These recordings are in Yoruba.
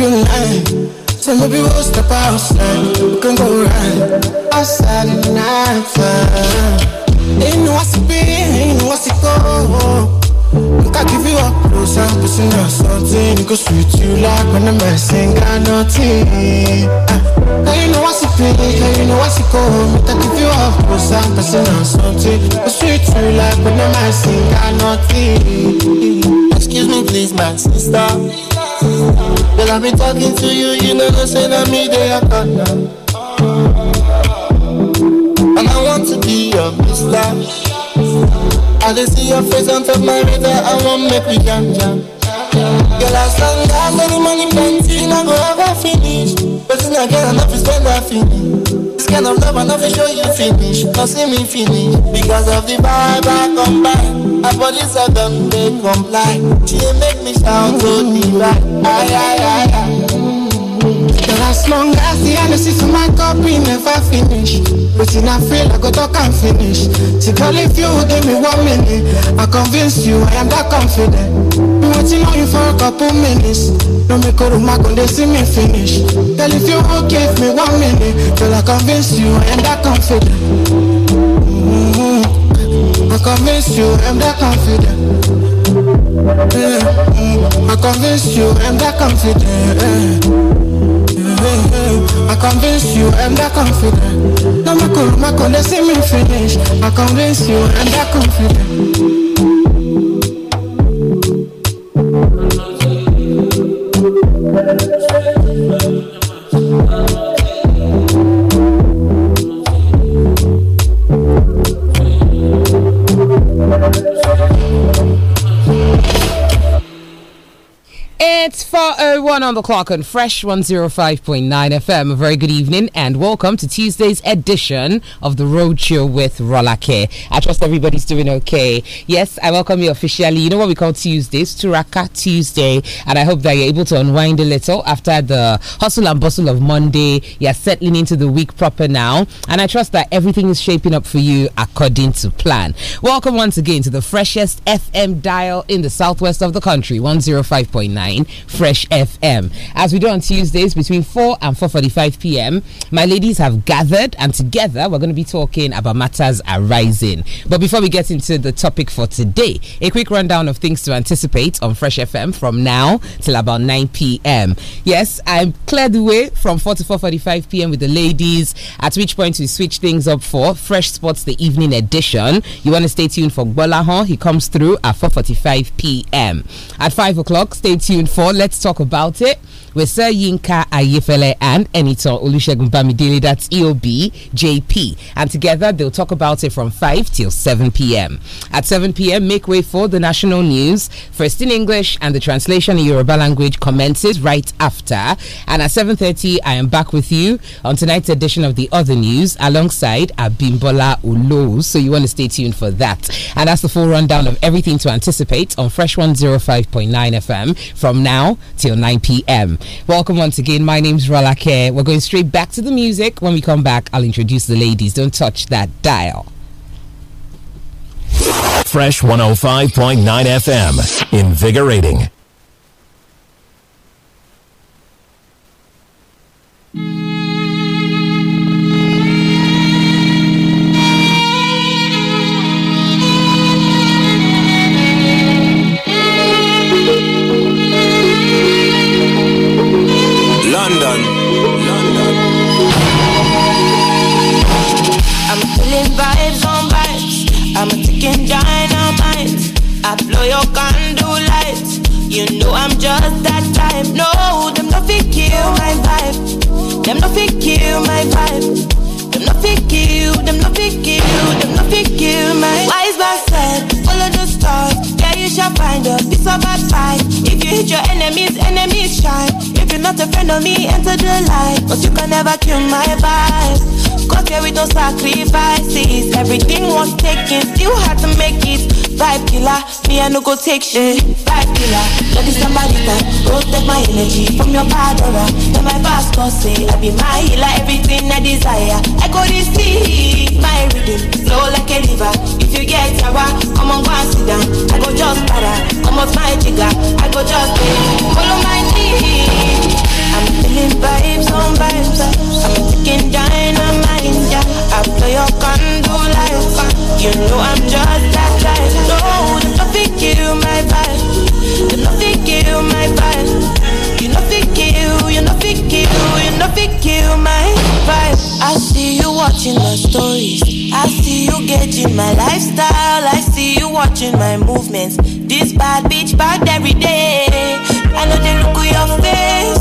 you in line. So maybe we'll step outside. We can go right outside at night time. Ain't no what's it be, ain't no what's it go. Look, I give you up close and personal something. It sweet you like when I'm messing, got nothing. Uh, you know what's it be, you know what's it go. Look, I give you up close and personal something. It sweet you like when I'm messing, got nothing. Excuse me, please, my sister. Girl, I be talking to you, you know go say that me they are caught now. And I want to be your mister. I just see your face on top my radar, I want make we jam jam. Girl, I stand out, any money plenty, I go ever finish. But then again, I never spend that finish kind of love and know for you finish don't see me finish Because of the vibe I come back Our bodies are done, they comply She make me shout, oh diva Aye, aye, aye, aye Girl, as long as the energy to my cup, we never finish Waiting, I feel I go talk and finish See, girl, if you give me one minute I convince you I am that confident waiting on you for a couple minutes. No make a room, I can see me finish. Tell if you won't give me one minute, till I convince you and I confident. Mm-hmm. I convince you and I confident. Yeah. mm I convince you I'm that confident. Yeah. I convince you, I'm that confident. No, my cool, my cool, they see me finish. I convince you, I'm that confident. one on the clock on Fresh 105.9 FM. A very good evening and welcome to Tuesday's edition of the Road Show with Rolake. I trust everybody's doing okay. Yes, I welcome you officially. You know what we call Tuesdays? Turaka Tuesday. And I hope that you're able to unwind a little after the hustle and bustle of Monday. You're settling into the week proper now. And I trust that everything is shaping up for you according to plan. Welcome once again to the freshest FM dial in the southwest of the country, 105.9 Fresh FM a.m. As we do on Tuesdays between 4 and 4.45 p.m., my ladies have gathered and together we're going to be talking about matters arising. But before we get into the topic for today, a quick rundown of things to anticipate on Fresh FM from now till about 9 p.m. Yes, I'm cleared away from 4 to 4.45 p.m. with the ladies, at which point we switch things up for Fresh Sports the Evening Edition. You want to stay tuned for Bolahon. He comes through at 4.45 p.m. At 5 o'clock, stay tuned for Let's Talk About it with Sir Yinka Ayefele and Enito Olusegun Bamidele, that's EOB JP. And together they'll talk about it from 5 till 7 p.m. At 7 p.m., make way for the national news, first in English and the translation in Yoruba language commences right after. And at 7.30, I am back with you on tonight's edition of The Other News alongside Abimbola Ulo. So you want to stay tuned for that. And that's the full rundown of everything to anticipate on Fresh 105.9 FM from now till 9 p.m. Welcome once again. My name's Rolake. We're going straight back to the music. When we come back, I'll introduce the ladies. Don't touch that dial. Fresh 105.9 FM. Invigorating. go take shit. Eh. Five killer, Johnny Sambalita, protect my energy from your padora. Then my pastor say, I be my healer, everything I desire. I go to see my rhythm, flow like a river. If you get sour, come on, go and sit down. I go just better, come off my jigger. I go just pay, follow my lead. I'm feeling vibes on vibes, uh. I'm taking dynamite, yeah. I play your condo like, you know I'm just that. kill my vibe. I see you watching my stories. I see you getting my lifestyle. I see you watching my movements. This bad bitch bad every day. I know they look at your face.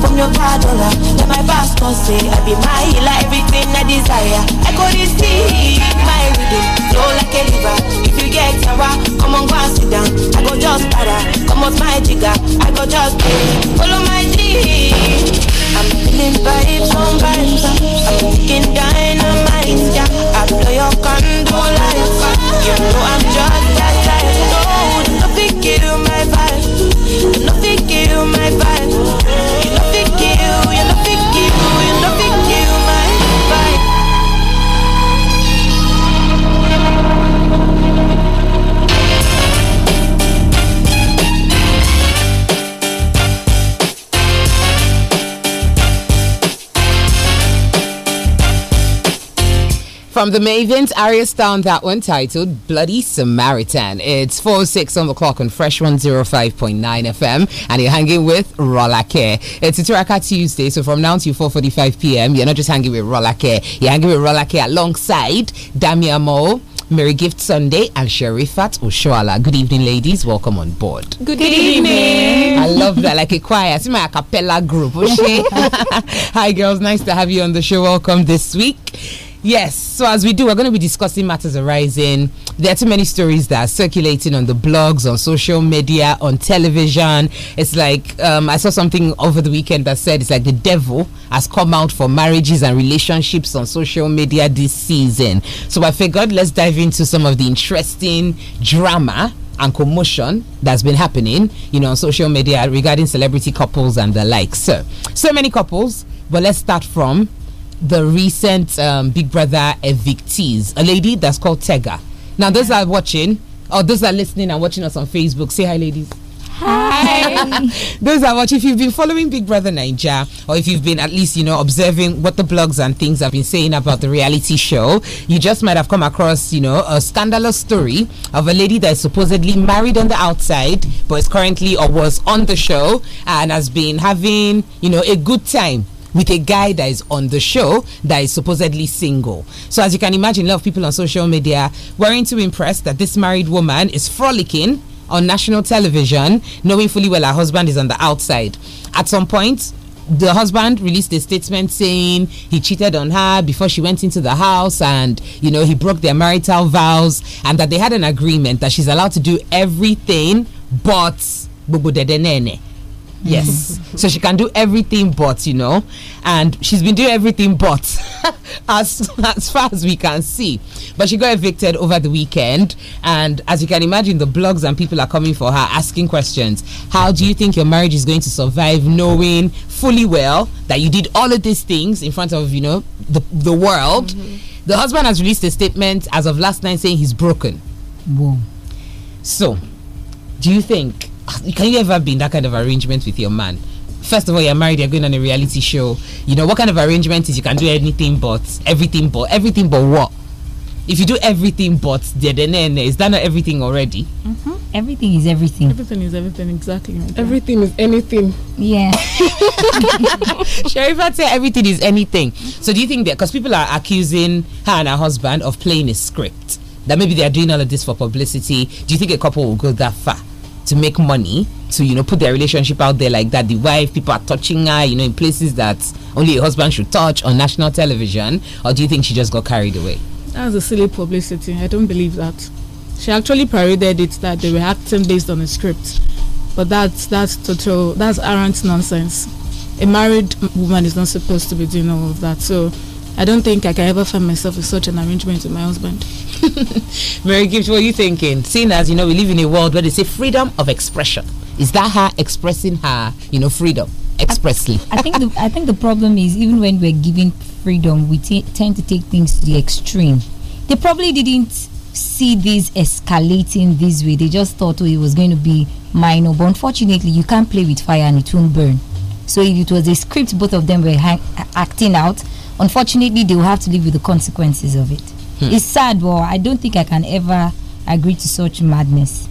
from your bad dollar Let my boss pastor say I be my healer, everything I desire I go to see my rhythm, flow like a river If you get sour, come on go and sit down I go just para, come on, my jigger I go just pay, eh, follow my dream. i I'm feeling vibes on vibes ah. I'm thinking dynamite, yeah I blow your condo lights You know I'm just From the Mavens, Aria Town, that one titled Bloody Samaritan. It's 4 6 on the clock on Fresh 105.9 FM, and you're hanging with Rolake. It's a Turaka Tuesday, so from now 4 4.45 p.m., you're not just hanging with Rolake, you're hanging with Rolake alongside Mo, Merry Gift Sunday and Sherifat Oshoala. Good evening, ladies. Welcome on board. Good, Good evening. evening. I love that, like a choir. It's my a cappella group. Hi, girls. Nice to have you on the show. Welcome this week. Yes, so as we do, we're going to be discussing matters arising. There are too many stories that are circulating on the blogs, on social media, on television. It's like um, I saw something over the weekend that said it's like the devil has come out for marriages and relationships on social media this season. So I figured let's dive into some of the interesting drama and commotion that's been happening, you know, on social media regarding celebrity couples and the like. So, so many couples, but let's start from the recent um, Big Brother evictees, a lady that's called Tega. Now, those are watching, or those are listening and watching us on Facebook, say hi, ladies. Hi. Those are watching. If you've been following Big Brother Niger, or if you've been at least, you know, observing what the blogs and things have been saying about the reality show, you just might have come across, you know, a scandalous story of a lady that is supposedly married on the outside, but is currently or was on the show and has been having, you know, a good time with a guy that is on the show that is supposedly single. So as you can imagine, a lot of people on social media weren't too impressed that this married woman is frolicking on national television, knowing fully well her husband is on the outside. At some point, the husband released a statement saying he cheated on her before she went into the house and you know he broke their marital vows and that they had an agreement that she's allowed to do everything but Yes. so she can do everything but, you know, and she's been doing everything but as as far as we can see. But she got evicted over the weekend and as you can imagine the blogs and people are coming for her asking questions. How do you think your marriage is going to survive knowing fully well that you did all of these things in front of, you know, the the world? Mm -hmm. The husband has released a statement as of last night saying he's broken. Whoa. So, do you think Ah, can you ever be in that kind of arrangement with your man? First of all, you're married, you're going on a reality show. You know, what kind of arrangement is you can do anything but everything but everything but what? If you do everything but the then is that not everything already? Mm -hmm. Everything is everything. Everything is everything, exactly. everything is anything. Yeah. Sherifa said everything is anything. So do you think that because people are accusing her and her husband of playing a script, that maybe they are doing all of this for publicity, do you think a couple will go that far? to make money to you know put their relationship out there like that the wife people are touching her you know in places that only a husband should touch on national television or do you think she just got carried away that's a silly publicity i don't believe that she actually paraded it that they were acting based on a script but that's that's total that's arrant nonsense a married woman is not supposed to be doing all of that so i don't think i can ever find myself in such an arrangement with my husband Mary Gibbs, what are you thinking? Seeing as you know, we live in a world where they say freedom of expression. Is that her expressing her, you know, freedom expressly? I, I think the, I think the problem is even when we're given freedom, we tend to take things to the extreme. They probably didn't see this escalating this way. They just thought oh, it was going to be minor, but unfortunately, you can't play with fire and it won't burn. So if it was a script, both of them were acting out. Unfortunately, they will have to live with the consequences of it. Hmm. It's sad, but I don't think I can ever agree to such madness.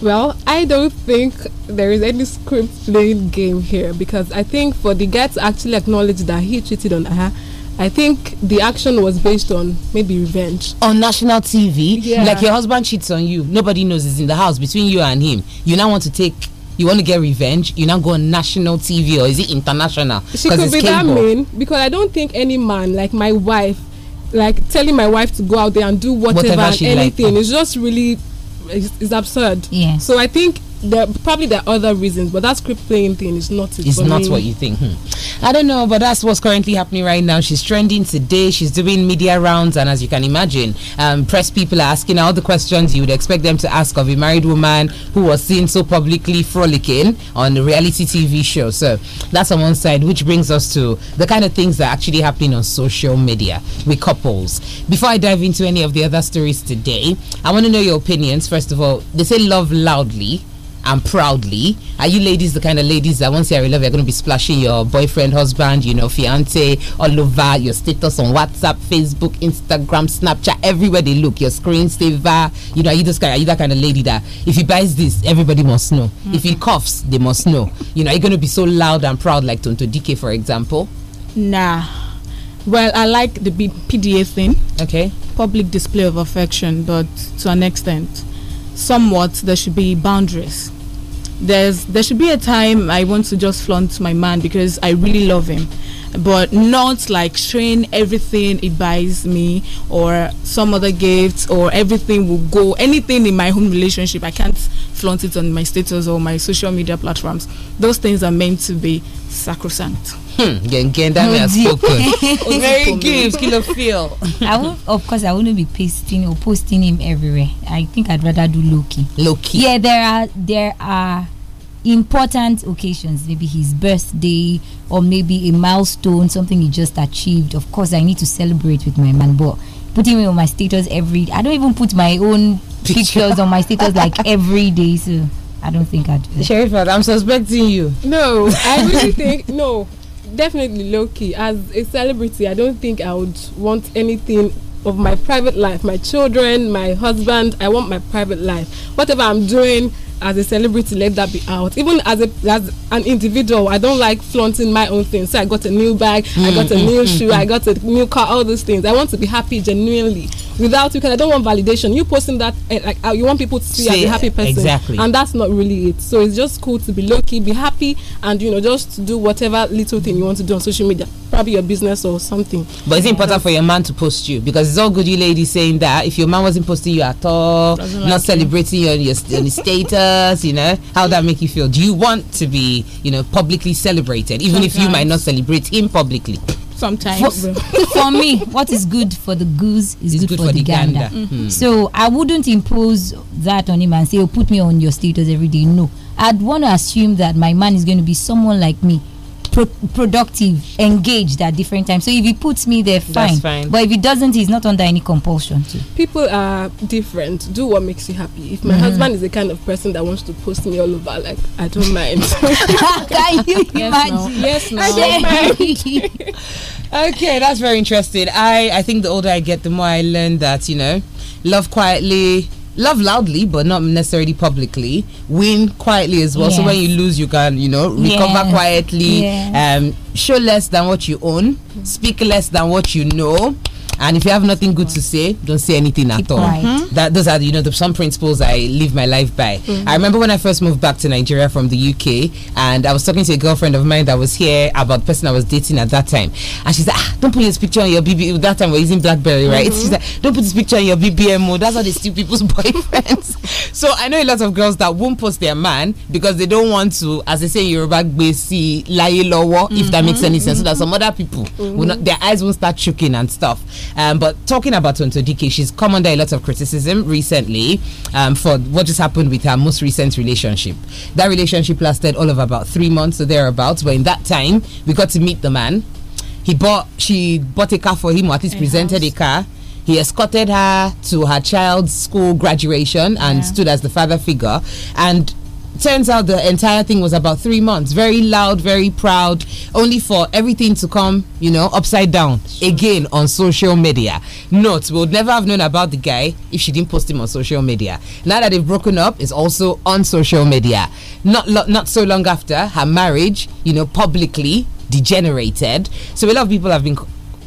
Well, I don't think there is any script playing game here because I think for the guy to actually acknowledge that he cheated on her, I think the action was based on maybe revenge. On national TV, yeah. like your husband cheats on you, nobody knows it's in the house between you and him. You now want to take, you want to get revenge, you now go on national TV or is it international? She could be cable. that mean because I don't think any man, like my wife, like telling my wife to go out there and do whatever, whatever and anything. Like. It's just really it's, it's absurd. Yeah. So I think there probably there are other reasons, but that script playing thing is not it. It's not me. what you think. Hmm. I don't know, but that's what's currently happening right now. She's trending today. She's doing media rounds, and as you can imagine, um, press people are asking all the questions you would expect them to ask of a married woman who was seen so publicly frolicking on a reality TV show. So that's on one side, which brings us to the kind of things that are actually happening on social media with couples. Before I dive into any of the other stories today, I want to know your opinions. First of all, they say love loudly and proudly. Are you ladies the kind of ladies that once you're in love, you're going to be splashing your boyfriend, husband, you know, fiance all over your status on WhatsApp, Facebook, Instagram, Snapchat, everywhere they look, your screensaver. You know, are you, this kind, are you that kind of lady that if he buys this, everybody must know? Mm -hmm. If he mm-hmm. coughs, they must know. You know, are you going to be so loud and proud like Tonto DK, for example? Nah. Well, I like the PDA thing. Okay. Public display of affection, but to an extent somewhat there should be boundaries. There's there should be a time I want to just flaunt my man because I really love him, but not like strain everything he buys me or some other gifts or everything will go anything in my home relationship. I can't flaunt it on my status or my social media platforms. Those things are meant to be sacrosanct that we have spoken. Very Gibbs, Kilo feel. I won't, of course, I wouldn't be pasting or posting him everywhere. I think I'd rather do Loki. Loki. Yeah, there are there are important occasions, maybe his birthday or maybe a milestone, something he just achieved. Of course, I need to celebrate with my man, but putting him on my status every. I don't even put my own pictures on my status like every day, so. I don't think I'd do Sheriff, I'm suspecting you. No, I really think no definitely Loki. As a celebrity, I don't think I would want anything of my private life, my children, my husband. I want my private life. Whatever I'm doing, as a celebrity let that be out even as a as an individual i don't like flaunting my own things so i got a new bag mm, i got a mm, new mm, mm shoe mm, i mm. got a new car all those things i want to be happy genuinely without you because i don't want validation you posting that eh, like uh, you want people to see, see as a happy person exactly and that's not really it so it's just cool to be lucky, be happy and you know just do whatever little thing you want to do on social media probably your business or something but it's important for your man to post you because it's all good you ladies saying that if your man wasn't posting you at all not like celebrating you. your, your, your status you know how that make you feel do you want to be you know publicly celebrated even Sometimes. if you might not celebrate him publicly sometimes. For, me, what is good for the goose is good, good, for, for the, the gander. gander. Mm -hmm. So I wouldn't impose that on him and say, "Oh, put me on your status every day." No, I'd want to assume that my man is going to be someone like me pro productive, engaged at different times. So if he puts me there, fine. fine. But if he doesn't, he's not under any compulsion to. People are different. Do what makes you happy. If my mm -hmm. husband is the kind of person that wants to post me all over, like I don't mind. Can you yes, imagine? No. Yes, no. I don't mind. okay, that's very interesting. I I think the older I get, the more I learn that you know, love quietly love loudly but not necessarily publicly win quietly as well yes. so when you lose you can you know recover yes. quietly yes. um show less than what you own speak less than what you know and if you have nothing good to say, don't say anything Keep at all. Right. That mm-hmm. those are you know the, some principles I live my life by. Mm. I remember when I first moved back to Nigeria from the UK, and I was talking to a girlfriend of mine that was here about the person I was dating at that time, and she said, "Ah, don't put this picture on your BB." That time we're using BlackBerry, right? Mm -hmm. like, "Don't put this picture on your BBMO." That's how they steal people's boyfriends. So I know a lot of girls that won't post their man because they don't want to, as they say in Yoruba, gbesi laye lower." if that mm-hmm. makes any sense, so that mm-hmm. some other people, not, mm-hmm. their eyes won't start choking and stuff. Um, but talking about Tonto she's come under a lot of criticism recently um, for what just happened with her most recent relationship. That relationship lasted all of about three months or thereabouts, but in that time, we got to meet the man. He bought, she bought a car for him, or at least a presented house. a car he escorted her to her child's school graduation and yeah. stood as the father figure. And turns out the entire thing was about three months. Very loud, very proud, only for everything to come, you know, upside down sure. again on social media. Note, we would never have known about the guy if she didn't post him on social media. Now that they've broken up, it's also on social media. Not not so long after her marriage, you know, publicly degenerated. So a lot of people have been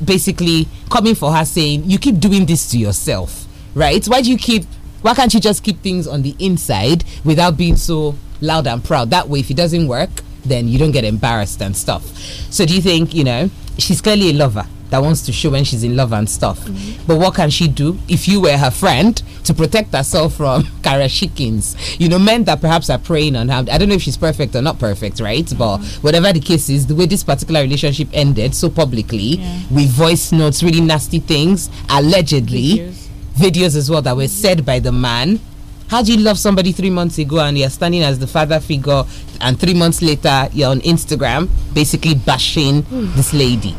basically coming for her saying, You keep doing this to yourself, right? Why do you keep, why can't you just keep things on the inside without being so loud and proud? That way, if it doesn't work, then you don't get embarrassed and stuff. So, do you think, you know, she's clearly a lover? that wants to show when she's in love and stuff. Mm -hmm. But what can she do if you were her friend to protect herself from karashikins? You know, men that perhaps are preying on her. I don't know if she's perfect or not perfect, right? Mm -hmm. But mm-hmm. whatever the case is, the way this particular relationship ended so publicly, yeah. with voice notes, really nasty things, allegedly, videos. videos as well that were mm-hmm. said by the man. How do you love somebody three months ago and you're standing as the father figure, and three months later you're on Instagram basically bashing mm. this lady?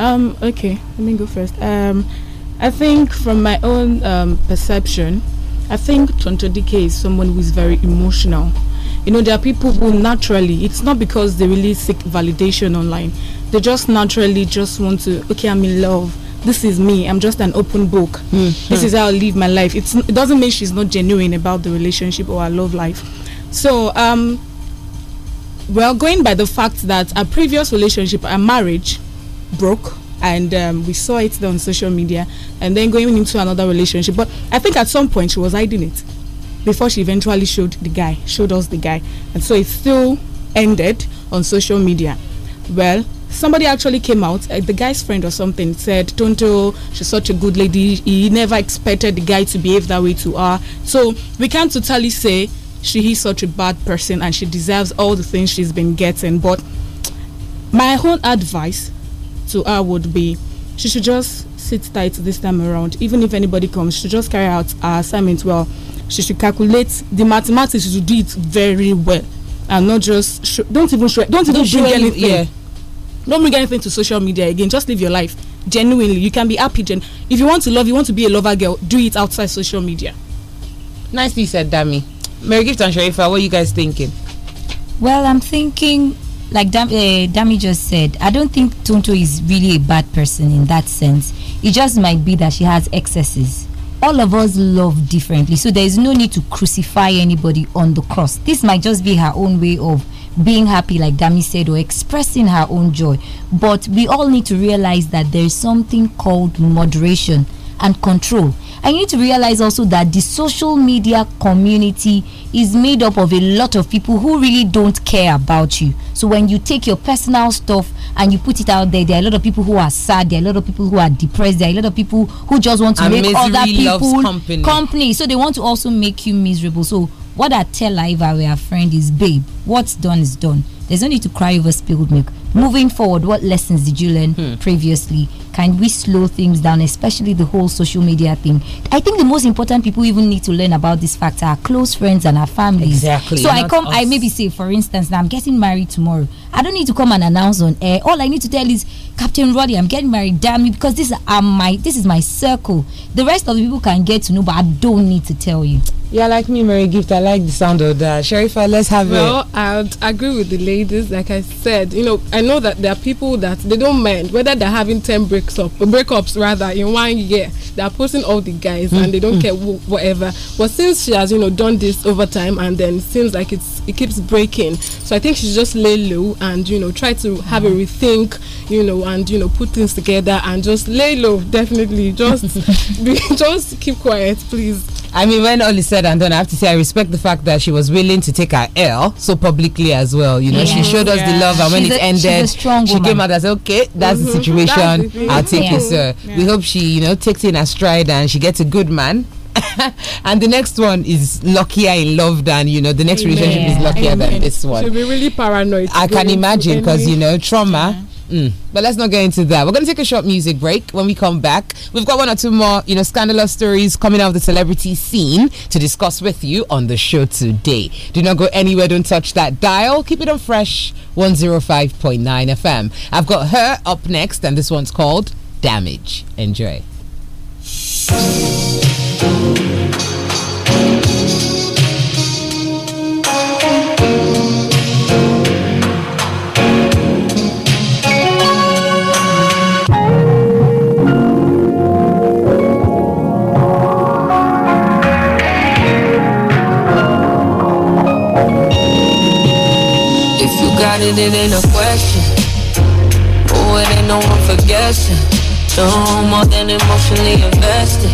Um, okay, let me go first. Um, I think from my own um, perception, I think Tonto Dike is someone who is very emotional. You know, there are people who naturally, it's not because they really seek validation online. They just naturally just want to, okay, I'm in love. This is me. I'm just an open book. Mm-hmm. This is how I live my life. It's, it doesn't mean she's not genuine about the relationship or her love life. So, um, well, going by the fact that a previous relationship, a marriage, broke and um, we saw it on social media and then going into another relationship but i think at some point she was hiding it before she eventually showed the guy showed us the guy and so it still ended on social media well somebody actually came out uh, the guy's friend or something said tonto she's such a good lady he never expected the guy to behave that way to her so we can't totally say she is such a bad person and she deserves all the things she's been getting but my whole advice to her would be she should just sit tight this time around. Even if anybody comes, she should just carry out her assignment well. She should calculate the mathematics. She should do it very well, and not just sh- don't even show don't even don't bring anything. Yeah. Don't bring anything to social media again. Just live your life genuinely. You can be happy. Gen- if you want to love, you want to be a lover girl. Do it outside social media. Nicely said, Dami. Mary Gift and Sharifa, what are you guys thinking? Well, I'm thinking like Dam- uh, Dami just said, I don't think Tonto is really a bad person in that sense. It just might be that she has excesses. All of us love differently, so there is no need to crucify anybody on the cross. This might just be her own way of being happy, like Dami said, or expressing her own joy. But we all need to realize that there is something called moderation and control and you need to realize also that the social media community is made up of a lot of people who really don't care about you so when you take your personal stuff and you put it out there there are a lot of people who are sad there are a lot of people who are depressed there are a lot of people who just want to and make other people company. company so they want to also make you miserable so what i tell Iva, our friend is babe what's done is done there's no need to cry over spilled milk Moving forward, what lessons did you learn hmm. previously? Can we slow things down, especially the whole social media thing? I think the most important people even need to learn about this factor are close friends and our families. Exactly. So I come, us. I maybe say, for instance, now I'm getting married tomorrow. I don't need to come and announce on air. All I need to tell is Captain Roddy, I'm getting married. Damn you, because this are my this is my circle. The rest of the people can get to know, but I don't need to tell you. Yeah, like me, Mary Gift. I like the sound of that. Sharifa. Uh, let's have well, it. Well, I agree with the ladies. Like I said, you know, I know that there are people that they don't mind whether they're having ten breaks up, breakups rather in one year. They are posting all the guys mm and they don't mm care whatever. But since she has, you know, done this over time and then it seems like it's it keeps breaking, so I think she just lay low and you know try to mm have a mm-hmm. rethink, you know, and you know put things together and just lay low. Definitely, just be, just keep quiet, please. I mean, when all is said and done, I have to say I respect the fact that she was willing to take her L so publicly as well. You know, she showed us yeah. the love, and when it a, ended, she came out as okay, that's mm -hmm. the mm-hmm. situation. That's I'll take yeah. it, sir. Yeah. We hope she, you know, takes in a stride and she gets a good man. and the next one is luckier in love than you know the next Amen. relationship is luckier Amen. than this one. She'll be really paranoid. I can imagine because you know trauma Mm. But let's not get into that. We're going to take a short music break. When we come back, we've got one or two more, you know, scandalous stories coming out of the celebrity scene to discuss with you on the show today. Do not go anywhere. Don't touch that dial. Keep it on fresh 105.9 FM. I've got her up next, and this one's called Damage. Enjoy. it, it ain't a question. Oh, it ain't no one for guessing. So more than emotionally invested.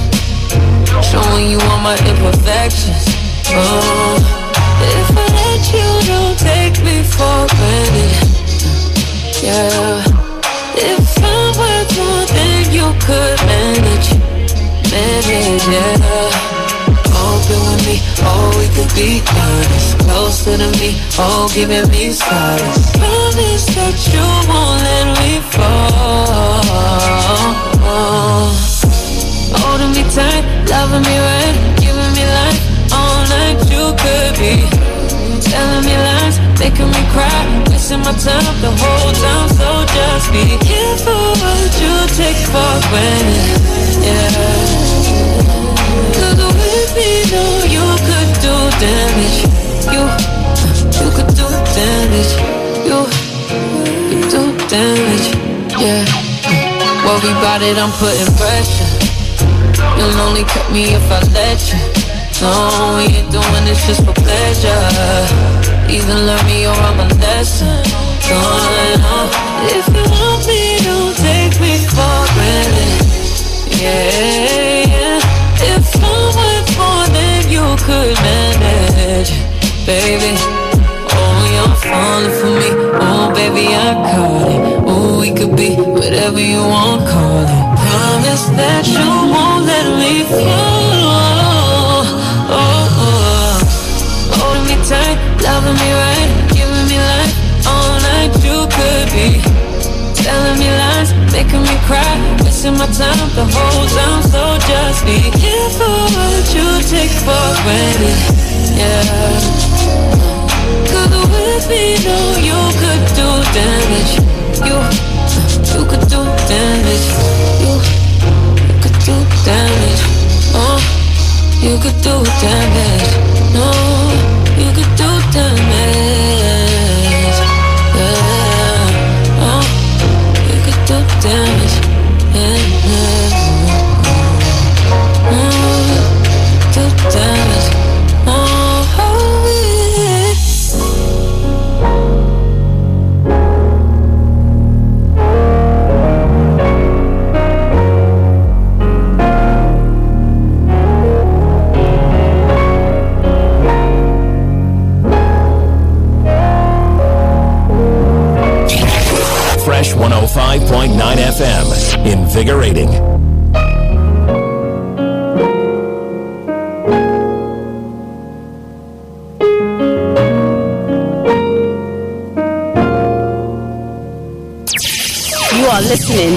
Showing you all my imperfections. Oh, if I let you, don't take me for granted. Yeah, if I'm worth more than you could manage, manage, yeah open with me, oh, we could be honest Closer to oh, me, oh, giving me solace Promise that you won't let me fall Holding me tight, loving me right Giving me life, all night you could be Telling me lies, making me cry Wasting my time the whole time, so just be careful what you take for granted, yeah Cause the me know you could do damage. You, you could do damage. You, you do damage. Yeah. Worry about it, I'm putting pressure. You'll only cut me if I let you. No, we ain't doing this just for pleasure. Either learn me or I'm a lesson. Going on. If you want me, you take me for granted. Yeah could manage, baby. Oh, you're falling for me. Oh, baby, I caught it. Oh, we could be whatever you want, call it. Promise that you won't let me fall. Oh, oh, oh. holding me tight, loving me right, giving me life all night. You could be telling me lies, making me cry wasting my time the whole time, so just be careful what you take for granted. Yeah. Cause with me, no, you could do damage. You, you could do damage. You, you could do damage. Oh, you could do damage. No.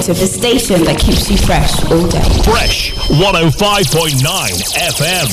to the station that keeps you fresh all day. Fresh 105.9 FM.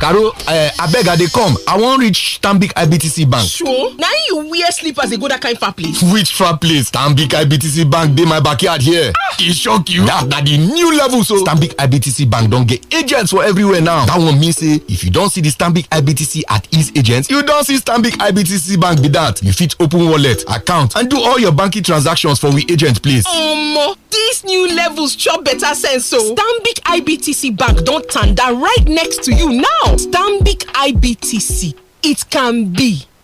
Karo, uh, abeg I dey come. I wan reach Stanbic IBTC bank. Sure. Now you wear slippers dey go that kind far place. Which far place? Stanbic IBTC bank be my backyard here. Ah. e shock you that na new level so stanbic ibtc bank don get agents for everywhere now that one mean say if you don see the stanbic ibtc at ease agent you don see stanbic ibtc bank be that you fit open wallet account and do all your banking transactions for we agent place omo dis new levels chop better sense o stanbic ibtc bank don tanda right next to you now stanbic ibtc it can be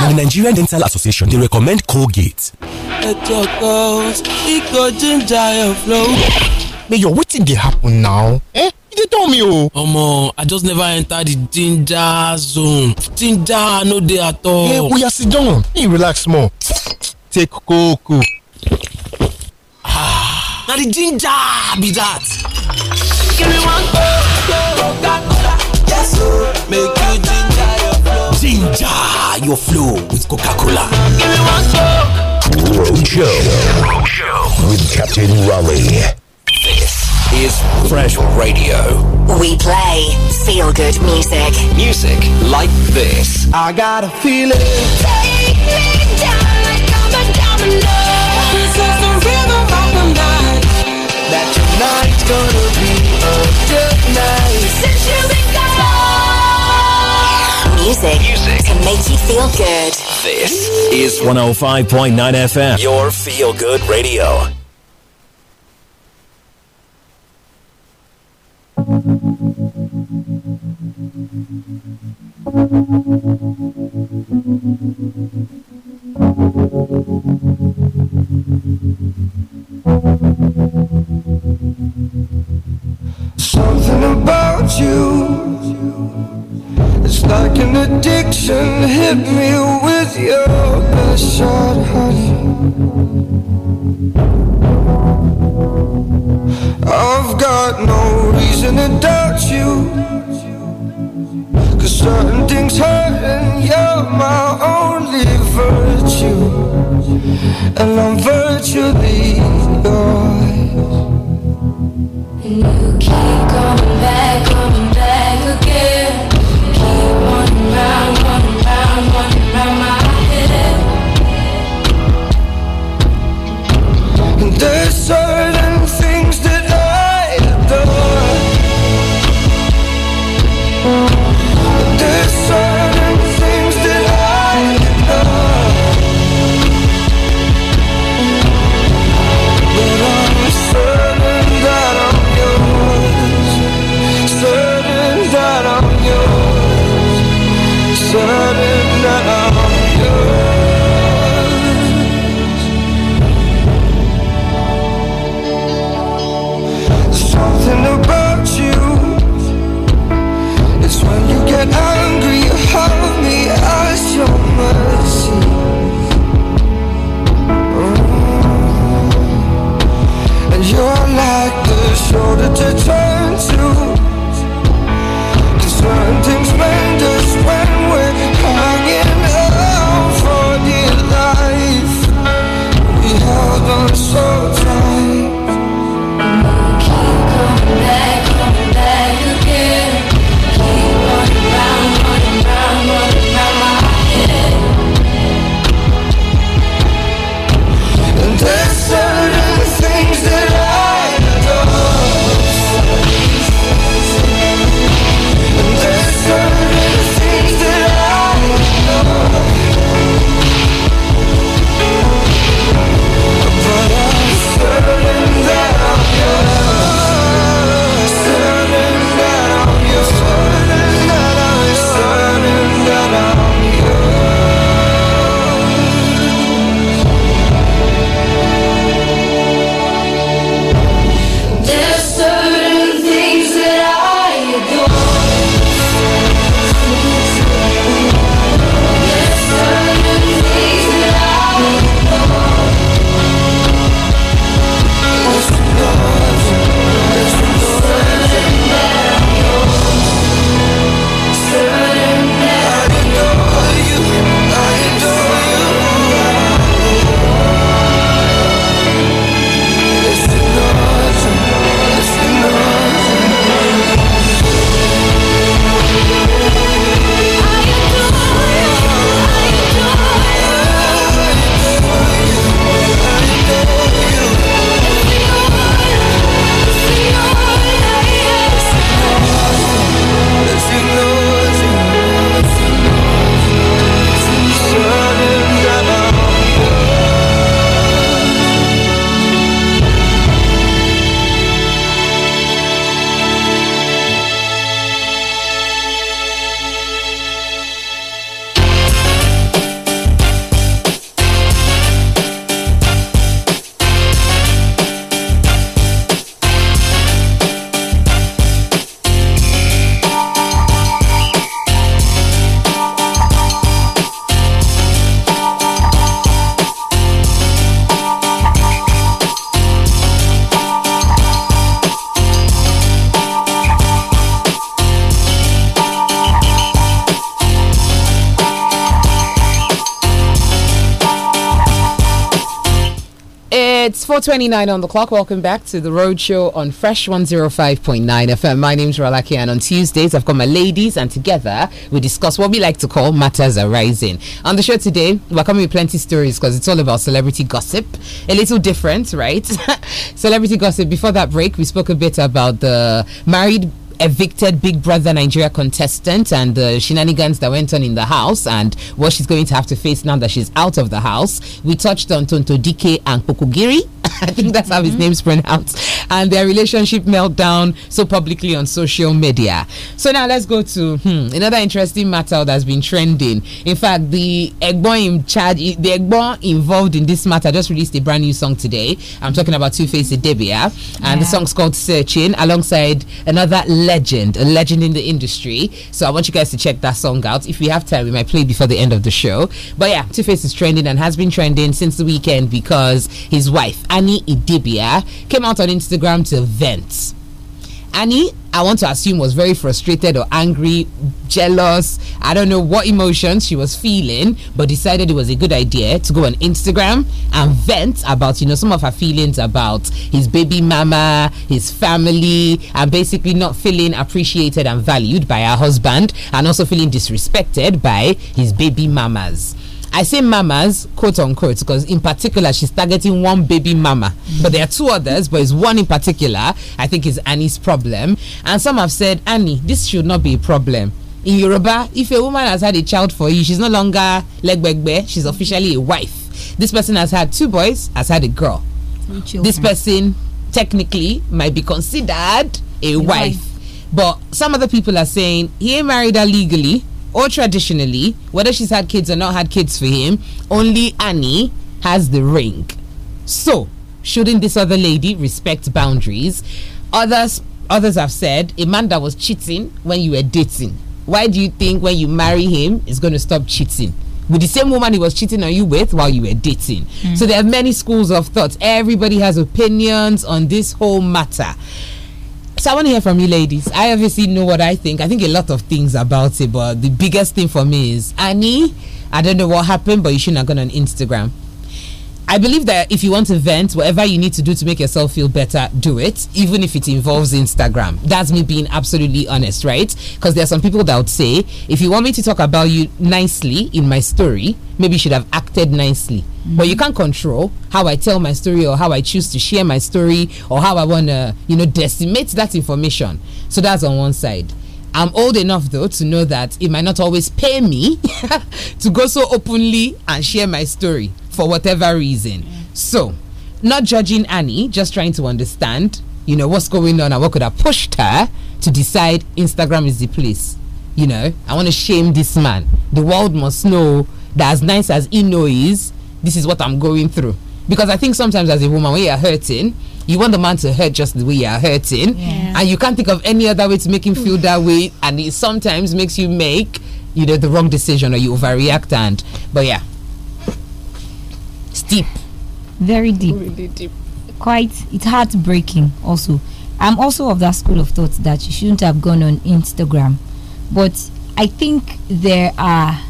Now, the Nigerian Dental Association, they recommend Colgate. May your wetin dey happen now? Eh? You dey tell me o. Oh. Omo, I just never enter the ginger zone. Ginger, no dey at all. Hey, oya oh, sit down, make relax small. Take koko. Ah, na the ginger be that. Give me one go, go, coca, cola, yes o, oh. make you ginger. Ginger your flow with Coca Cola. Give me one smoke. Roadshow. Roadshow. With Captain Raleigh. This is Fresh Radio. We play feel good music. Music like this. I got a feeling. Take me down like I'm a domino. This is the rhythm of the night. That tonight's gonna be a good night. Since you've been gone music, music to make you feel good. This is 105.9 FM, your feel good radio. Thank you. potion Hit me with your best shot, honey I've got no reason to doubt you Cause certain things hurt and you're my only virtue And I'm virtually yours Twenty nine on the clock. Welcome back to the Road Show on Fresh 105.9 FM. My name's Rolaki, and on Tuesdays, I've got my ladies, and together we discuss what we like to call matters arising. On the show today, we're coming with plenty stories because it's all about celebrity gossip. A little different, right? celebrity gossip. Before that break, we spoke a bit about the married evicted Big Brother Nigeria contestant and the shenanigans that went on in the house and what she's going to have to face now that she's out of the house. We touched on Tonto Dike and Kokugiri. I think that's how his mm-hmm. name's pronounced. And their relationship meltdown so publicly on social media. So now let's go to hmm, another interesting matter that's been trending. In fact, the Egbon in charge, the Egbon involved in this matter just released a brand new song today. I'm talking about Two Face Debia, and yeah. the song's called Searching, alongside another legend, a legend in the industry. So I want you guys to check that song out. If we have time, we might play before the end of the show. But yeah, Two Face is trending and has been trending since the weekend because his wife, Annie Idibia, came out on Instagram to vent Annie, I want to assume, was very frustrated or angry, jealous. I don't know what emotions she was feeling, but decided it was a good idea to go on Instagram and vent about, you know, some of her feelings about his baby mama, his family, and basically not feeling appreciated and valued by her husband, and also feeling disrespected by his baby mamas. I say mamas, quote unquote, because in particular she's targeting one baby mama, but there are two others, but it's one in particular I think is Annie's problem. And some have said, Annie, this should not be a problem. In Yoruba, if a woman has had a child for you, she's no longer legbegbe, she's officially a wife. This person has had two boys, has had a girl. This person technically might be considered a, a wife. wife. But some other people are saying he married her legally or traditionally, whether she's had kids or not had kids for him, only Annie has the ring. So, shouldn't this other lady respect boundaries? Others others have said a man that was cheating when you were dating. Why do you think when you marry him is going to stop cheating? With the same woman he was cheating on you with while you were dating. Mm. So there are many schools of thought. Everybody has opinions on this whole matter. So I want to hear from you, ladies. I obviously know what I think. I think a lot of things about it, but the biggest thing for me is Annie. I don't know what happened, but you shouldn't have gone on Instagram. I believe that if you want to vent, whatever you need to do to make yourself feel better, do it, even if it involves Instagram. That's me being absolutely honest, right? Because there are some people that would say, if you want me to talk about you nicely in my story, maybe you should have acted nicely. Mm -hmm. but you can't control how I tell my story or how I choose to share my story or how I want to, you know, decimate that information. So that's on one side. I'm old enough though to know that it might not always pay me to go so openly and share my story for whatever reason. Yeah. So, not judging Annie, just trying to understand, you know, what's going on and what could have pushed her to decide Instagram is the place. You know, I want to shame this man. The world must know that as nice as Eno is, this is what I'm going through. Because I think sometimes as a woman, when you're hurting, you want the man to hurt just the way you're hurting. Yeah. And you can't think of any other way to make him feel that way. And it sometimes makes you make, you know, the wrong decision or you overreact. And, but yeah, deep, very deep, really deep. Quite, it's heartbreaking. Also, I'm also of that school of thought that you shouldn't have gone on Instagram, but I think there are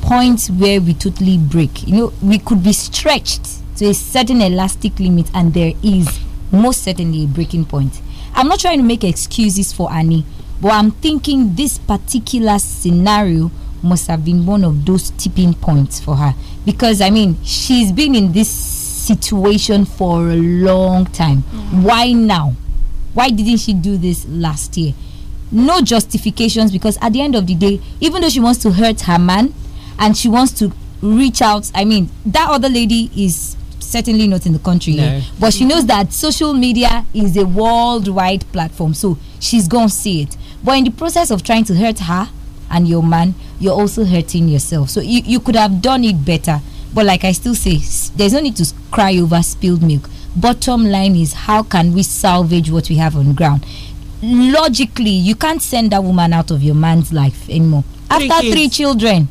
points where we totally break. You know, we could be stretched to a certain elastic limit, and there is most certainly a breaking point. I'm not trying to make excuses for Annie, but I'm thinking this particular scenario must have been one of those tipping points for her because I mean she's been in this situation for a long time. Mm. Why now? Why didn't she do this last year? No justifications because at the end of the day, even though she wants to hurt her man and she wants to reach out, I mean, that other lady is certainly not in the country no. but she mm. knows that social media is a worldwide platform, so she's gonna see it. But in the process of trying to hurt her, and your man, you're also hurting yourself. So you, you could have done it better. But like I still say, there's no need to cry over spilled milk. Bottom line is how can we salvage what we have on ground? Logically, you can't send that woman out of your man's life anymore. After three children,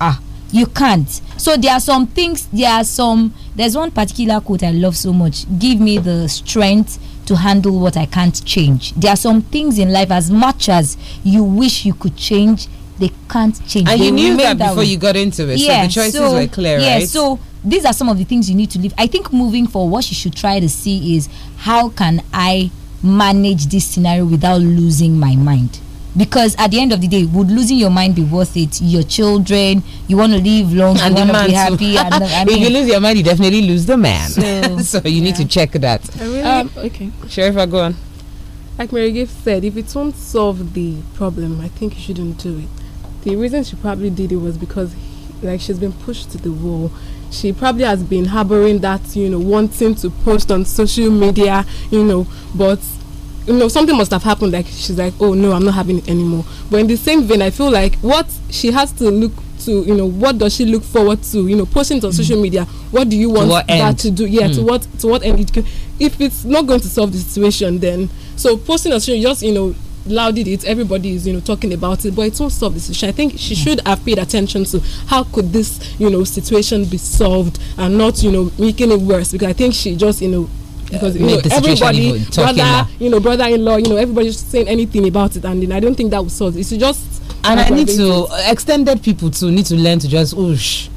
ah, you can't. So there are some things, there are some, there's one particular quote I love so much. Give me the strength to handle what I can't change. There are some things in life, as much as you wish you could change, they can't change. And they you knew that, that before way. you got into it. Yeah, so the choices so, were clear, yeah, right? So these are some of the things you need to leave. I think moving forward, what you should try to see is how can I manage this scenario without losing my mind? because at the end of the day would losing your mind be worth it your children you want to live long and you want to be happy and, I mean, if you lose your mind you definitely lose the man so, so you yeah. need to check that oh, really, um, okay Sheriff go on like Mary Gift said if it won't solve the problem I think you shouldn't do it the reason she probably did it was because he, like she's been pushed to the wall she probably has been harboring that you know wanting to post on social media you know but you know something must have happened like she's like oh no i'm not having it anymore but in the same vein i feel like what she has to look to you know what does she look forward to you know posting on mm. social media what do you want to that end? to do yeah mm. to what to what end can, if it's not going to solve the situation then so posting on social just you know lauded it everybody is you know talking about it but it won't solve the situation i think she mm. should have paid attention to how could this you know situation be solved and not you know making it worse because i think she just you know because you know, everybody, brother, you know, brother-in-law, you know, everybody's saying anything about it, and then I don't think that would solve. It's just. And I need to extended people to need to learn to just ooh,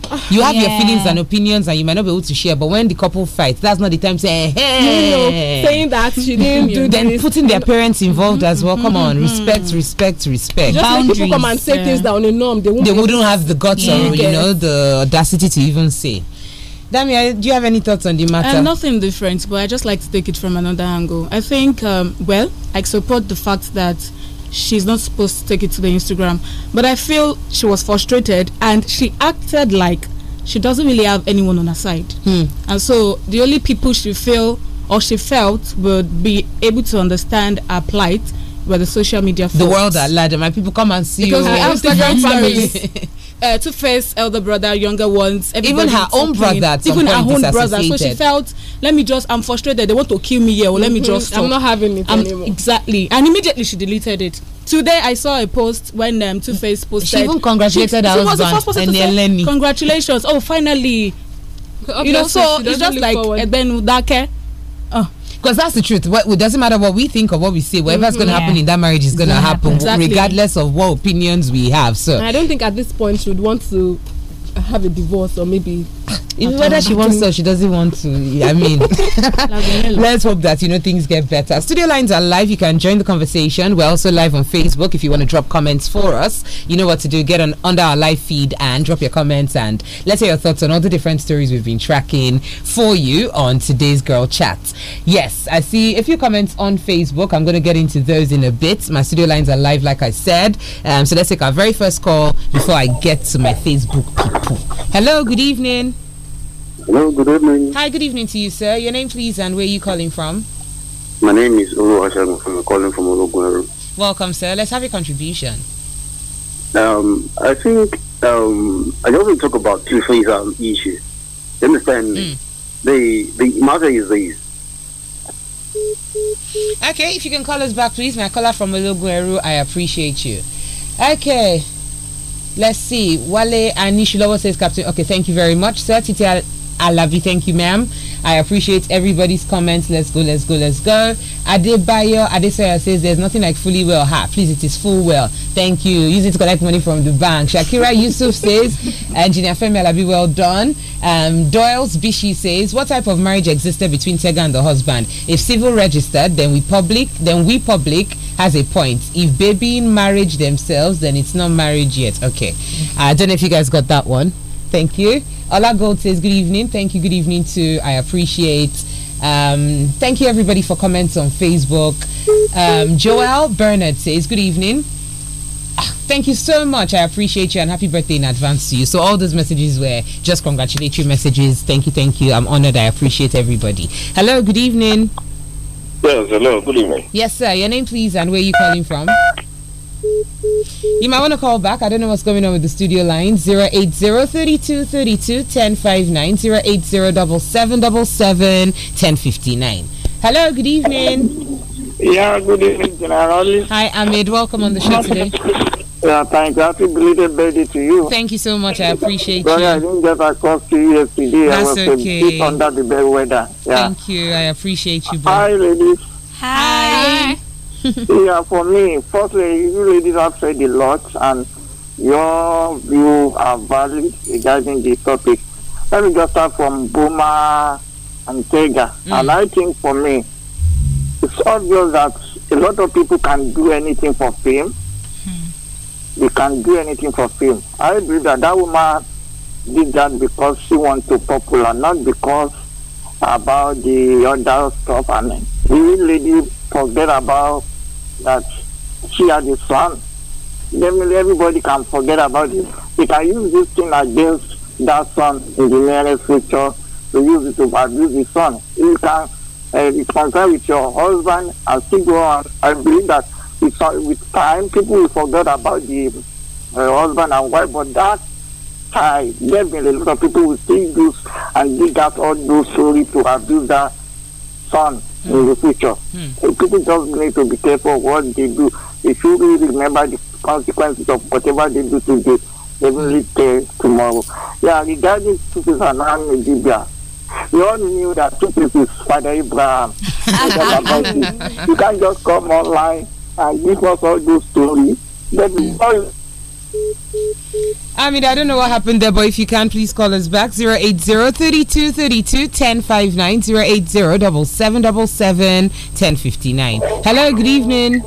ah, You have yeah. your feelings and opinions, and you might not be able to share. But when the couple fight, that's not the time to say, hey, eh, eh, you know, eh. saying that she didn't do. Then this. putting their parents involved mm -hmm. as well. Come on, mm-hmm. respect, respect, respect. Just Boundaries. people come and say yeah. things that on a norm they, won't they wouldn't have the guts yeah. or you know the audacity to even say. Dami, do you have any thoughts on the matter? Uh, nothing different, but I just like to take it from another angle. I think, um, well, I support the fact that she's not supposed to take it to the Instagram, but I feel she was frustrated and she acted like she doesn't really have anyone on her side. Hmm. And so the only people she feel or she felt would be able to understand her plight were the social media folks. The world at large, my people come and see because you. Because we have Instagram families. uh, to face elder brother, younger ones. Even her own brother. even her own brother. So she felt, let me just, I'm frustrated. They want to kill me here. Well, mm -hmm. let me mm-hmm. just stop. I'm not having it I'm, anymore. Exactly. And immediately she deleted it. Today I saw a post when um, Two Face posted. She even congratulated she, her she was the first person to say, Congratulations. Oh, finally. You know, so it's just like Edben Udake. Oh, because that's the truth. What, it doesn't matter what we think or what we say. Whatever's mm -hmm. going to yeah. happen in that marriage is going to happen, exactly. regardless of what opinions we have. So and I don't think at this point you would want to have a divorce or maybe even whether she wants to or she doesn't want to, I mean, let's hope that, you know, things get better. Studio lines are live. You can join the conversation. We're also live on Facebook if you want to drop comments for us. You know what to do. Get on under our live feed and drop your comments and let's hear your thoughts on all the different stories we've been tracking for you on today's Girl Chat. Yes, I see a few comments on Facebook. I'm going to get into those in a bit. My studio lines are live, like I said. Um, so let's take our very first call before I get to my Facebook people. Hello, good evening. Hello, good evening. Hi, good evening to you, sir. Your name, please, and where are you calling from? My name is Olu Hashem. I'm calling from Ologunero. Welcome, sir. Let's have a contribution. Um, I think um, I to talk about two things. um, issues. You understand? Mm. The the matter is this. Okay, if you can call us back, please. My caller from Ologunero, I appreciate you. Okay, let's see. Wale Anishilowo says, Captain. Okay, thank you very much, sir. TTL I love you. Thank you, ma'am. I appreciate everybody's comments. Let's go, let's go, let's go. Adebayo Adesoya says there's nothing like fully well. Ha, please, it is full well. Thank you. Use it to collect money from the bank. Shakira Yusuf says, Engineer Femi be well done. Um, Doyle's Bishi says, what type of marriage existed between Tega and the husband? If civil registered, then we public, then we public has a point. If baby in marriage themselves, then it's not marriage yet. Okay. I don't know if you guys got that one. Thank you. Ola Gold says, good evening. Thank you. Good evening too. I appreciate. Um, thank you everybody for comments on Facebook. Um, Joel Bernard says, good evening. Ah, thank you so much. I appreciate you and happy birthday in advance to you. So all those messages were just congratulatory messages. Thank you, thank you. I'm honored. I appreciate everybody. Hello, good evening. Yes, hello, good evening. Yes, sir. Your name, please, and where are you calling from? You might want to call back. I don't know what's going on with the studio line. 080 32 32 1059 080 1059. Hello, good evening. Yeah, good evening, General. Hi, Ahmed. Welcome on the show today. Yeah, thank you. Happy belated birthday to you. Thank you so much. I appreciate Brother, you. I didn't get across to you yesterday. That's I was okay. under the bad weather. Yeah. Thank you. I appreciate you, bro. Hi, ladies. Hi. Hi. yeah, for me, firstly, you ladies have said a lot, and your views are valid regarding the topic. Let me just start from Boma and Tega. Mm. And I think for me, it's obvious that a lot of people can do anything for fame. Mm. They can do anything for fame. I believe that that woman did that because she wants to popular, not because about the other stuff and we lady forget about that she had a son. Then everybody can forget about it. They can use this thing against that son in the near future to use it to abuse the son. You can uh, eh, be with your husband and still go on. I believe that with, uh, with time, people will forget about the uh, husband and wife, but that time definitely a lot of people will still use and dig out all those stories to abuse that son in the future. Mm. People just need to be careful what they do. They should remember the consequences of whatever they do today. They will lead there tomorrow. Yeah, regarding Susan and Libya, we all knew that two people is Father Abraham. you can't just come online and give us all those stories. Then mm. all I mean, I don't know what happened there, but if you can, please call us back 080 1059 1059. Hello, good evening.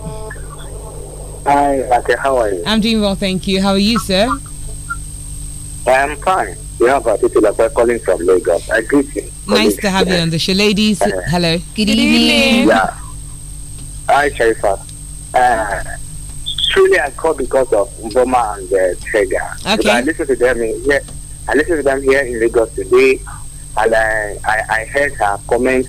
Hi, how are you? I'm doing well, thank you. How are you, sir? I'm fine. You have a titular calling from Lagos. I greet you. Nice to have you on the show, ladies. Hello. Good, evening. evening. Yeah. Hi, Sharifa. Uh, truly I call because of Mboma and uh, Trega. Okay. I listened to them here. I listened to them here in Lagos today, and I, I, I heard her comments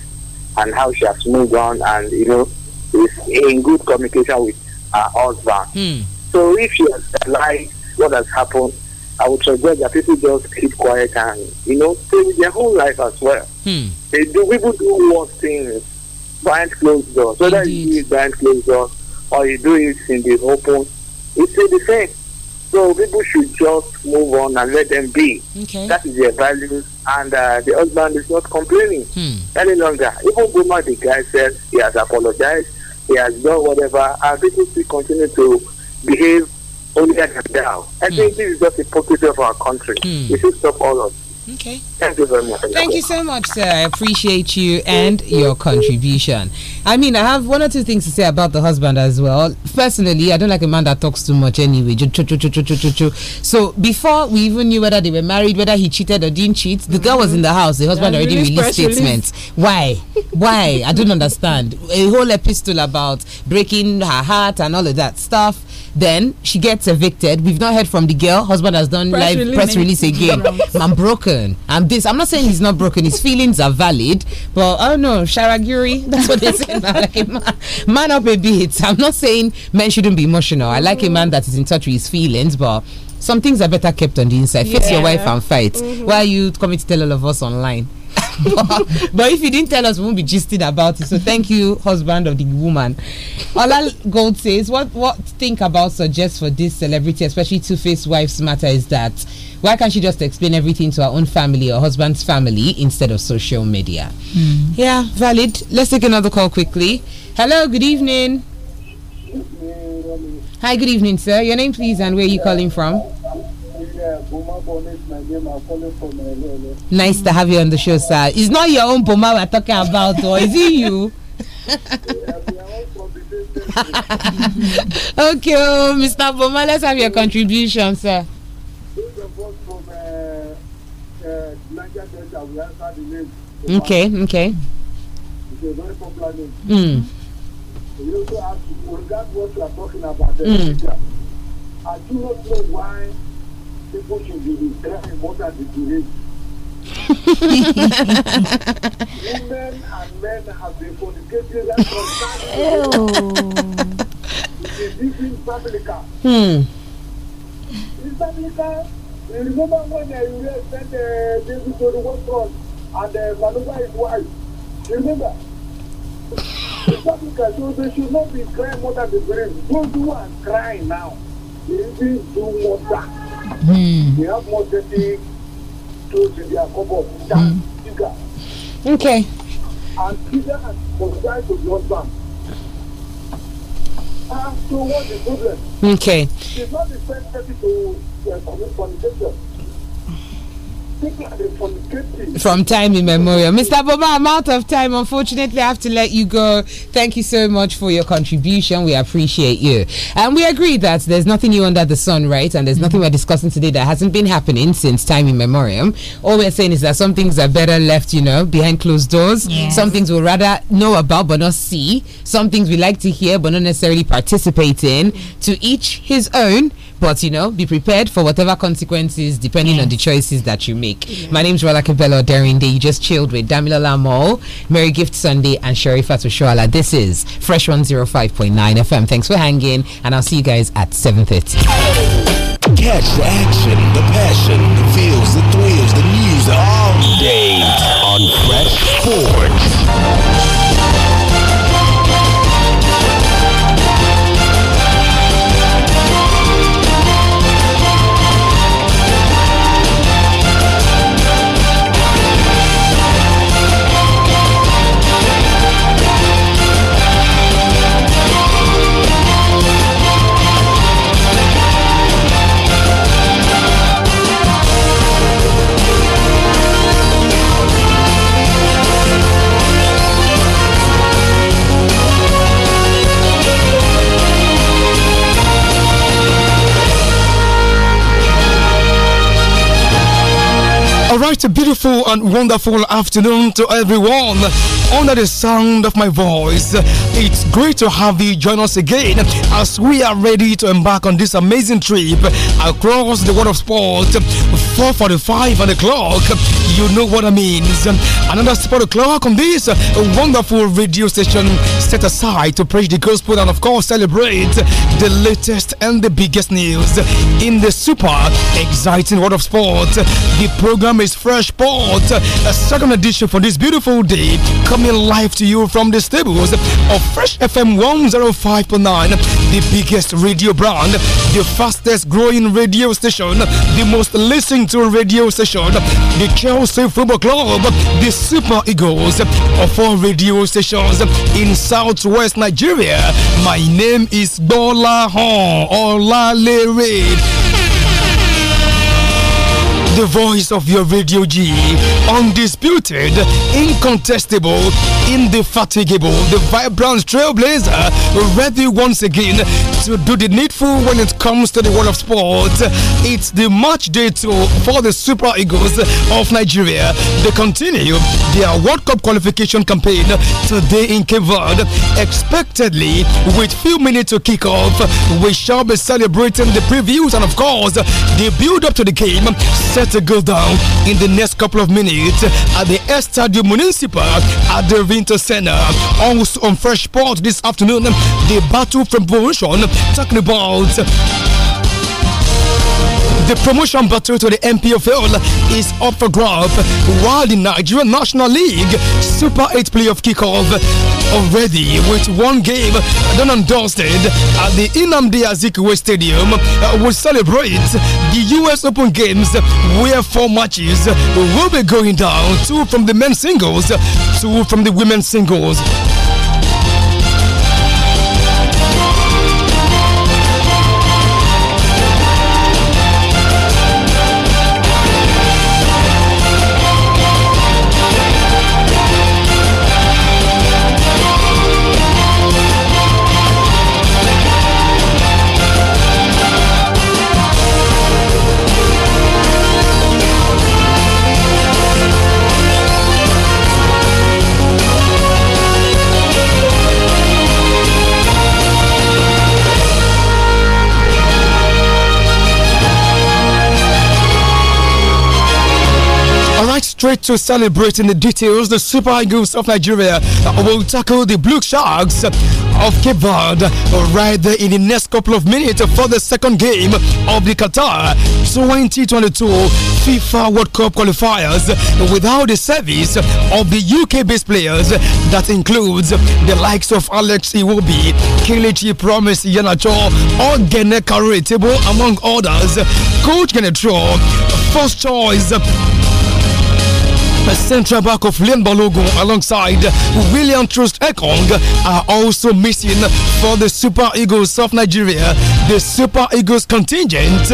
and how she has moved on, and you know, is in good communication with her husband. Hmm. So if she has realized what has happened, I would suggest that people just keep quiet and you know, stay their whole life as well. Hmm. They do people do worse things behind closed doors, whether Indeed. it is behind closed doors or you do it in the open, it's still the same. So people should just move on and let them be. Okay. That is their values, and uh, the husband is not complaining hmm. any longer. Even Goma, the guy said he has apologized, he has done whatever, and people still continue to behave only as a I hmm. think this is just hypocrisy of our country. Hmm. We should stop all of Okay. Thank you very much. Thank you so much, sir. I appreciate you and your contribution. I mean, I have one or two things to say about the husband as well. Personally, I don't like a man that talks too much anyway. So before we even knew whether they were married, whether he cheated or didn't cheat, the girl was in the mm-hmm. house. The husband already released statements. Why? Why? I don't understand. A whole epistle about breaking her heart and all of that stuff. Then she gets evicted. We've not heard from the girl. Husband has done press live release. press release again. I'm broken. I'm this. I'm not saying he's not broken. His feelings are valid. But oh no, Sharaguri. That's what they say Like man, man, up a bit. I'm not saying men shouldn't be emotional. I like mm. a man that is in touch with his feelings, but some things are better kept on the inside. Yeah. Face your wife and fight. Mm -hmm. Why are you coming to tell all of us online? but, but, if you didn't tell us, we won't be gisting about it. So thank you, husband of the woman. Ola Gold says, what what think about suggests for this celebrity, especially Two Face wife's matter, is that why can't she just explain everything to her own family or husband's family instead of social media? Mm. Yeah, valid. Let's take another call quickly. Hello, good evening. Hi, good evening, sir. Your name, please, and where are you calling from? Nice to have you on the show, sir. It's not your own Boma we're talking about, or is it you? okay, oh, Mr. Boma, let's have your contribution, sir. Uh, uh, okay, okay. It's a very popular name. Mm. You also have to regard what you are talking about. Mm. I do not know why people should be the Women and men have been fornicating left It's a living fabrica. Hmm. remember when you were sent uh, David to the West Front and uh, is wife? Remember? The Africa so they should not be crying more than the parents. Those who are crying now, they didn't do more than we hmm. have 132 in their cupboard. That's mm. Okay. And sugar was tied to your husband. so what's the problem? Okay. It's not the same to uh, commit fornication from time immemorial. Mr. Boba, I'm out of time. Unfortunately, I have to let you go. Thank you so much for your contribution. We appreciate you. And we agree that there's nothing new under the sun, right? And there's nothing we're discussing today that hasn't been happening since time immemorial. All we're saying is that some things are better left, you know, behind closed doors. Yes. Some things we'll rather know about but not see. Some things we like to hear but not necessarily participate in. To each his own. But, you know, be prepared for whatever consequences depending yes. on the choices that you make week. Yeah. My name's Rola Cabello Daring Day. You just chilled with Damila Lamo, Mary Gift Sunday, and Sherry Fatushoala. This is Fresh 105.9 FM. Thanks for hanging, and I'll see you guys at 7.30. Catch the action, the passion, the feels, the thrills, the news all day on Fresh Sports. It's a beautiful and wonderful afternoon to everyone under the sound of my voice. It's great to have you join us again as we are ready to embark on this amazing trip across the world of sport. 4:45 on the clock. You know what I mean. Another sport o'clock on this wonderful radio station set aside to preach the gospel and, of course, celebrate the latest and the biggest news in the super exciting world of sport. The program is. Free fresh port. A second edition for this beautiful day coming live to you from the stables of Fresh FM 105.9, the biggest radio brand, the fastest growing radio station, the most listened to radio station, the Chelsea Football Club, the Super Eagles of all radio stations in southwest Nigeria. My name is La Hon Olalere the voice of your Radio G, undisputed, incontestable, indefatigable, the vibrant trailblazer, ready once again to do the needful when it comes to the world of sport. It's the match day two for the Super Eagles of Nigeria. They continue their World Cup qualification campaign today in Cape Verde. Expectedly, with few minutes to kick off, we shall be celebrating the previews and, of course, the build up to the game set to go down in the next couple of minutes at the Estadio Municipal at the Winter Center. Also on Fresh Sport this afternoon, the battle from promotion talking about the promotion battle to the MPFL is up for grabs while the Nigerian National League Super 8 playoff kickoff already with one game done and dusted at the Inamdi Azikiwe Stadium uh, will celebrate the US Open Games where four matches will be going down, two from the men's singles, two from the women's singles. straight to celebrating the details. The Super Eagles of Nigeria will tackle the Blue Sharks of Cape Verde right there in the next couple of minutes for the second game of the Qatar 2022 FIFA World Cup qualifiers without the service of the UK-based players that includes the likes of Alex Iwobi, Kelechi Promise Yanacho, Ogene Karitebo among others. Coach Genetro, first choice a central back of Lian Balogun alongside William Trust Ekong are also missing for the Super Eagles of Nigeria. The Super Eagles contingent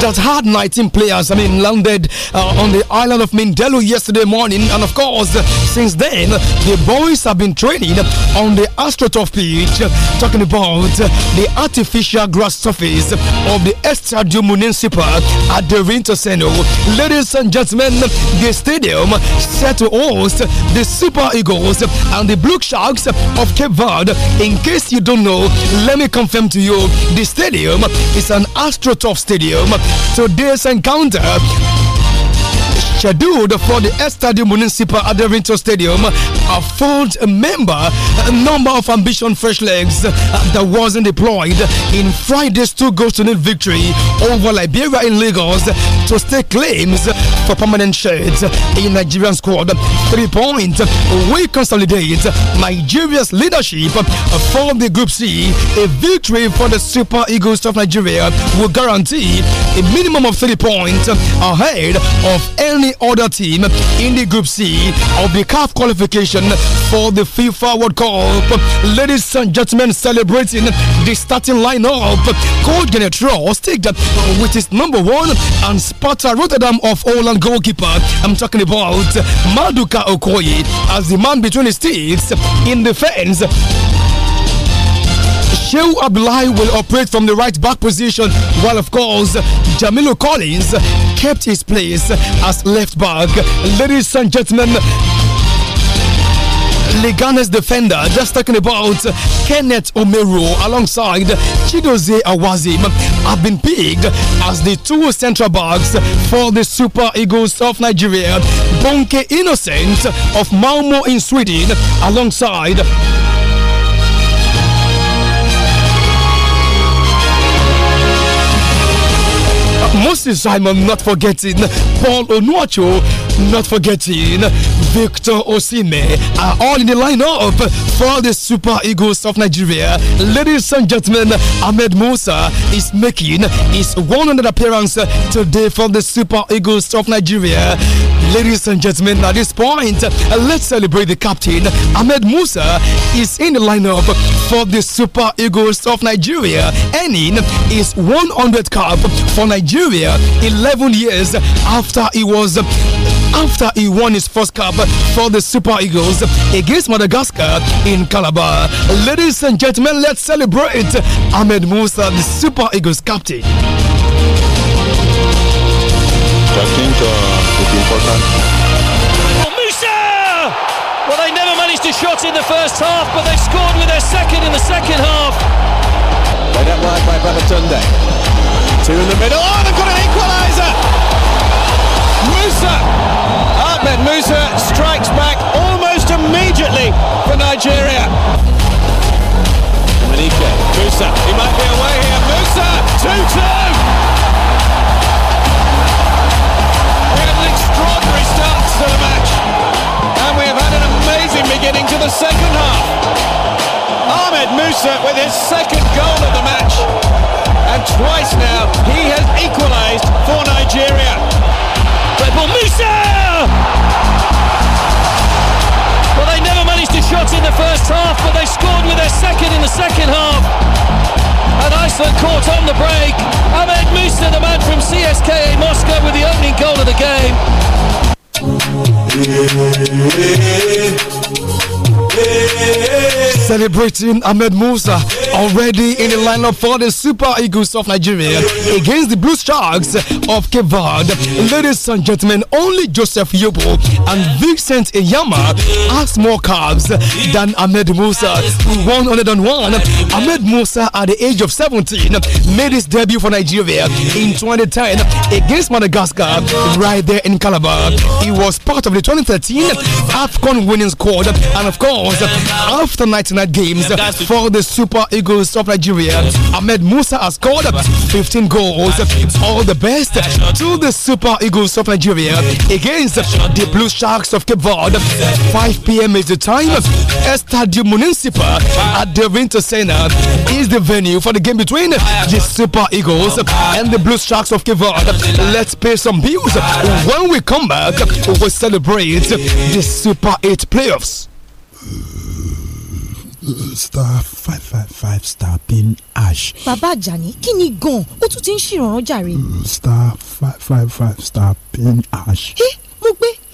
that had 19 players, I mean, landed uh, on the island of Mindelo yesterday morning. And of course, since then, the boys have been training on the AstroTurf pitch, talking about the artificial grass surface of the Estadio Municipal at the Centre, Ladies and gentlemen, the stadium set to host the Super Eagles and the Blue Sharks of Cape Verde. In case you don't know, let me confirm to you, the stadium is an AstroTurf stadium to this encounter scheduled for the Estadio Municipal Adevinto Stadium a fourth member a number of ambition fresh legs uh, that wasn't deployed in Friday's two goals to nil victory over Liberia in Lagos to stake claims for permanent shade in Nigerian squad. Three points we consolidate Nigeria's leadership for the Group C. A victory for the Super Eagles of Nigeria will guarantee a minimum of three points ahead of any other team in the Group C of the CAF qualification for the FIFA World Cup. Ladies and gentlemen, celebrating the starting lineup. Coach Genetro Stig with his number one and Sparta Rotterdam of Holland goalkeeper. I'm talking about Maduka Okoye as the man between his teeth in defense. Shehu Abdullahi will operate from the right back position, while of course Jamilo Collins kept his place as left back. Ladies and gentlemen, Leganes defender just talking about Kenneth Omero alongside Chidozie Awazim have been picked as the two central backs for the Super Eagles of Nigeria. Bonke Innocent of Malmo in Sweden alongside Moses Simon not forgetting, Paul Onuacho not forgetting, Victor Osime are all in the lineup for the Super Eagles of Nigeria. Ladies and gentlemen, Ahmed Musa is making his 100th appearance today for the Super Eagles of Nigeria. Ladies and gentlemen, at this point, let's celebrate the captain. Ahmed Musa is in the lineup for the Super Eagles of Nigeria, earning his 100th cap for Nigeria 11 years after he was after he won his first cup for the Super Eagles against Madagascar in Calabar. Ladies and gentlemen, let's celebrate Ahmed Musa, the Super Eagles captain. I think uh, it's important. Oh, Musa! Well, they never managed to shot in the first half, but they scored with their second in the second half. They don't like my brother Tunde. Two in the middle. Oh, they've got an equaliser! Musa! Ahmed Musa strikes back almost immediately for Nigeria. Manike, Musa, he might be away here. Musa, 2-2! We had an extraordinary start to the match. And we have had an amazing beginning to the second half. Ahmed Musa with his second goal of the match. And twice now, he has equalised for Nigeria triple. Michel! Well, they never managed to shot in the first half, but they scored with their second in the second half. And Iceland caught on the break. Ahmed Musa, the man from CSKA Moscow, with the opening goal of the game. Celebrating Ahmed Musa already in the lineup for the Super Eagles of Nigeria against the Blue Sharks of Cape Ladies and gentlemen, only Joseph Yobo and Vincent Ayama has more caps than Ahmed Musa. 101. Ahmed Musa, at the age of 17, made his debut for Nigeria in 2010 against Madagascar right there in Calabar. He was part of the 2013 AFCON winning squad and, of course, after 99 games for the Super Eagles of Nigeria. Ahmed Musa has scored 15 goals. All the best to the Super Eagles of Nigeria against the Blue Sharks of Cape Verde. 5 p.m. is the time. Estadio Municipal at the Winter Center is the venue for the game between the Super Eagles and the Blue Sharks of Cape Verde. Let's pay some bills. When we come back, we we'll celebrate the Super 8 playoffs. star five five five star pin ash. bàbá àjàní kí ni gan-an ó tún ti ń ṣèrànràn jàre. star five five five star pin ash. ẹ eh, mo gbé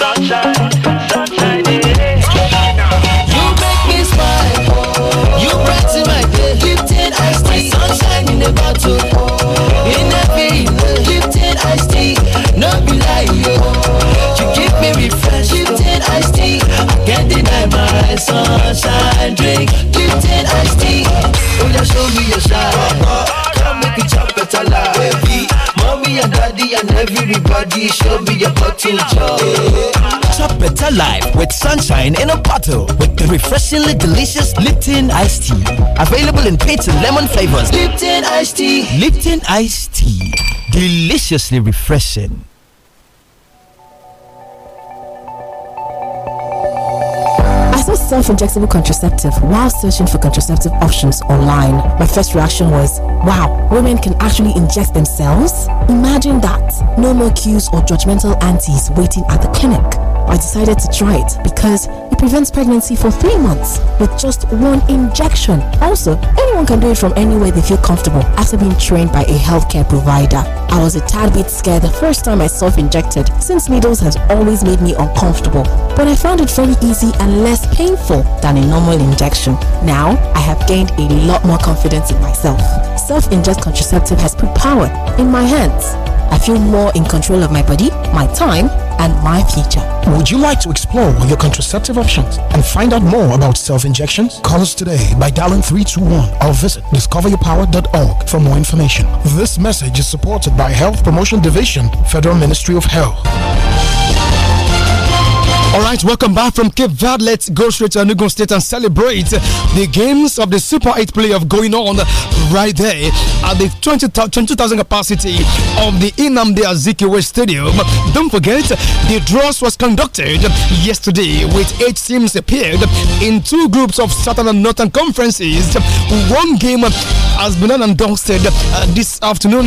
sunshine, sunshine. You make me smile, you brighten my day. Lipton iced tea, sunshine in a bottle. In a Lipton iced tea, be like you. You me Lipton iced tea. I can't deny my sunshine drink, Lipton iced tea. Oh yeah, show me your shine. everybody should be a potential. Chop better life with sunshine in a bottle with the refreshingly delicious Lipton iced tea. Available in pink and lemon flavors. Lipton iced tea. Lipton iced tea. Deliciously refreshing. saw self-injectable contraceptive while searching for contraceptive options online. My first reaction was, wow, women can actually inject themselves? Imagine that. No more queues or judgmental aunties waiting at the clinic. I decided to try it because it prevents pregnancy for three months with just one injection. Also, anyone can do it from anywhere they feel comfortable after being trained by a healthcare provider. I was a tad bit scared the first time I self injected since needles has always made me uncomfortable, but I found it very easy and less painful than a normal injection. Now, I have gained a lot more confidence in myself. Self inject contraceptive has put power in my hands. I feel more in control of my body, my time, and my future. Would you like to explore your contraceptive options and find out more about self injections? Call us today by dialing 321 or visit discoveryourpower.org for more information. This message is supported by Health Promotion Division, Federal Ministry of Health. All right, welcome back from Cape Verde. Let's go straight to Enugu State and celebrate the games of the Super 8 playoff going on right there at the 20,000 20, capacity of the Inamde Azikiwe Stadium. Don't forget, the draws was conducted yesterday with eight teams appeared in two groups of Southern and Northern conferences. One game has been announced uh, this afternoon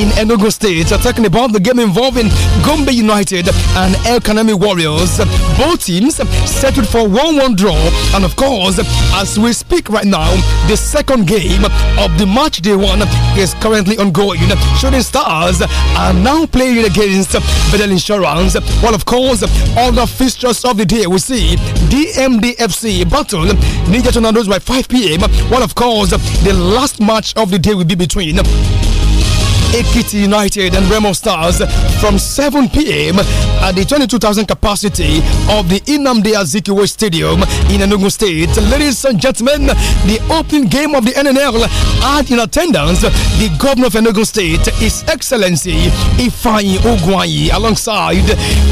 in Enugu State, talking about the game involving Gombe United and El Kanami Warriors. Both teams settled for 1 1 draw. And of course, as we speak right now, the second game of the match day one is currently ongoing. Shooting Stars are now playing against Bedell Insurance. Well, of course, all the fixtures of the day we see DMDFC battle Ninja Tornadoes by 5 p.m. Well, of course, the last match of the day will be between. Ekiti United and Remo Stars from 7 p.m. at the 22,000 capacity of the Inamde Azikiwe Stadium in Enugu State. Ladies and gentlemen, the opening game of the NNL had in attendance the Governor of Enugu State, His Excellency Ifa Ogwayi, alongside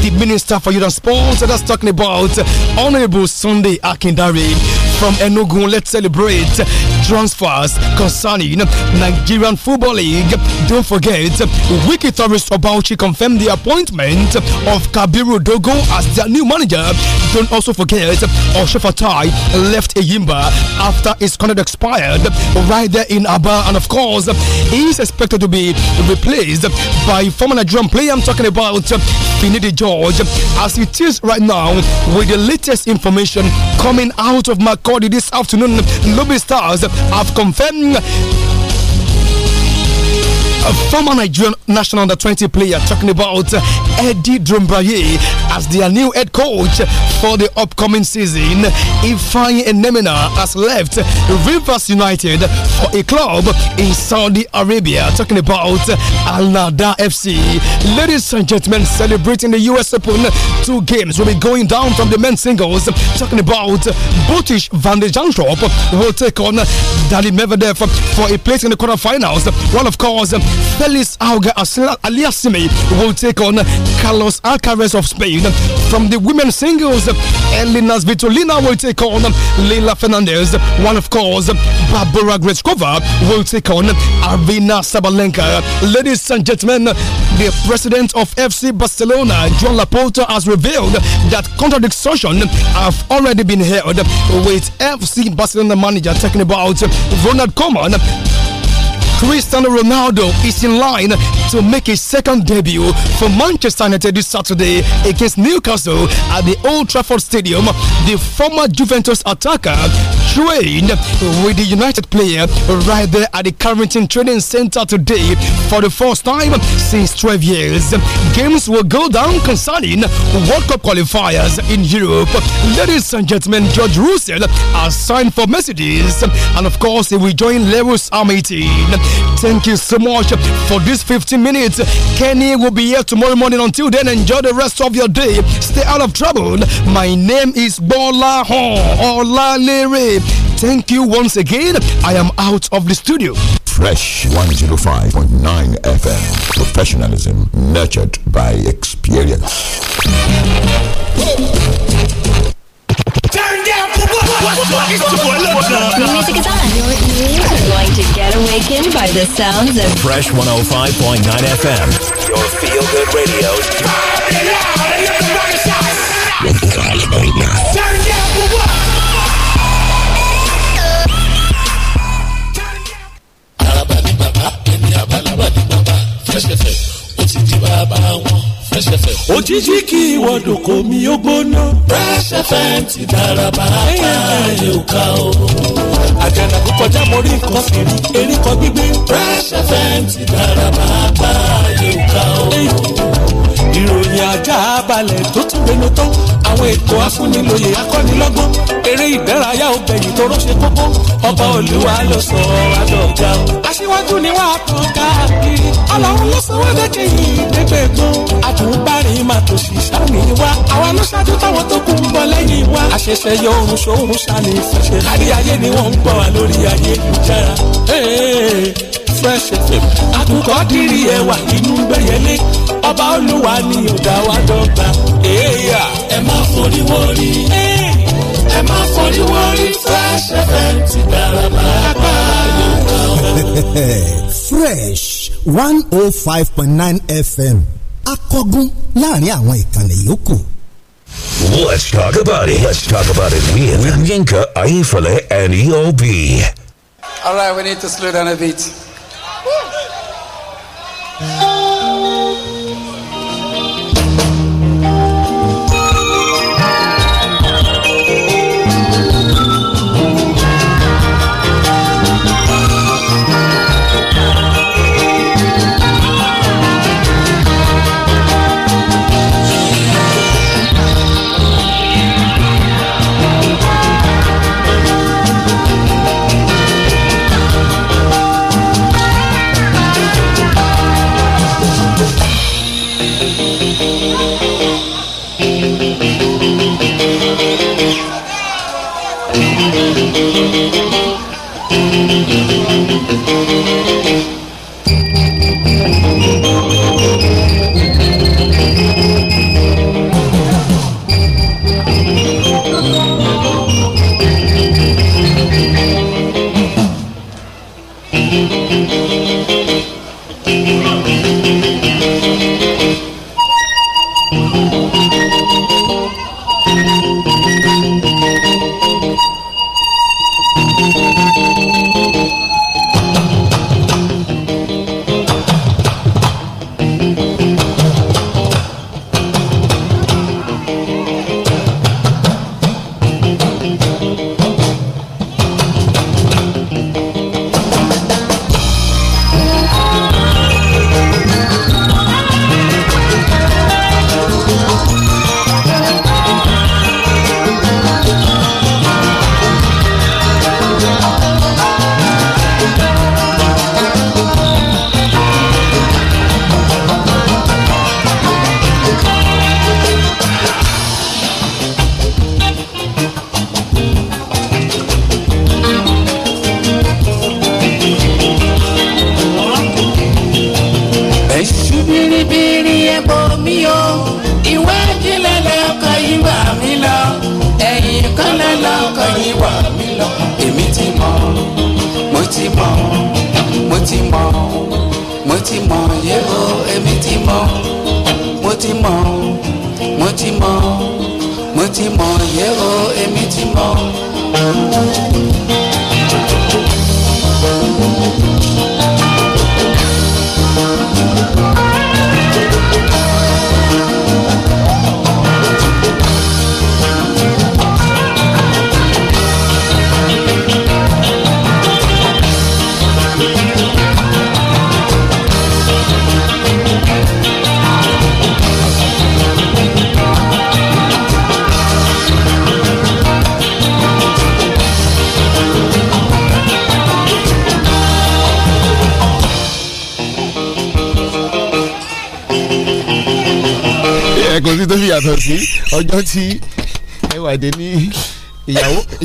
the Minister for Youth and Sports. That's talking about Honorable Sunday Akindari from Enugu. Let's celebrate transfers concerning Nigerian Football League. Don't forget, Wiki Thomas Obauchi confirmed the appointment of Kabiru Dogo as their new manager. Don't also forget, Oshifatai left Eyimba after his contract expired right there in Aba. And of course, he's expected to be replaced by former Nigerian player I'm talking about, Finidi George. As it is right now, with the latest information coming out of Mac recorded this afternoon. Lobby Stars have confirmed a former Nigerian national under 20 player talking about uh, Eddie Drumbraye as their new head coach for the upcoming season. Ifai Enemina has left Rivers United for a club in Saudi Arabia. Talking about uh, Al Nada FC. Ladies and gentlemen, celebrating the US Open, two games will be going down from the men's singles. Talking about uh, British Van de Jantrop will take on Dali Medvedev for a place in the quarterfinals. Well, of course, Felix Auger Aliasime will take on Carlos Alcaraz of Spain. From the women's singles, Elena Svitolina will take on Leila Fernandez. One of course, Barbara Grechkova will take on Arvina Sabalenka. Ladies and gentlemen, the president of FC Barcelona, John Laporta, has revealed that contradictions have already been heard with FC Barcelona manager talking about Ronald Koeman Cristiano Ronaldo is in line to make his second debut for Manchester United this Saturday against Newcastle at the Old Trafford Stadium. The former Juventus attacker trained with the United player right there at the Carrington Training Center today for the first time since 12 years. Games will go down concerning World Cup qualifiers in Europe. Ladies and gentlemen, George Russell has signed for Mercedes and of course he will join Lewis Armitage. Thank you so much for this 15 minutes. Kenny will be here tomorrow morning. Until then, enjoy the rest of your day. Stay out of trouble. My name is Bola Hon Thank you once again. I am out of the studio. Fresh 105.9 FM. Professionalism nurtured by experience. What's your Music is on. Your ears are going to get awakened by the sounds of Fresh 105.9 FM. Your feel good radio. Turn it out Turn let the rocket shout. With Carly Boyna. Turn it for what? Fresh kẹfẹ, di bàbá fresh fm. òjijì kí ìwọ́dọ̀ kò mí ó gbóná. fresh fm ti dára bàbá ayé ò ká o. àjànà kó kọjá mo rí nǹkan fìrí erékọ gbígbé. fresh fm ti dára bàbá ayé ò ká o. ìròyìn ajá balẹ̀ tó tún gbénu tán àwọn ètò afúnilòyè akọ́nilọ́gbọ́n eré ìdárayá obìnrin tó rọ́ṣe kókó ọba olúwa ló sọ àdọ̀gá o. aṣíwájú ni wàá tàn káàkiri ọlọ́run ló sọ wọ́dọ̀ kẹ́yìn ìdẹ́gbẹ̀gbọ́n àtúbárìn máa tò sí sáàmì wa àwa ló ṣáájú táwọn tó kù ń bọ̀ lẹ́yìn wa. àṣẹṣẹ yọ oorun ṣòun ṣàní ìfẹsẹ̀ kárí ni wọ́n ń gbọ́ wa lórí ayélujára fresh fm akukọ̀dìrì ẹwà inú gbẹ̀yẹlé ọba olúwa ni ọ̀dà wa dọ́gba. ẹ má forí wọrí ẹ má forí wọrí fresh fm ti dára pàápàá. fresh one oh five point nine fm akọgun láàrin àwọn ìkànnì yòókù. Let's talk about it. Let's talk about it with, Yinka Aifale and EOB. All right, we need to slow down a bit. Uh!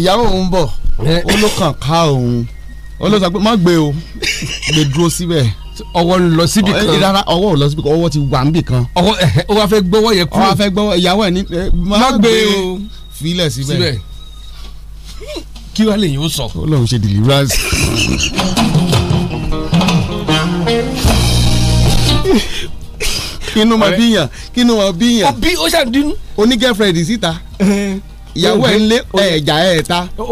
ìyàwó òun bọ̀ ó ló kàn ká òun ó ló sọ pé má gbé o lè dúró síbẹ̀ ọwọ́ ń lọ síbì kan rárá ọwọ́ ò lọ síbì kan ọwọ́ ti wà níbì kan. ọwọ́ ó wá fẹ́ gbọ́wọ́ yẹ kúrò ó wá fẹ́ gbọ́wọ́ ìyàwó ẹ̀ ní má gbé o filẹ̀ síbẹ̀ kí wàá lè yín sọ. ó lóun ṣe deliverance. kínú máa bíyàn kínú máa bíyàn. ó bí ó ṣàdínú. oní girlfriend síta ìyàwó ẹ̀ ń lé ẹ̀jà ẹ̀ ta ẹ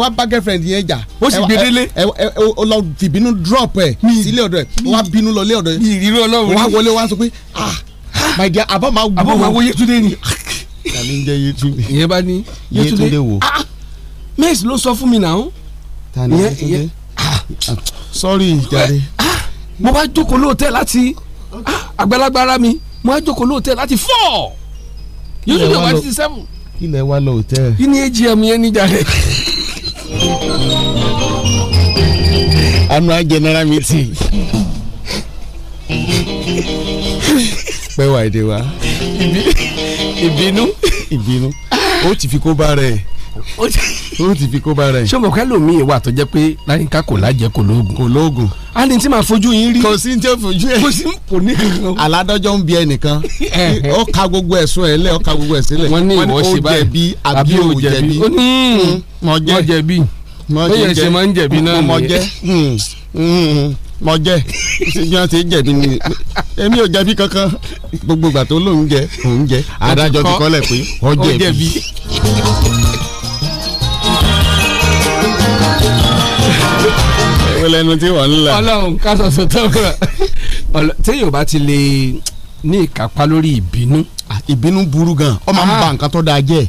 wá bá girlfriend yẹn jà ó sì gbé délé ó lọ fìbínú drop ẹ̀ sílé ọ̀dọ̀ ẹ̀ ó wá bínú lọ lé ọ̀dọ̀ ẹ̀ ó wá wọlé wá sọ pé ah my dear àbá máa wú àbá máa wú Yétúndé ni tàbí ń jẹ Yétúndé ìyẹn bá ní Yétúndé wò ah, mẹ́ẹ̀sì ló sọ fún mi náà tani Yétúndé ah. Ah, sorry jàre mo bá jókòó lóòótẹ́ láti àgbàlagbà ara mi mo bá jókòó lóòótẹ́ láti four Yétúndé wá ti seven ilẹ̀ wa lọ hòtẹ́ẹ̀lì. kí ni AGM yẹn níjà rẹ̀. annual general meeting. pẹ́ wà èdè wa. ìbínú. ìbínú ó ti fi kó bá rẹ̀ ó ti fi kó bára yìí. ṣé o mọ̀ ká lómi ìwà tó jẹ́ pé láyínká kò lájẹ kò lóògùn. kò lóògùn. a ní tí màá fojú yín rí. kò sí ní tí ó fojú ẹ. kò sí kò ní kankan. aládọ́jọ́ ń bi ẹnìkan ó ka gbogbo ẹ̀sùn ẹ̀ lẹ̀ ó ka gbogbo ẹ̀sìn lẹ̀. wọ́n ní ìwọ ṣe báyìí àbí ò jẹ̀bi. ó ní hmm. mọ̀ jẹ̀bi mọ̀ jẹ̀bi. ó yẹ ṣe máa ń jẹ̀bi náà nìyẹn mo jẹ yan hmm. hmm. ti jẹ ni èmi ò jẹ̀bi kankan gbogbo ìgbà tó lóun jẹ òun jẹ adájọ́ ti kọlẹ pé ó ìwé lẹ́nu tí wọ́n ń là. ọlọ́run ká sọ̀sọ̀ tó rọ̀ tí yorùbá ti lè ní ìkápá lórí ìbínú. ìbínú burú gan ọ máa ń ah. ba nǹkan tó dáa jẹ́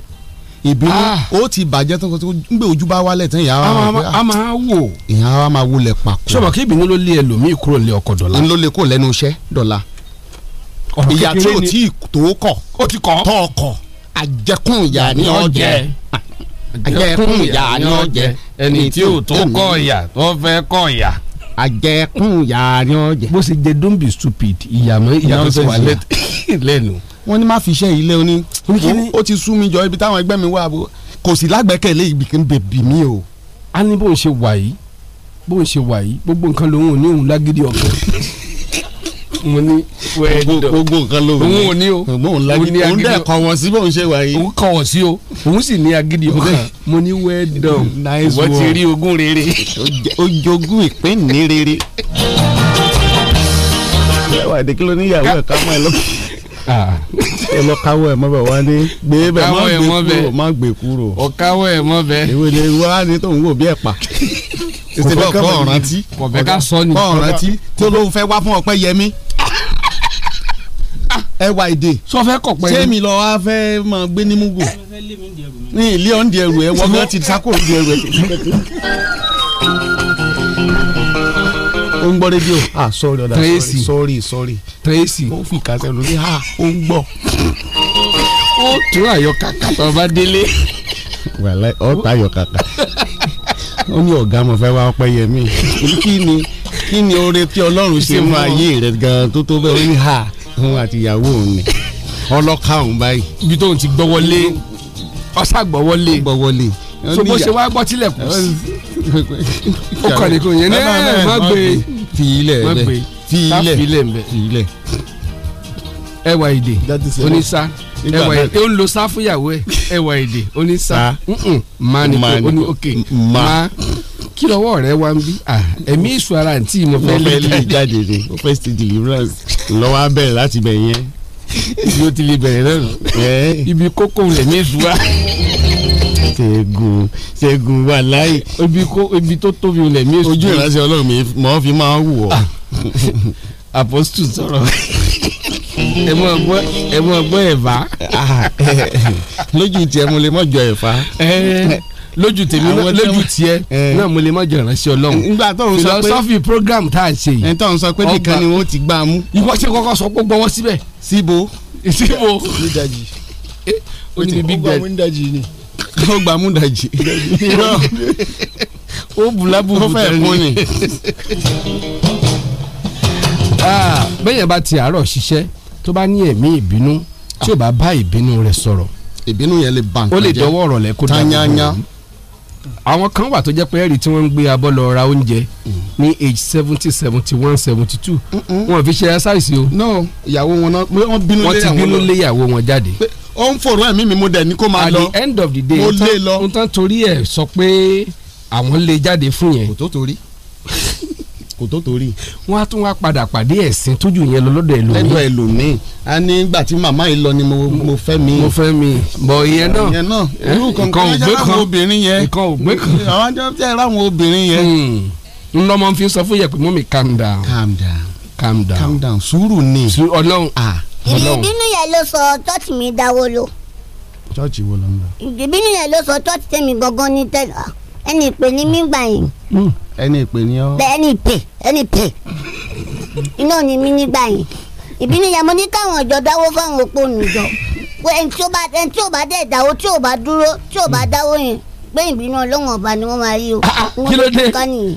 ìbínú ah. ó ti bàjẹ́ tó ń gbé ojú bá wálẹ̀ tán ìyá wa máa wò. Ah, a máa wò. ìyá wa máa wò lẹ̀ pàkó. sọ̀rọ̀ kí ìbínú ló lé ẹlòmíì kúrò lé ọkọ̀ dọ̀la. ń ló lè kó lẹ́nu iṣẹ́ dọ̀la. ìyá tí ò tí tó kọ̀ ó kọ̀ àjẹkùn ìyá ni ọ jẹ ajẹkùn ìyá ni ó jẹ ẹni tí ó tó kọ ìyá tó fẹ́ kọ ìyá. ajẹkùn ìyá ni ó jẹ. bó ṣe jẹ don't be stupid ìyá mọ ìyá tó fẹ́ wà lẹ́nu. wọ́n ní má fi iṣẹ́ ilé oní ó ti sú mi jọ ibi táwọn ẹgbẹ́ mi wà kò sí lágbẹ́kẹ̀lé ibi kí n bèbí mi o. a ní bó ń ṣe wà yìí bó ń ṣe wà yìí gbogbo nǹkan lòun ò ní òun lágídí ọkàn mo ní wẹ́ẹ̀dọ̀ gbogbo nǹkan ló wẹ̀ òun ò ní o òun lágídí òun dẹ̀ kọ̀wọ̀ sí bóun ṣe wà yìí òun kọ̀wọ̀ sí o òun sì ní agídí ọkàn mo ní wẹ́ẹ̀dọ̀ mm, ìwọ ti rí ogún rere ó jogún ìpín ní rere ẹwà ìdíkí ló níyàwó ẹ̀ ká mọ́ ẹ lọ́kọ̀ ẹlọ káwọ ah. ẹ mọbẹ wá ní gbé bẹ má gbé kúrò má gbé kúrò ọkáwọ ẹ mọbẹ ìwé ni wá ní tóun wò bí ẹ pa ìsèlè ọkọ ọ̀rántí kọ̀ọ̀bẹ ká sọ ni kọ̀ọ̀rántí tí olóhùn fẹ́ wá fún ọpẹ́ yẹmí ẹwà èdè. sọ fẹ́ kọ̀ pẹ́lú. sẹ́mi lọ wá fẹ́ máa gbé ní mugu. ní ilé ọ̀ǹdì ẹrù ẹ wọ́n náà ti sákò ọ̀ǹdì ẹrù ẹ. ó ń gbọ́ rédíò. ah sorry ọ̀dà tracy sorry sorry tracy ó fi kàṣẹ ló ní ah ó ń gbọ́. ó tún àyọkàkà tó bá délé. wàhálà ó tún àyọkàkà ó ní ọ̀gá mo fẹ́ wá ọpẹ́ yẹ mí kí ni kí ni oore tí ọlọ́run ṣe fún ayé rẹ gan tó tó bẹ́ẹ̀ ó ní ha. Ah, òun àti ìyàwó òun ni ọlọ́ka òun báyìí. ibi tóun ti gbọ́wọ́lé ọ̀sà gbọ́wọ́lé gbọ́wọ́lé so bó ṣe wá gbọ́ tilẹ̀ kù sí ó kàn ní kò yẹn ní ẹ má gbé fi ilẹ̀ rẹ fi ilẹ̀ fi èdè oníṣà ẹwà èdè ó ń lo sá fúyàwó ẹ ẹwà èdè ó ní sá má ni kò ó ní òkè má kí lọ́wọ́ rẹ wá ń bí ẹ̀mí ìṣù ara àǹtí mo fẹ́ lè jáde ni mo fẹ́ ṣe deliverance lọ́wọ́ á bẹ̀rẹ̀ láti bẹ̀ yẹn bí ó ti lè bẹ̀rẹ̀ náà ibi kókó lẹ̀mí ìṣù wa ṣẹ́gun ṣẹ́gun wà láì ibi tó tóbi lẹ̀mí ìṣù ojú ìránṣẹ́ ọlọ́run mi mọ́ fi máa wù ọ́ ah. apostol sọ̀rọ̀ ẹ mọ gbọ́ ẹ mọ gbọ́ ẹ̀fà ah. lójú tiẹ̀ mo lè mọ̀ jọ ẹ̀fà eh. lójú tèmi lójú tiẹ̀ eh. náà mo lè mọ̀ jọ ìránṣẹ́ Ọlọ́run nígbà tó ń sọ pé philosophy program tá a ṣe yìí ẹni tó ń sọ pé nìkan ni wọ́n ti gbá a mú. ìwọ ṣe kọ́kọ́ sọ pé gbọ́wọ́ síbẹ̀. síbo síbo eh, ó ní big dad ó gbà mú dajì ni ó gbà mú dajì ó bùlábù bùtẹ́ ni ah, bẹ́ẹ̀ yẹn bá ti àárọ̀ ṣiṣẹ́ tó bá ní ẹ̀mí ìbínú tí ò bá bá ìbínú rẹ̀ sọ̀rọ̀ ìbínú yẹn lè ba nǹkan ó lè dọwọ́ ọ̀rọ̀ lẹ kó dáa àwọn kan wà tó jẹ́ pé ẹ̀rí tí wọ́n ń gbé abọ́ lọ ra oúnjẹ ní age seventy seventy one seventy two wọn fi ṣe ẹsáìsì o. no ìyàwó wọn náà wọ́n ti bínú lé ìyàwó wọn jáde. ó ń fọ̀rọ̀ ẹ̀mí mi mo dẹ̀ ní kó máa lọ at the end of the day mo lé lọ. torí ẹ̀ sọ pé àwọn lè jáde fún yẹn. kò tó torí kò tó torí. wọ́n á tún wá padà pàdé ẹ̀sìn tójú yẹn lọ ẹlòmíì. lọ́dọ̀ ẹlòmíì a ní ìgbà tí màmá yìí lọ ni mo fẹ́ mi. mo fẹ́ mi bọ̀ ìyẹn náà ìyẹn náà irú kan kan ajá láwọn obìnrin yẹn nǹkan ògbé kan àwọn ajá láwọn obìnrin yẹn. ńlọmọ hmm. fi sọ fún yẹ pé mọ́mí calm down. calm down calm down calm down sùúrù ni. ọlọ́run ah ọlọ́run. ìbínú yẹn ló sọ tọ́ọ̀tì mi dáwó lo. tọ́ọ̀tì wo ló ń lọ. ìbínú yẹn ló sọ tọ́ọ̀tì tẹ̀mí gangan ní tẹ̀lá ẹni ìpè ní mí gbà yẹn. Hmm ẹni ìpè ni ọ. bẹ́ẹ̀ ni ìpè ẹni ìpè iná ni mí nígbà yẹn ìbínú yẹn mo ní káwọn ọjọ́ dáwó fáwọn òpó nìjọ ẹni tí ó bá ẹni tí ó bá dẹ̀ dáwó tí ó bá dúró tí ó bá dáwó yẹn pé ìbínú ọlọ́wọ̀n ọba ni wọ́n máa rí o. Ah, ah, kí ló dé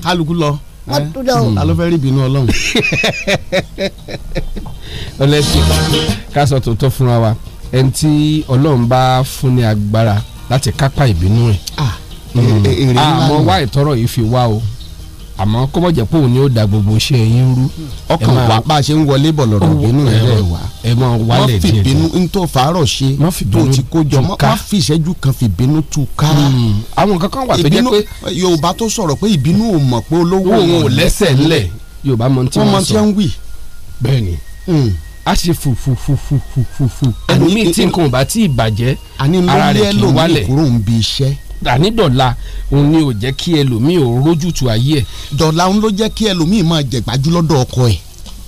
kálukú lọ wọ́n tún eh? lọ. ta ló fẹ́ rí ìbínú ọlọ́run. ọlẹ́sìn ká sọ tòótọ́ fúnra wa ẹni tí ọlọ́run bá fún ní agbára láti kápá ìbínú ẹ̀ àmọ́ ah. hmm. wá ìtọ́rọ̀ yìí fi wá o àmọ́ kó mọ̀jẹ̀ pé ó da gbogbo iṣẹ́ yín rú. ọkàn wa bá a ṣe ń wọlé bọ̀ lọ́rọ̀ bínú ẹ̀ rẹ̀ wá. ẹ mọ wálẹ̀ díẹ̀ díẹ̀ má fi bínú ntọ́ fàárọ̀ ṣe tó ti kó jọ má fi ìṣẹ́jú kan fi bínú tú ká. Hmm. àwọn kankan wà tó jẹ́ pé. yorùbá tó sọ̀rọ̀ pé ìbínú ò mọ̀ pé olówó òun ò lẹ́sẹ̀ ńlẹ̀. yorùbá mọ tí wọ́n sọ bẹ́ẹ̀ni hmm. a ṣe fufufufufufu ẹnu mi tí nǹkan ò bá tí ara rẹ̀ kì í wálẹ̀ ànídọ̀la òun ni ò jẹ́ kí ẹlòmíì ò rójútu ayé ẹ̀. dọ̀la òun ló jẹ́ kí ẹlòmíì máa jẹ̀gbájú lọ́dọ̀ ọkọ ẹ̀.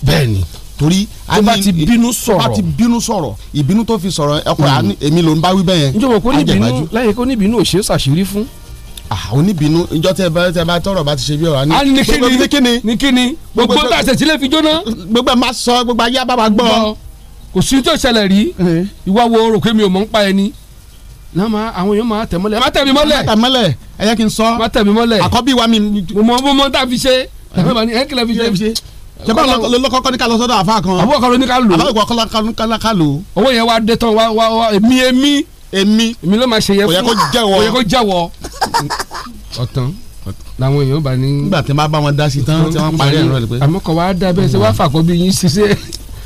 bẹ́ẹ̀ni torí tó bá ti bínú sọ̀rọ̀ tó bá ti bínú sọ̀rọ̀ ìbínú tó fi sọ̀rọ̀ ẹkọ hmm. èmi ló ń bá wí bẹ́ẹ̀ yẹn. njọ́ mọ̀ kó níbínú láyé kó níbínú ò ṣe é ṣàṣírí fún. oníbínú ìjọ tẹ bá tẹ bá tọrọ bá ti ṣe bí ọ̀rọ̀ ni. ní kíni ní kíni gbogbo tá a sílẹ̀ fi jóná. gbogbo máa sọ gbogbo ayé bá gbọ́. kò sí tó ṣẹlẹ̀ rí eh. ìwà wo mi ò mọ̀ ń pa ẹni lọ́mọ àwọn èèyàn máa tẹ̀ mọ́lẹ̀. má tẹ̀ mi mọ́lẹ̀. má tẹ̀ mọ́lẹ̀ ẹ yẹ kí n sọ. má tẹ̀ mi mọ́lẹ̀. àkọ́bí wa mi. mo mọ mo mọ fi ṣe. ni ẹ kìlẹ̀ fi ṣe. sẹ́kọ̀ lọ́kọ́kọ́ ní ká lọ sọ́dọ̀ àfa kan. àbúrò kan ló ní ká lò. àbúrò kan ló ká lò. owó yẹn wa dé tán wa wa wa èmi èmi. èmi. èmi ló máa ṣe yẹ fún. òyẹ kó jẹ́wọ́. òyẹ kó jẹ́wọ́. ọ̀tán làwọn èèyàn bá ní. nígbà tí n bá bá wọn dá sí tán tí wọn parí ẹ̀rọ rẹ pé. àmọ́ kò wá dá bẹ́ẹ̀ ṣe wá fàkọ́ bí yín ṣiṣẹ́.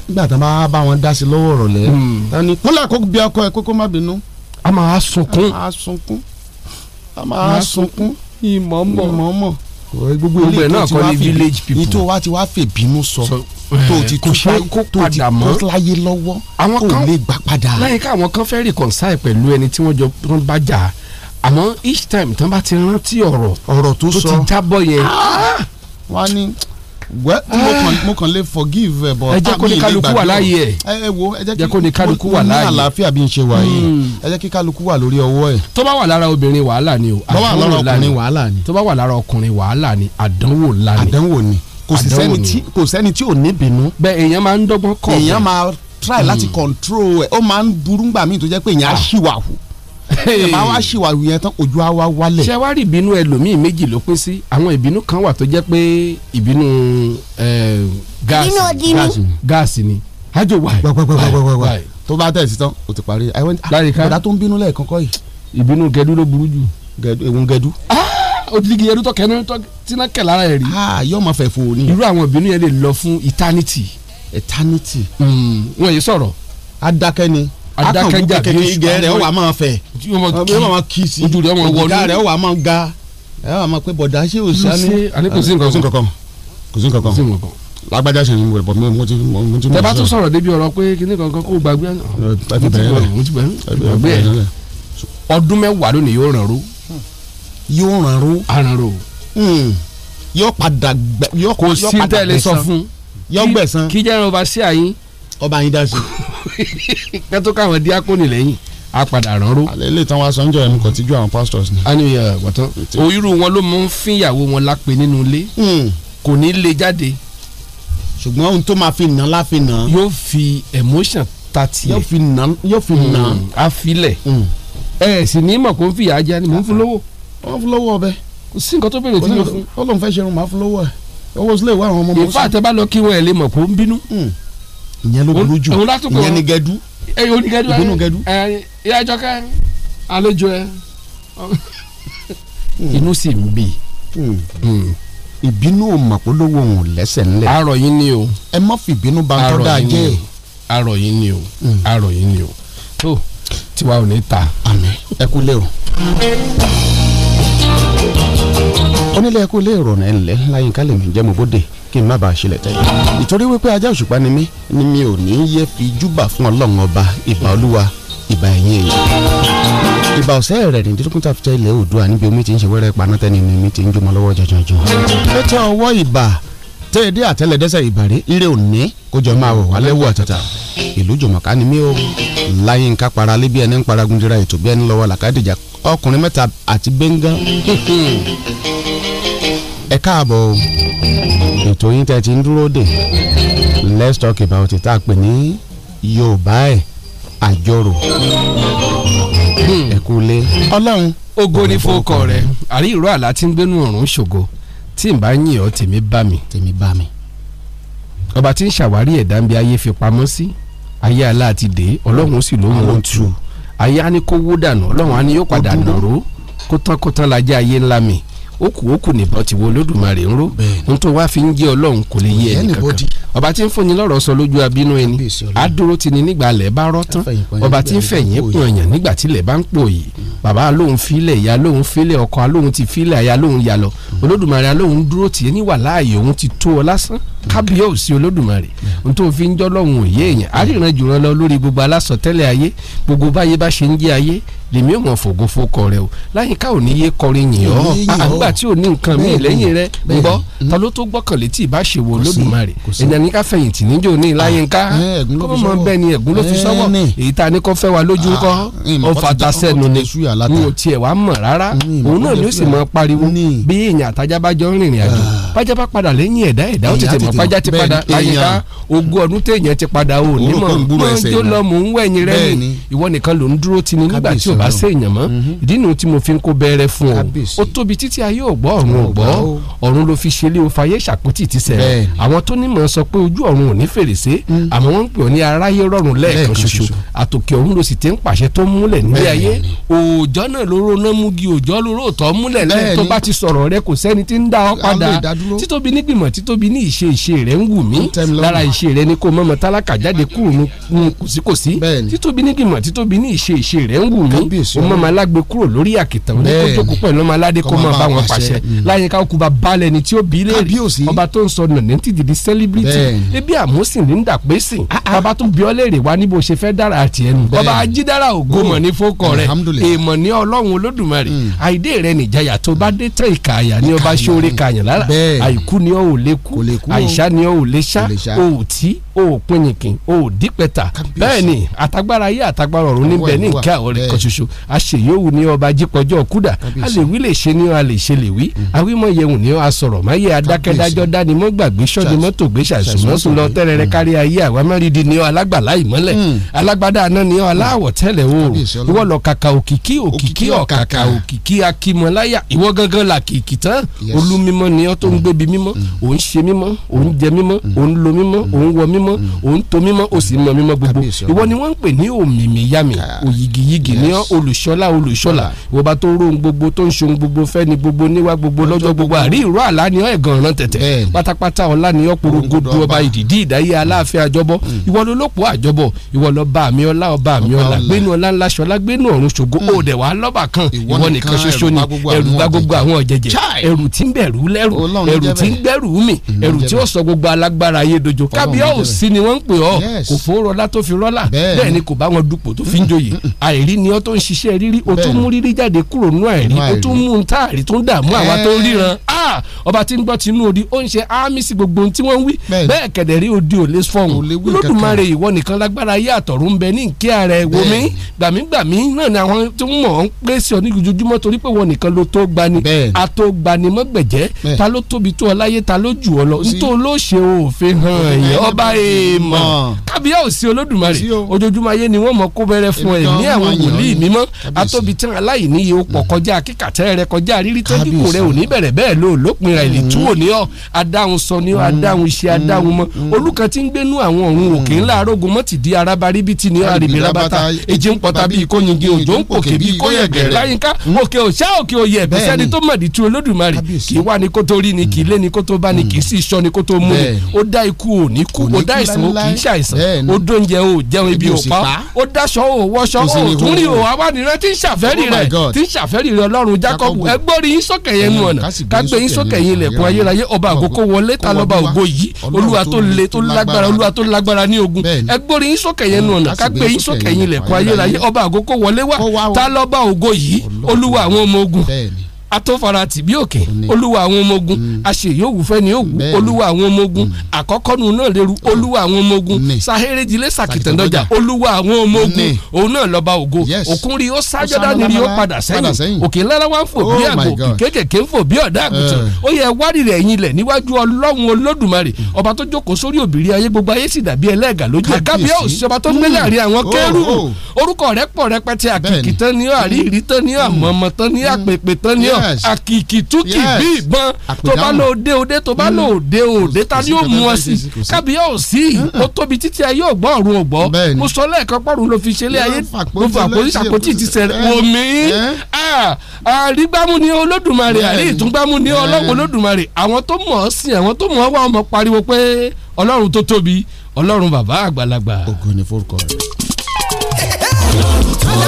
nígbà tí wọn bá bá wọn dá sí lọ́wọ́ rọ̀lẹ́. Hmm. tani kúnlẹ̀ kó bí ọkọ ẹ kó kó má bínú a máa sunkún. a máa sunkún a máa sunkún ìmọ̀ mọ̀ ìmọ̀ mọ̀ gbogbo ilé náà kọ́ ni village people. ìtò wa ti wá fèbínú sọ eh, tó ti kó padà mọ́ tó ti kó láyé lọ́wọ́ tó lè gbà padà. láyé ká àwọn kan fẹ́ reconcile pẹ̀lú ẹni tí wọ́n jọ wọ́n bá jà àmọ́ each time tán bá ti rántí ọ̀rọ̀ ọ̀rọ̀ tó sọ tó ti jábọ̀ yẹn. Ah! wọ́n á ní wẹ́ mo kàn lè forgive le bọ̀ ẹ jẹ́ kó ni kálukú wà láàyè ẹ̀ ẹ wo ẹ jẹ́ kó ní kálukú wà láàyè ní àlàáfíà bí n ṣe wà yìí hmm. ẹ jẹ́ kí kálukú wà lórí ọwọ́ ẹ̀. tó bá wà lára obìnrin wàhálà ni o àdánwò ńlá ni tó bá wà lára ọkùnrin wàhálà ni àdánwò ńlá ni àdánwò ni kò sì sẹ́ni tí kò sẹ́ni tí ò ní bínú. bẹ́ẹ̀ èèyàn máa ń dọ́gbọ́n kọ̀ èèyàn máa try láti hmm. control ẹ̀ ó máa ń burú ngbà míì tó jẹ́ pé èèyàn á hmm. ṣìwà hù ìbá wa ṣìwàrù yẹn tán ojú á wá wálẹ̀. ṣé wàá rí ìbínú ẹlòmíì méjì ló pín sí àwọn ìbínú kan wà tó jẹ́ pé ìbínú gáàsì gáàsì ni ájò wà yìí tó bá tẹ̀sí tán o ti parí ẹ wẹ́n ọ̀dà tó ń bínú lẹ́ẹ̀kan kọ́ yìí. ìbínú gẹdú ló burú jù. gẹdú ewu gẹdú. odidi ah, gẹdú tó kẹnu tó tíná kẹ lára ẹ rí. Ah, yóò máa fẹ́ fún òní. irú àwọn ìbínú yẹn lè lọ fún eternity. eternity. Hmm, wọn yìí sọ̀rọ̀ adákẹ́jà bí oṣù kẹkẹ rẹ wà máa fẹ ọmọ máa kì í sí ojú rẹ wọ wọlú ìdá rẹ wà máa ga ẹ wà máa pé bọ̀dá ṣé o sá ní. àní kò sí nǹkan kò sí nǹkan kò sí nǹkan lágbájá ṣe ni mo rẹ bọ mi mo ti mo ti mọ. tẹ bá tún sọ̀rọ̀ débi ọ̀rọ̀ pé kíní kankan kó gbàgbé. gbàgbé ẹ ọdún mẹ́wàá lónìí yóò ràn ró. yóò ràn ró. aràn ró. Hmm. yóò padà gbẹ yóò padà gbẹ̀san. kò sí tẹ́lẹ̀ sọ fún. yóò gbẹ̀san. kíjẹ́ ìrànwọ́ bá sí àyín ọba yín dá sí. kẹ́tọ́ káwọn díákónì lẹ́yìn a padà ránró. alẹ́ ilé ìtàn wa sọ ń jọ ẹnu kò tí ju àwọn pastors ni. a ní wọ́tán oyúrú wọn ló mú fíyàwó wọn lápè nínú ilé hmm. kò ní lè jáde. ṣùgbọ́n ohun tó máa fi nà láfi nà. yóò fi emotion ta tiẹ̀. yóò fi nà yóò fi nà. Hmm, a filẹ̀ hmm. ẹ sì ní mọ̀ kó ń fìyà ajá ni mò ń fún lówó. wọ́n fún lówó ọbẹ̀. kò sí nǹkan tó béèrè tí mo fún. ó lóun fẹ́ ṣerun màá fún lówó ẹ̀ owó sílẹ̀ wà àwọn ọmọ ìyẹn ló burú jù ìyẹn ni gẹdú ìgbónú gẹdú. ìyá ìjọkẹ́ àlejò ẹ hmm. inú sì ń bí hmm. hmm. ìbínú màpolówó òun lẹ́sẹ̀ ńlẹ̀. arọ yín ni o. ẹ má fi ìbínú ba tọ́ da jẹ́. arọ yín ni o arọ yín ni o tó tiwa ò ní ta. ẹ kú lé o onílé ẹkú ilé ìrọ̀nà ẹ̀ńlẹ̀ láyínká lèmi jẹ́ mo bóde kí n má bàa ṣẹlẹ̀ tẹ̀. ìtorí wípé ajá òṣùpá ni mí ni mi ò ní yẹ fi júbà fún ọlọ́run ọba ìbà olúwa ìbà ẹ̀yìn èèyàn. ìbà ọ̀sẹ́ rẹ̀ ní dókítà fìtẹ́ ilẹ̀ oòdùà níbi omi ti ń ṣe wẹ́rẹ́ panátẹ́ ni omi ti ń jómọ lọ́wọ́ jọjọjọ. létí ọwọ́ ìbà téèdé àtẹlẹdẹsẹ ìbàrẹ ire òní kójọ máa wọ̀ wálé wọ̀ tata ìlú jùmọ̀ká ni mí o láyínká para lé bí ẹni ń paragundira ètò bí ẹni lọ́wọ́ làkàdìjà ọkùnrin mẹ́ta àti bẹ́ngàn ẹ káàbọ̀ o ètò yín tẹ́ ti ń dúró dè let's talk about it tá a pè ní yorùbá ẹ̀ àjọrò hmm. ẹ kú lé. ọlọ́run ògo ni fọkọ rẹ àrí ìró àlá tí ń gbénu ọ̀run ṣògo tí n bá yìn ọ́ tèmi bá mi. tèmi bá mi. ọba tí ń ṣàwárí ẹ̀dá ń bí ayé fi pamọ́ sí ayé aláàtì dé ọlọ́run sì ló mú un tu ayé á ní kó wó dànù ọlọ́run á ní yóò padà nàró kó tán kó tán lajẹ́ ayé ńlá mi ókú kù ó kù nìbọn ti wo olódùmarè ń ró ohun tó wá fi ń jẹ́ ọlọ́run kò lè yé ẹnì ọba tí ń fúnni lọ́rọ̀ sọ lójú abínú ẹni àdúró ti ni nígbà lẹ̀ bá rọ́ tán ọba tí ń fẹ̀yìn pòyàn nígbà tí lẹ̀ bá ń pò yìí bàbá lóun filẹ̀ ìyá lóun filẹ̀ ọkọ lóun ti filẹ̀ aya lóun yà lọ olódùmarè lóun dúró tiẹ̀ níwà láàyè òun ti tó ọ lásán kábíyèsí olódùmarè nítorí òfin jọ́ lọ́hùn òye èèyàn àríran jùlọ lọ lórí gbogbo alásọtẹ́lẹ̀ ayé gbogbo báyé bá ṣe ń jẹ́ ayé lèmi ò mọ̀ fògo fokọ rẹ o láyìnká ò ní yé kọrin yìn ọ́ àgbà tí ò ní nǹkan míì lẹ́yìn rẹ gbọ́ ta ló tó gbọ́kànlé tí ì olódùmarè ní ká fẹ̀yìntì níjó ní iláyínká ah, kó eh, mọ bẹ́ẹ̀ ni ẹ̀gún ló fi sọ́wọ́ eh, èyí tá a ní kó fẹ́ wa lójú ńkọ́ ah, eh, ó fata sẹ́nu ni n ò tiẹ̀ wá mọ̀ rárá òun náà ni ó sì mọ pariwo bí èèyàn àtajá bá jọ ń rìnrìn àjò pájá ah. bá padà lẹ́yìn ẹ̀dá ẹ̀dá ó tètè mọ̀ pájá ti padà láyínká ogún ọdún téèyàn ti padà ò ní mọ̀ mọ̀ ni ìwọ nìkan ló ń dúró ti ni nígbà tí ò bá séèyàn mọ́ ìdí nu tí mo fi ń kó bẹ̀rẹ̀ fún ọ ó tóbi títí ayé ògbọ́ ọ̀run ògbọ́ ọ̀run ló fi ṣe lé o fayé ṣàpótì ti sẹ̀ àwọn tó nímọ̀ sọ pé ojú ọ̀run ò ní fèrèsé hmm. àmọ́ wọ́n ń pè ọ́ ní aráyé rọ̀rùn lẹ́ẹ̀kan ṣoṣo àtòkè ọ̀run ló sì ti ń pàṣẹ tó múlẹ̀ nílé ayé òòjọ́ náà ló ròná mugi òòjọ́ ló ròótọ́ múlẹ̀ lẹ́ẹ̀ tó bá ti sọ̀rọ̀ rẹ kò sẹ́ni tí ń dá ọ padà títóbi nígbìmọ̀ títóbi ní ìṣe ìṣe rẹ ń wù mí lára ìṣe rẹ ni kò mọ́mọ́ tálákà jáde kúrò nu kòsíkòsí títóbi nígbìmọ̀ títóbi ni tí ó bí léèrè ọba tó ń sọ ebi àmúsìn ní dàpé sìn ah, ah. bàbá tún bí ọ léèrè wá níbo ṣe fẹ́ dára tiẹ̀ nù bàbá ajídára ògo mọ̀ ní fókọ rẹ̀ èèmọ̀ ní ọlọ́run olódùmarè hmm. àìdè rẹ̀ nìjayà tó bá dé tẹ̀ ìkààyà ní ọba ṣóore kààyàn lára àìkú ni ọ bi o wa lè kú àìsá ni ọ ò lè sá òòtí o pinnìkìn o dípẹ́ta bẹ́ẹ̀ ni àtagbára ayé àtagbára ọ̀run níbẹ̀ ní nǹkan àwọn ọ̀rẹ́ kan ṣoṣo àṣeyọ́wò ni ọba soso aseyowo kuda a lè wí lè ṣe ni a lè ṣe lè wí àwímọ̀ mm. yẹ̀wò ni a sọ̀rọ̀ máyé adákẹ́dájọ́ dánimọ̀ gbàgbé sọ́ni mọ́tò gbé ṣàṣùmọ́sù lọ tẹ́rẹ̀rẹ́ mm. kárí ayé àwa mẹ́rìndì ni ọ alágbàlá ìmọ́lẹ̀ mm. alágbádá aná ni ọ aláwọ̀ tẹ́lẹ̀ oòrùn ìwọ lọ kàkà òkìkí òkìkí ọ̀kàkà òkìkí akímọ̀láyà ìwọ gangan là kìkì tán olú mímọ́ ni ọ tó ń gbébi mímọ́ òun ṣe mímọ́ òun jẹ mímọ́ òun lo mímọ́ alawo tele oorun iwo kaka okiki okiki okaka okiki akimolaya iwo wọ oun se mimo oun je mimo oun mimo mímọ́ òun tó mímọ́ ó sì mọ mímọ́ gbogbo ìwọ ni wọ́n ń pè ní òmìmíyàmì òyìgìyìgì ah, ní olùṣọ́lá olùṣọ́lá ah. ìwọ bá tó rohun gbogbo tó ń ṣohun gbogbo fẹ́ni gbogbo níwá gbogbo lọ́jọ́ gbogbo àrí ìró àlá ni ọ́ ẹ̀gàn ọ̀ràn tẹ̀tẹ̀ pátápátá ọ̀la ni ọ́ porogodo ọba ìdìdí ìdáyé mm. aláàfin àjọbọ mm. ìwọ ló lópò àjọbọ ìwọ lọ bá mi ọlá ọba mi ọlá gbénu ọlá ńlá ṣọlá gbénu ọ̀run ṣògo ó mm. dẹ̀ wá lọ́bà kan ìwọ nìkan ṣoṣo ni ẹrù bá gbogbo àwọn ọ̀jẹ̀jẹ̀ ẹrù tí ń bẹ̀rù lẹ́rù ẹrù tí ń gbẹ̀rù mi ẹrù tí ó sọ gbogbo alágbára ayé dojo kábíyá ò àìsí ni wọ́n ń pè ọ́ kò fòórọ́lá tó fi rọ́lá bẹ́ẹ̀ ni kò bá wọn dupò tó fi ń joyè àìrí ni ọ́ tó ń ṣiṣẹ́ rírí o tún mú rírí jáde kúrò nínú àìrí o tún mú un tá tó ń dààmú àwa tó ń ríran ọba tí ń gbọ́ tinú odi ó ń ṣe ámì sí gbogbo ohun tí wọ́n ń wí bẹ́ẹ̀ kẹ̀dẹ̀ rí odi ò lè fọ̀hún lódùmarè ìwọ nìkan lágbára ayé àtọ̀run ń bẹ ní ìkí ààrẹ wo mi gbàmígbàmí náà ni àwọn tí wọ́n mọ̀ ń pè sí ọ ní ojoojúmọ́ torí pé wọn nìkan ló tó gbani àtó gbani mọ́gbẹ̀jẹ́ ta ló tóbi tó ọ láyé ta ló jù ọ lọ nítorí ló ṣe òfin hàn yẹn ọba èèmọ̀ kábíyàwòsí olódùmarè ojoojúmọ́ ayé ni wọ́n mọ̀ kó bẹ̀rẹ̀ fún ẹ̀ ní àwọn wòlíì mímọ́ atóbi tán aláìníye ó pọ̀ mm. kọjá kíkàtẹ́ rẹ kọjá rírí tẹ́jú kò rẹ ò ní bẹ̀rẹ̀ bẹ́ẹ̀ ló lópin rẹ̀ ìlítú mm. òní ọ́ adáhùn sọ ni ọ́ adáhùn iṣẹ́ mm. adáhùn mọ́ olùkan tí ń gbénú àwọn ọ̀run òkè ńlá arógun mọ́ ti di araba ríbi ti ní àrèmí rabata èjì ń pọ̀ta bíi kóyingi òjò ń pòkè bíi kóyẹ̀gẹ̀ láyínká òkè òṣà òkè òyè ẹ̀bẹ̀ sẹ́ni tó mọ̀dí tu olódùmarè kì í wá ni kó tó rí ni kì í lé ni kó tó bá dá ìsìn o kì í o o jẹun ibi ò pa o dáṣọ o wọṣọ o tún rí o tí ń ṣàfẹ́rì rẹ̀ tí ń ṣàfẹ́rì rẹ̀ ọlọ́run Jacob ẹgbọ́n sókè yẹn nu ọ̀nà kágbé sókè yẹn ayérayé ọba wọlé ta lọ́ba ògo yìí olúwa tó le tó lágbára olúwa tó lágbára ní ogun ẹgbọ́n sókè yẹn nu ọ̀nà kágbé sókè atófarati bí òkè olúwa àwọn ọmọ ogun hmm. aṣèyówù fẹ́ni òwú olúwa àwọn ọmọ ogun hmm. àkọ́kọ́ nu náà lérú olúwa àwọn ọmọ ogun saherejile sàkìtàndọ́jà olúwa àwọn ọmọ ogun òun náà lọ́ba ògo òkun rí ó sájọ́ dání rí ó padà sẹ́yìn òkè lára wá ń fò bí oh àgbò kékèké ń fò bí ọ̀dà àgùntàn eh. ó yẹ wárìrì ẹ̀yìn ilẹ̀ níwájú ọlọ́run olódùmarè hmm. ọba tó jókòó sórí òbírí ayé gbogbo ayé sì dàbí ẹlẹ́gà lójú ẹ̀ kábíyèsí ọba tó gbélé àrí àwọn kẹ́rù oh, oh. orúkọ rẹ̀ pọ̀ rẹpẹtẹ àkìkì tán ni ó àrí àkìkì túkì bí ìbọn tó bá lò dé òde tó bá lò mm. dé òde ta ni yóò mú ọ sí kábíyà ò sí ó tóbi títí ayé ò gbọ́ ọ̀run ò gbọ́ mo sọ lẹ́ẹ̀kan pọ́run ló fi ṣe ilé ayé ló fi àpòtí ṣàpòtí ti sẹ̀rẹ̀ omi eh. eh. àrígbámú ni olódùmarè àrí ìtúngbámú ni eh. ọlọ́run olódùmarè àwọn tó mọ̀ ọ́ sìn àwọn tó mọ̀ ọ́ wá ọmọ pariwo pé ọlọ́run tó tóbi ọlọ́run bàbá àgbàlagbà. ògo ni forúkọ rẹ̀. ọlọ́run tó tóbi.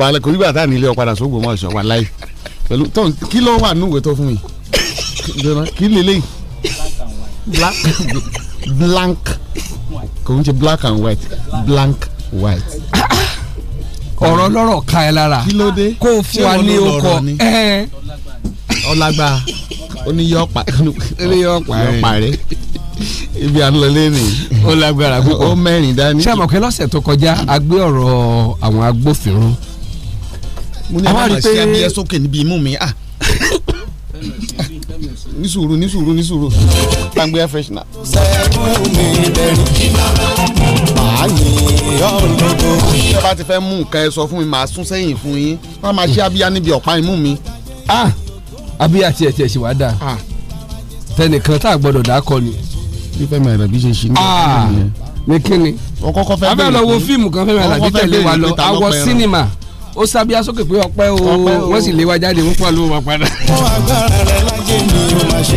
bàbá alẹ́ kò nígbà tá à ní ilé ọ̀padà sógbò mọ́ ọ̀ṣọ́ wà láyé pẹ̀lú tó kí ló wà nínú ìwé tó fún mi kí lélẹ́yìn black blank kò ń ṣe black and white blank white. ọ̀rọ̀ lọ́rọ̀ ka ẹ lára kí ló dé kó o fún wa ní okọ̀ ọlágbá oníyọ̀pá oníyọ̀pá rẹ̀ ibi àlọlé ni ó lágbára púpọ̀ ó mẹ́rin dání. ṣé àmọ̀kẹ́ lọ́sẹ̀ tó kọjá a gbé ọ̀rọ̀ àwọn agbófinró mo ní àwọn àmọ̀ sí abiyẹ sókè níbi imú mi ah ní sùúrù ní sùúrù ní sùúrù gbàngbé bí ẹ bá ti fẹ́ mú nǹkan ẹ sọ fún mi màá sún sẹ́yìn fún yín wọ́n máa ṣe abíyá níbi ọ̀pá imú mi. Ah, abíyá tiẹ̀ tiẹ̀ ṣì wá dáa ah. tẹnìkan tá a gbọ́dọ̀ dákọ ni. fífẹ́ mi àrẹ̀bí ṣe ṣí ní ọ̀pá mi ah, yẹn. ní kíni. ọkọ̀ abẹ́ lọ wo fíìmù kan fẹ́mi àlàbí tẹ̀lé wa lọ awọ sinima ó sábíà sókè pé ọpẹ́ o wọ́n sì lé wa jáde wọ́n pàlọ́ wa padà. wọ́n agbára rẹ̀ lájẹ́ mi ò máa ṣe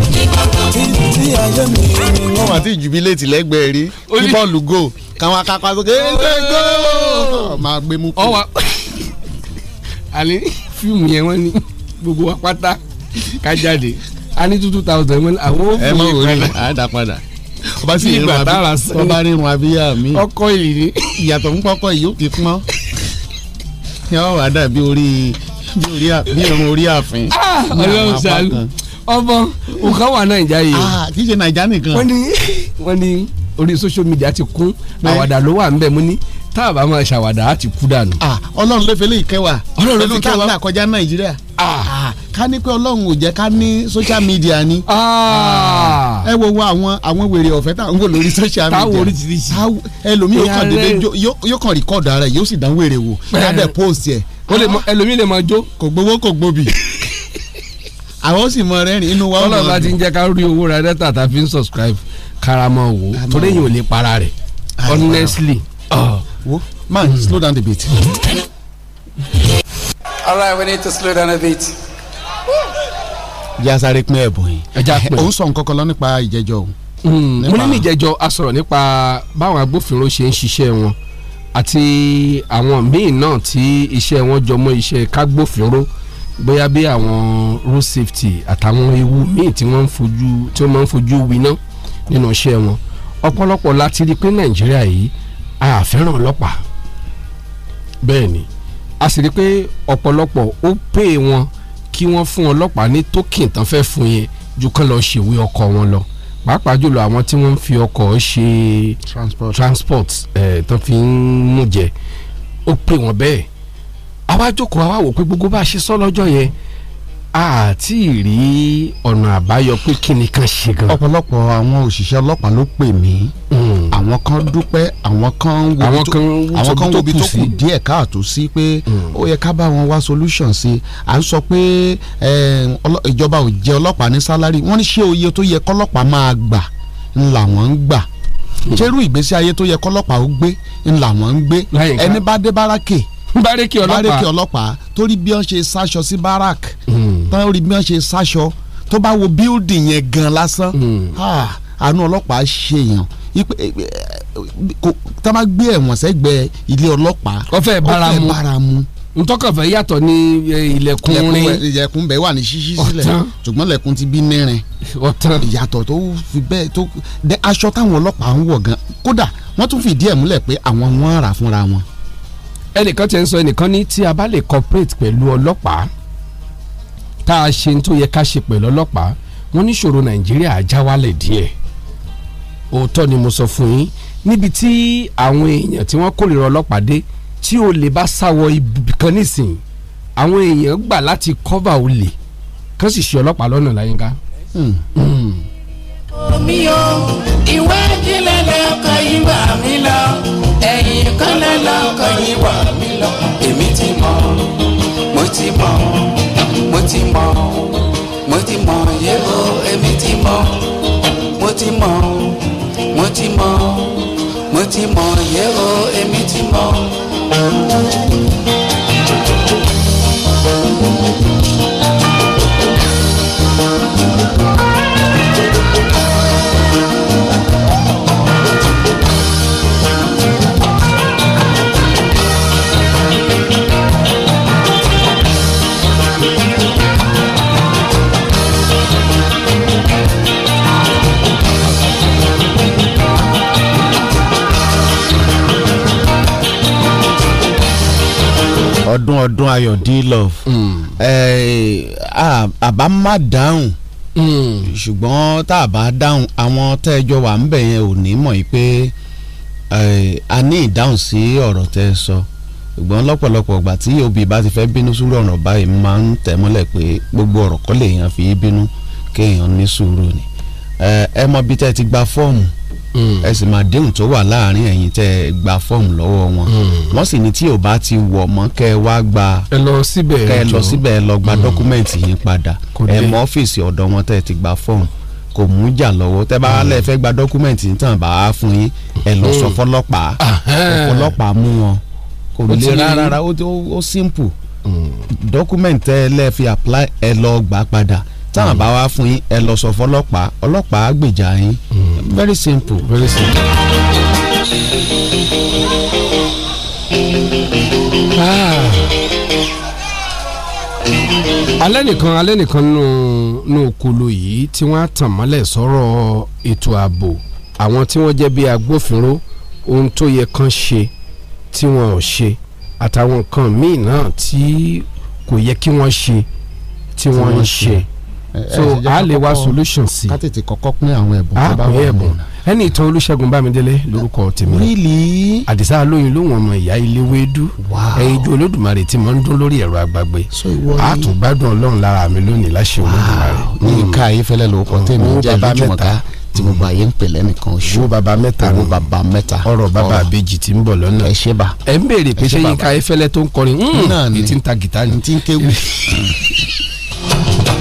títí ayé mi. wọ́n wà tí ìjùbí létí lẹ́gbẹ̀ẹ́ rí kí bọ́ọ̀lù gò káwọn akápá sókè ẹgbẹ́ gò máa gbé mú kú. àní fíìmù yẹn wọ́n ní gbogbo wa pátá ká jáde a ní two thousand wọn àwọn ò fún mi padà. ẹ má wò ó àdá padà ọba sì rírun àbí ọba rírun ọkọ ìlì ìyàtọ̀ ń pọ́kọ yìí ó ti pọ́n ni wọ́n wà dàbí orí bí irun orí ààfin. Ah, ọlọ́run ṣàlù ọmọ nǹkan wà nàìjà yìí. Ah, kì í ṣe nàìjà nìkan. wọ́n ní wọ́n ní orí social media ti kún àwàdà ló wà ń bẹ̀ mú ní tá a bá máa ṣàwàdà á ti kú dànù. Ah, ọlọ́run ló fẹ́lẹ́ ìkẹwàá ọlọ́run ló fi kẹwàá pẹ̀lú tá a kọjá nàìjíríà ká ní pé ọlọ́run ò jẹ́ ká ní social media ni. Ah. Ah. ẹ wo wo àwọn wèrè ọ̀fẹ́ tá à ń wò lórí social media. táwọn oríṣiríṣi. ẹlòmíì yóò kàn dédé yóò kàn rìkọ́ọ̀dù ara yóò sì dán wèrè wò lábẹ́ post ẹ̀. Ah. ẹlòmíì lè máa jó. kò gbowó kò gbòbì àwọn sì mọ rẹ́rìn inú wa. ọlọ́run láti ń jẹ́ ká rí owó ra data tá a fi ń subscribe karamọ wo torí èyàn ò para rẹ̀ honestly. man slow down the beat. all right we need to slow down a bit jẹ́ asáré pín ẹ̀bùn yìí. ẹja pín òun sọ nǹkan kan lọ nípa ìjẹjọ o. Hmm, mo ní ní ìjẹjọ a sọ̀rọ̀ nípa báwọn agbófinró ṣe ń ṣiṣẹ́ wọn àti àwọn míì náà tí iṣẹ́ wọn jọ mọ́ iṣẹ́ kágbófinró bóyá bí àwọn road safety àtàwọn ewu míì tí wọ́n máa ń fojú winá nínú iṣẹ́ wọn ọ̀pọ̀lọpọ̀ láti rí i pé nàìjíríà yìí a fẹ́ràn ọlọ́pàá bẹ́ẹ̀ ni a sì rí i pé ọ̀pọ̀lọpọ̀ ó pè wọ́n kí wọ́n fún ọlọ́pàá ní tókìn tán fẹ́ fún yẹn ju kán lọ ṣèwé ọkọ̀ wọn lọ pàápàá jùlọ àwọn tí wọ́n ń fi ọkọ̀ ṣe transport, transport eh, tán fi ń mú jẹ ó pè wọ́n bẹ́ẹ̀ àwa jókòó àwa wò pé gbogbo bá a ṣe sọ lọ́jọ́ yẹn àti rí ọ̀nà àbáyọ pé kíni kan ṣe gan. ọ̀pọ̀lọpọ̀ àwọn òṣìṣẹ́ ọlọ́pàá ló pè mí hmm. àwọn kan dúpẹ́ àwọn kan wo ibi tó kù díẹ̀ káàtó sí pé hmm. ó yẹ ká bá wọn wá solution sí à ń sọ pé eh, ìjọba ò jẹ ọlọ́pàá ní sálárì wọ́n ní ṣé oye tó yẹ kọ́lọ́pàá máa gbà ńlá wọn ń gbà hmm. ṣerú ìgbésí ayé tó yẹ kọ́lọ́pàá ó gbé ńlá wọn ń gbé ẹni bá dé bárakè bárẹ́kì ọlọ́pàá bárẹ́kì ọlọ́pàá torí bí wọ́n ṣe sáṣọ sí barak tán rí bí wọ́n ṣe sáṣọ tó bá wo bíldì yẹn gan lásán hmm. àánú ọlọ́pàá ṣe yàn tá a máa gbé ẹ̀wọ̀n sẹ́gbẹ̀ẹ́ ilé ọlọ́pàá ọ̀fẹ́ báramu ntọ́kànfẹ́ yàtọ̀ ní e, ilẹ̀kùn rin ilẹ̀kùn bẹ́ẹ̀ wà ní ṣíṣí sílẹ̀ ṣùgbọ́n ilẹ̀kùn ti bí nírin ọ̀tàn ìyàtọ̀ tó fi bẹ́ẹ̀ tó aṣọ táwọn ọlọ́pàá ń wọ̀ gan kódà wọ́n tún fìdí ẹ̀ múlẹ̀ pé àwọn wọn rà fúnra wọn ẹnìkan ti ń sọ ẹnìkan ní tí a bá lè cooperate pẹ̀lú ọlọ́pàá tá a ṣe tó yẹ ká ṣe pẹ̀lú ọlọ́pàá wọ́n ní ṣòro nàìjíríà ajá wálẹ̀ díẹ̀ òótọ́ ni mo sọ fún yín níbi tí àwọn èèyàn tí wọ́n kórìíra ọlọ́pàá dé tí olè bá sáwọ ibìkan nísìnyí àwọn èèyàn gbà láti cover olè kán sì ṣe ọlọ́pàá lọ́nà láyínká. Mm. Mm omi o ìwé ìjìnlẹ̀ lọ́kọ̀ yìí wà mí lọ ẹ̀yìn kọ́lẹ̀ lọ́kọ̀ yìí wà mí lọ èmi ti mọ̀ mo ti mọ̀ mo ti mọ̀ mo ti mọ̀ yẹ́wò èmi ti mọ̀ mo ti mọ̀ mo ti mọ̀ mo ti mọ̀ yẹ́wò. ọdún ọdún ayọ̀ d-love àbá hmm. eh, má dáhùn hmm. ṣùgbọ́n tá a bá dáhùn àwọn tẹ́jọ wà ń bẹ̀ yẹn ò ní mọ̀ yìí pé eh, a ní ìdáhùn sí ọ̀rọ̀ tẹ́ ẹ sọ ṣùgbọ́n lọ́pọ̀lọpọ̀ ìgbà tí òbí bá ti fẹ́ bínú sùúrù ọ̀rọ̀ báyìí máa ń tẹ̀ mọ́lẹ̀ pé gbogbo ọ̀rọ̀ kọ́ lèèyàn fi bínú kéèyàn ní sùúrù ni eh, ẹ mọ bí tẹ́ ti gba fọ́ọ̀mù ẹ sì máa déhùn tó wà láàrin ẹ̀yin tẹ́ ẹ gba fọ́ọ̀mù lọ́wọ́ wọn hmm. wọ́n sì ní tí ò bá ti wọ̀ mọ́ kẹ́ ẹ wá gba ẹ lọ síbẹ̀ ẹ lọ síbẹ̀ ẹ lọ gba hmm. dọ́kúmẹ̀ntì yín padà ẹ mọ ọ́fíìsì ọ̀dọ̀ wọn tẹ́ ẹ ti gba fọ́ọ̀mù kò mú jà lọ́wọ́ tẹ́ bá hmm. lẹ́ fẹ́ gba dọ́kúmẹ̀ntì tán bá a fún yín ẹ lọ sọ fọlọ́pàá fọlọ́pàá mú wọn kò lè rárá ó simple dọ́kúmẹ̀ntì tẹ́ ẹ lẹ́ fi apply ẹ lọ gbà padà tá bá wá fún yín ẹ lọ sọ fọlọ́pàá ọlọ́pàá gbèjà yín mm. very simple. very simple. Ah. alẹ́ nìkan alẹ́ nìkan nínú okòlò yìí tí wọ́n á tàn mọ́lẹ̀ sọ̀rọ̀ ètò ààbò àwọn tí wọ́n jẹ́ bí agbófinró ohun tó yẹ kán ṣe tí wọ́n ò ṣe àtàwọn nǹkan míì náà tí kò yẹ kí wọ́n ṣe tí wọ́n ń ṣe so a lè wá solution sí. ká tètè kọ́kọ́ pín àwọn ẹ̀bùn tó bá wà ní. ẹni ìtàn olúṣẹ́gun bámidélé lórúkọ tèmi. really. àdìsá alóyin lóhùn ọmọ ìyá ilé wéédú. ẹyin ju olódùmarè tí mo ń dún lórí ẹ̀rọ agbágbé. so ìwọ ni a tún gbádùn ọlọ́run lára mi lónìí láṣẹ olódùmarè. ní hmm. ìka ayéfẹ́lẹ́ lórúkọ tèmi ń jẹ́ lójúmọ̀ká tí gbogbo ayé ń pèlẹ́ nìkan ṣó owó baba mẹ́ta owó baba mẹ́ta ọ̀rọ̀ baba àbejì tí ń bọ̀ lọ́nà ẹ ṣe bá ẹ ń béèrè pé ṣé yín ká ayéfẹ́lẹ́ tó ń kọrin hmm. ní ti ń ta gìtá ni ti ń kéwì.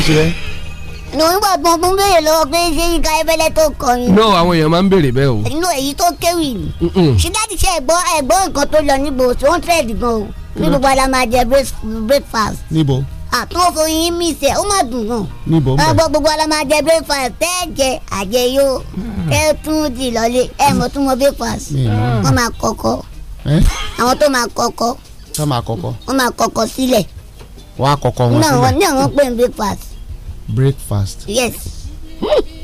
ṣe. nù nígbà tí mo tún béèrè lọ́wọ́ pé ṣé yíká ẹbẹ̀lẹ̀ tó kọrin. náà àwọn èèyàn máa ń béèrè bẹ́ẹ̀ o. inú èyí tó kéwì ni. ṣé dáàdì ṣe ẹ̀gbọ́n ẹ̀gbọ́n nǹkan tó lọ níbo tó ń tẹ̀lé gan o ní gbogbo ara máa jẹ breakfast. níbo. àtúwò fún yín mí sẹ ó má dùn gan. níbo mbẹ. gbogbo gbogbo ara máa jẹ breakfast tẹ́ jẹ àjẹyó mm. ẹ tún di lọlé ẹ mọ̀ tún mọ breakfast. wọ́n máa kọ́kọ́. àwọn tó máa kọ́kọ́. tó máa kọ́kọ́. wọ́n máa kọ́kọ́ sílẹ̀ wọ́n á kọ́kọ́ wọn sílẹ̀. náà náà wọ́n pè ní breakfast. breakfast. yes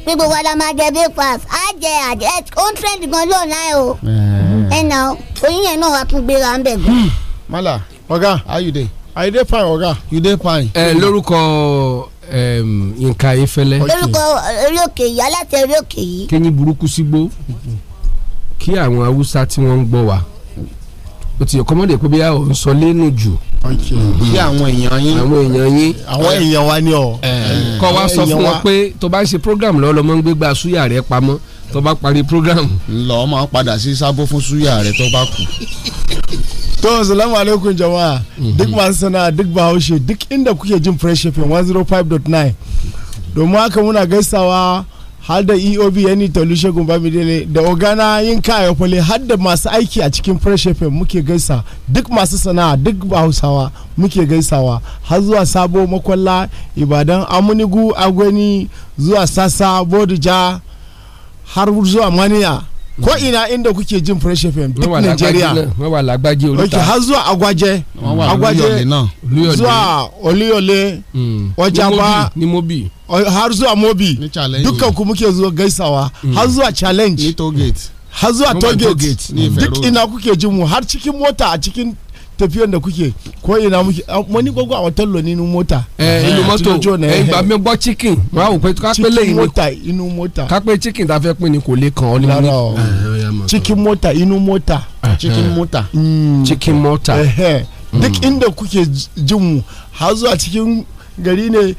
pé gbogbo ọ̀dà máa jẹ breakfast á jẹ àjẹ ó ń trend gan lọ́nà o eh. ẹ nà oyin náà wàá tún gbéra ń bẹ̀ gan. Hmm. mala Oga, how you dey? are you dey fine Oga? you dey fine. ẹ eh, lórúkọ nǹka efẹlẹ. lórúkọ olóòkè yìí aláṣẹ olóòkè yìí. kéyìn burúkú sígbó kí àwọn haúsá tí wọ́n ń gbọ́ wa o ti kọ́mọ́dé pé bíyà ò ń sọ lẹ́nu jù. bí àwọn èèyàn yín àwọn èèyàn yín. àwọn èèyàn wa ni ọ. kọ́ wa sọ fún wọn pé tó bá ń ṣe program lọ́wọ́ lọ́mọ ń gbé gba súyà rẹ pamọ́ tó bá parí program. lọ́ọ́ máa padà sí sábó fún súyà rẹ tó bá kù. To, salamu alaikum jama'a. Mhm. Duk masu sana'a, duk bahaushe, duk inda kuke jin fresh FM 105.9. Domin haka muna gaisawa har da eob yani talushegun bamidele da ogana yin kayafale har da masu aiki a cikin fresh fm muke gaisa duk masu sana'a duk hausawa muke gaisawa har zuwa sabo makwalla ibadan amunigu agwani zuwa sasa bodija har zuwa maniya ko mm-hmm. ina inda kuke jin fresh fm duk nigeria ok har zuwa agwaje agwaje zuwa oliyole mm. ojaba har zuwa mobi dukkan ku muke zuwa gaisawa mm. har zuwa challenge har zuwa toll gate duk ina kuke jin mu har cikin mota a cikin tafiyan da kuke ko ina muke wani ah, gbogbo a wata nínú mota. Eh, inú eh, mọ́tò ẹ gbà mí gbọ́ chicken wà ó pé ká pé lẹ́yìn mota inú mota. ká pé chicken ta fẹ́ pín ni kò lè kàn ọ́ nínú ní. Ah, chicken mota inú mota. Eh, chicken mota. Mm. chicken mota. duk mm. inda kuke jin mu har zuwa cikin gari ne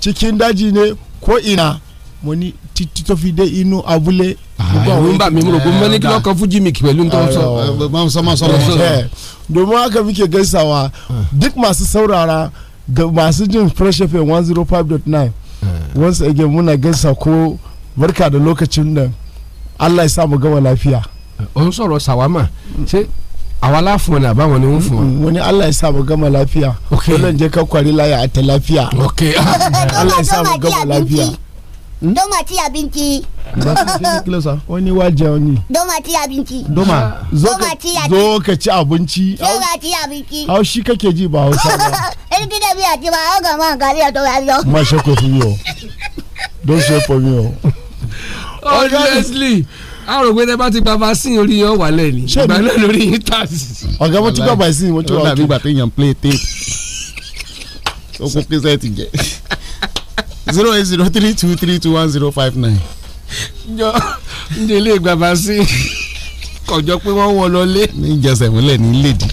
cikin daji ne ko ina wani titofi dai inu abule gbogbo àwọn ń bà mí rò mo ní kí lọ́ọ́ kan fún jimmy pẹ̀lú tó ń sọ. máa sọ máa sọ lọ sọ. domin haka muke gaisawa duk masu saurara ga masu jin fresh fm 105.9 once again muna gaisa ko barka da lokacin nan allah ya sa mu gama lafiya. ó ń sọ̀rọ̀ sàwámà ṣé àwa láfún ni àbáwọn ni wọn fún wa. wọn ni Allah ya sa gama lafiya. ok wọn ká kwari láyà àtẹ lafiya. ok Allah ya sa gama lafiya doma ci abinci kilasa wani waje wani doma ci abinci doma zo ka ci abinci zo ka ci abinci hau shi kake ji ba hausa ba in ti da biya ci ba hau ga ma gari ya to ya yo ma she ko fi yo don she for yo honestly a rò pé tẹ bá ti gba vaccine orí yẹn wà lẹ́ni ìgbà náà lórí yín tà sí. ọ̀gá mo ti gba vaccine mo ti wà òkè. ó dàbí ìgbà téèyàn play tape ó kó pèsè ti jẹ. zero eight zero three two three two one zero five nine. njọ njẹ ilé ìgbàgbà sí kọjọ pé wọn wọ lọlé. ní ìjọsẹ̀ ìmúlẹ̀ ní ilé ìdí.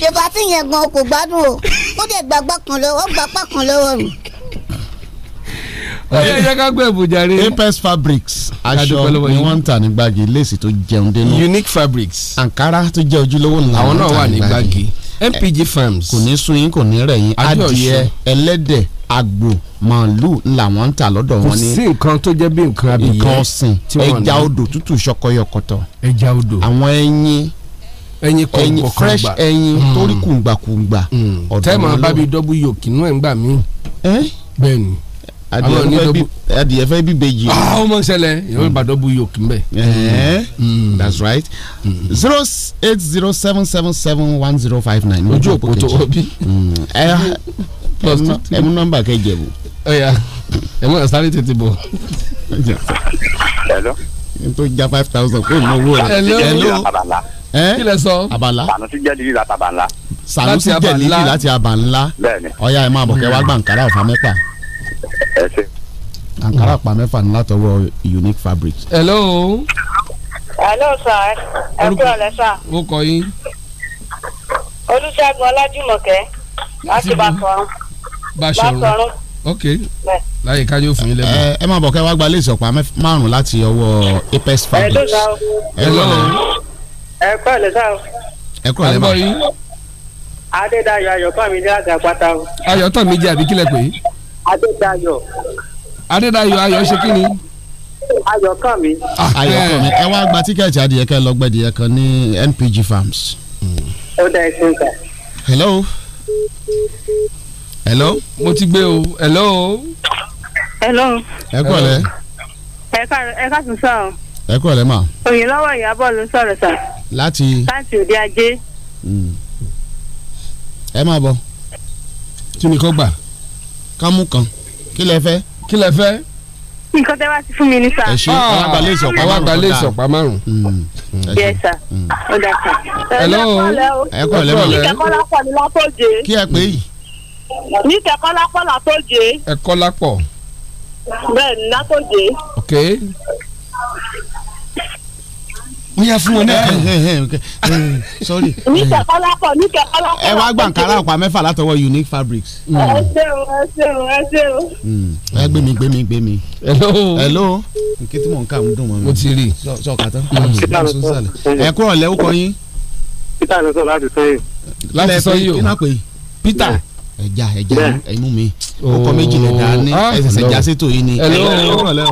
yorùbá tí yẹn gan kò gbádùn o ó dẹ̀ gbàgbà kan lọ́wọ́ gbàgbà kan lọ́wọ́ mi. ọ̀yẹ́ ẹ̀yẹ́ ká gbọ́ ẹ̀bùjà rẹ. Apex Fabrics aṣọ ni wọ́n ń tà ní gbági léèsì tó jẹun dénú. Unique Fabrics. Ankara tó jẹ́ ojúlówó ńlá. àwọn náà wà ní gbági. MPG Farms kò ní sun yín kò ní rẹ̀ yín adìẹ ẹlẹ́dẹ̀ àgbò màálù làwọn ń tà lọ́dọ̀ wọn ní. kò sí nǹkan tó jẹ́ bí nǹkan abìyẹ nǹkan ọ̀sìn ẹja odò tútù ṣọkọyọkọtọ. ẹja odò àwọn ẹyin ẹyin kọ̀ọ̀kan fresh ẹyin torí kùngbàkùngbà. tẹ́ẹ̀mà bábí dọ́bú yòókì náà ń gbà mí. bẹ́ẹ̀ ni adìyẹ fẹ́ bí bèjì. ọ ah, mọ ṣẹlẹ̀ yóò bá dọ́bù yóò kí n that's right hmm. zero eight zero seven seven seven one zero five nine. ojú òpó tó o bí. Hmm. ẹ mú nọ́mbà kẹjẹ bò. ẹ mú ọ̀sán tètè bò. n tó já five thousand kó ní owó rẹ. hello kí sọ. abala sanusi jẹ digi láti abanla. sanusi jẹ digi láti abanla. bẹ́ẹ̀ni. ọya ẹ máa bọ̀ kẹ́ wá hmm. gbàǹkárà ọ̀fà mẹ́fà ẹ ṣe. ankara apá mẹ́fà ni látọwọ́ unique fabrics. hello. hello sir ẹ kú ọ̀lẹ́ sà. mo kọ yín. olùṣègùn ọlájúmọ̀kẹ́ láti bàtọ̀run. bàtọ̀run ok láyé ká yóò fún yín lẹ́bùn. ẹ ẹ máa bọ̀ kẹ́ wá gba ilé ìsọ̀pá márùn-ún láti ọwọ́ apex fabrics. ẹ lọ́nà ẹ kú ọ̀lẹ́ sà. ẹ kú ọ̀lẹ́ bá. adédáyọ̀ ayọ̀tọ̀ mi jẹ́ àgbàpátá o. ayọ̀tọ̀ mi jẹ́ àbí kílẹ̀ pé. adédayọ̀. adédayọ̀ ayọ̀ ṣe kí ni. ayọ̀ kàn mí. Ah, ayọ̀ kàn mí ẹ wá gba tíkẹ́ẹ̀tì adìyẹ kẹ́ lọ́gbẹ̀dìyẹ kan mi ayo kan mi e wa gba tikeeti adiye logbediye kan ni NPG Farms. ó dá ẹ sí nǹkan. hello. hello. mo ti gbé o hello. hello. ẹ kọ́ lẹ. ẹ ká ẹ ká tún sọ̀rọ̀. ẹ kọ́ lẹ ma. òyìnlọ́wọ́ ìyábọ̀ ló sọ̀rọ̀ sà. láti. láti òde ajé. ẹ máa bọ̀ kí ni kò gbà. kámú kan kí lẹ fẹ́. kí lẹ fẹ́. nǹkan tẹ́ wá sí fún mi ní sá. ẹ ṣe alábàálẹ̀ ìsọ̀pá márùn. alábàálẹ̀ ìsọ̀pá márùn. yẹ sà ó dà sà. hello ẹ kọ́ lẹ́mọ̀ lẹ́. ìkẹ́kọ̀ọ́ lápọ̀ ni látòjé. kí ẹ pè yìí. ní ìkẹ́kọ̀ọ́ lápọ̀ látòjé. ẹ̀kọ́ lápọ̀. bẹ́ẹ̀ ni látòjé. ok ó yá fún wọn náà. Eh, eh, eh, sorry. níkẹ́ kọ́lápọ̀ níkẹ́ kọ́lápọ̀. ẹ wá gbàǹkárà ọ̀pá mẹ́fà látọwọ́ unique fabrics. ẹ hmm. ṣé o ẹ ṣé o ẹ ṣé o. Hmm. ẹ gbé mi gbé mi gbé mi. hello. hello. nkí tí mò ń kà ń dùn mọ́ mi. mo ti rí i sọ kàtá. Hmm. ẹ kúrò lẹ́wọ́ yín. peter ló sọ láti sẹ́yìn. láti sọ yìí o kí náà peter ẹja ẹja ẹmú mi oh. ọkọ méjìlélá ní ah, ẹsẹsẹ jásẹtò yìí ni. hello.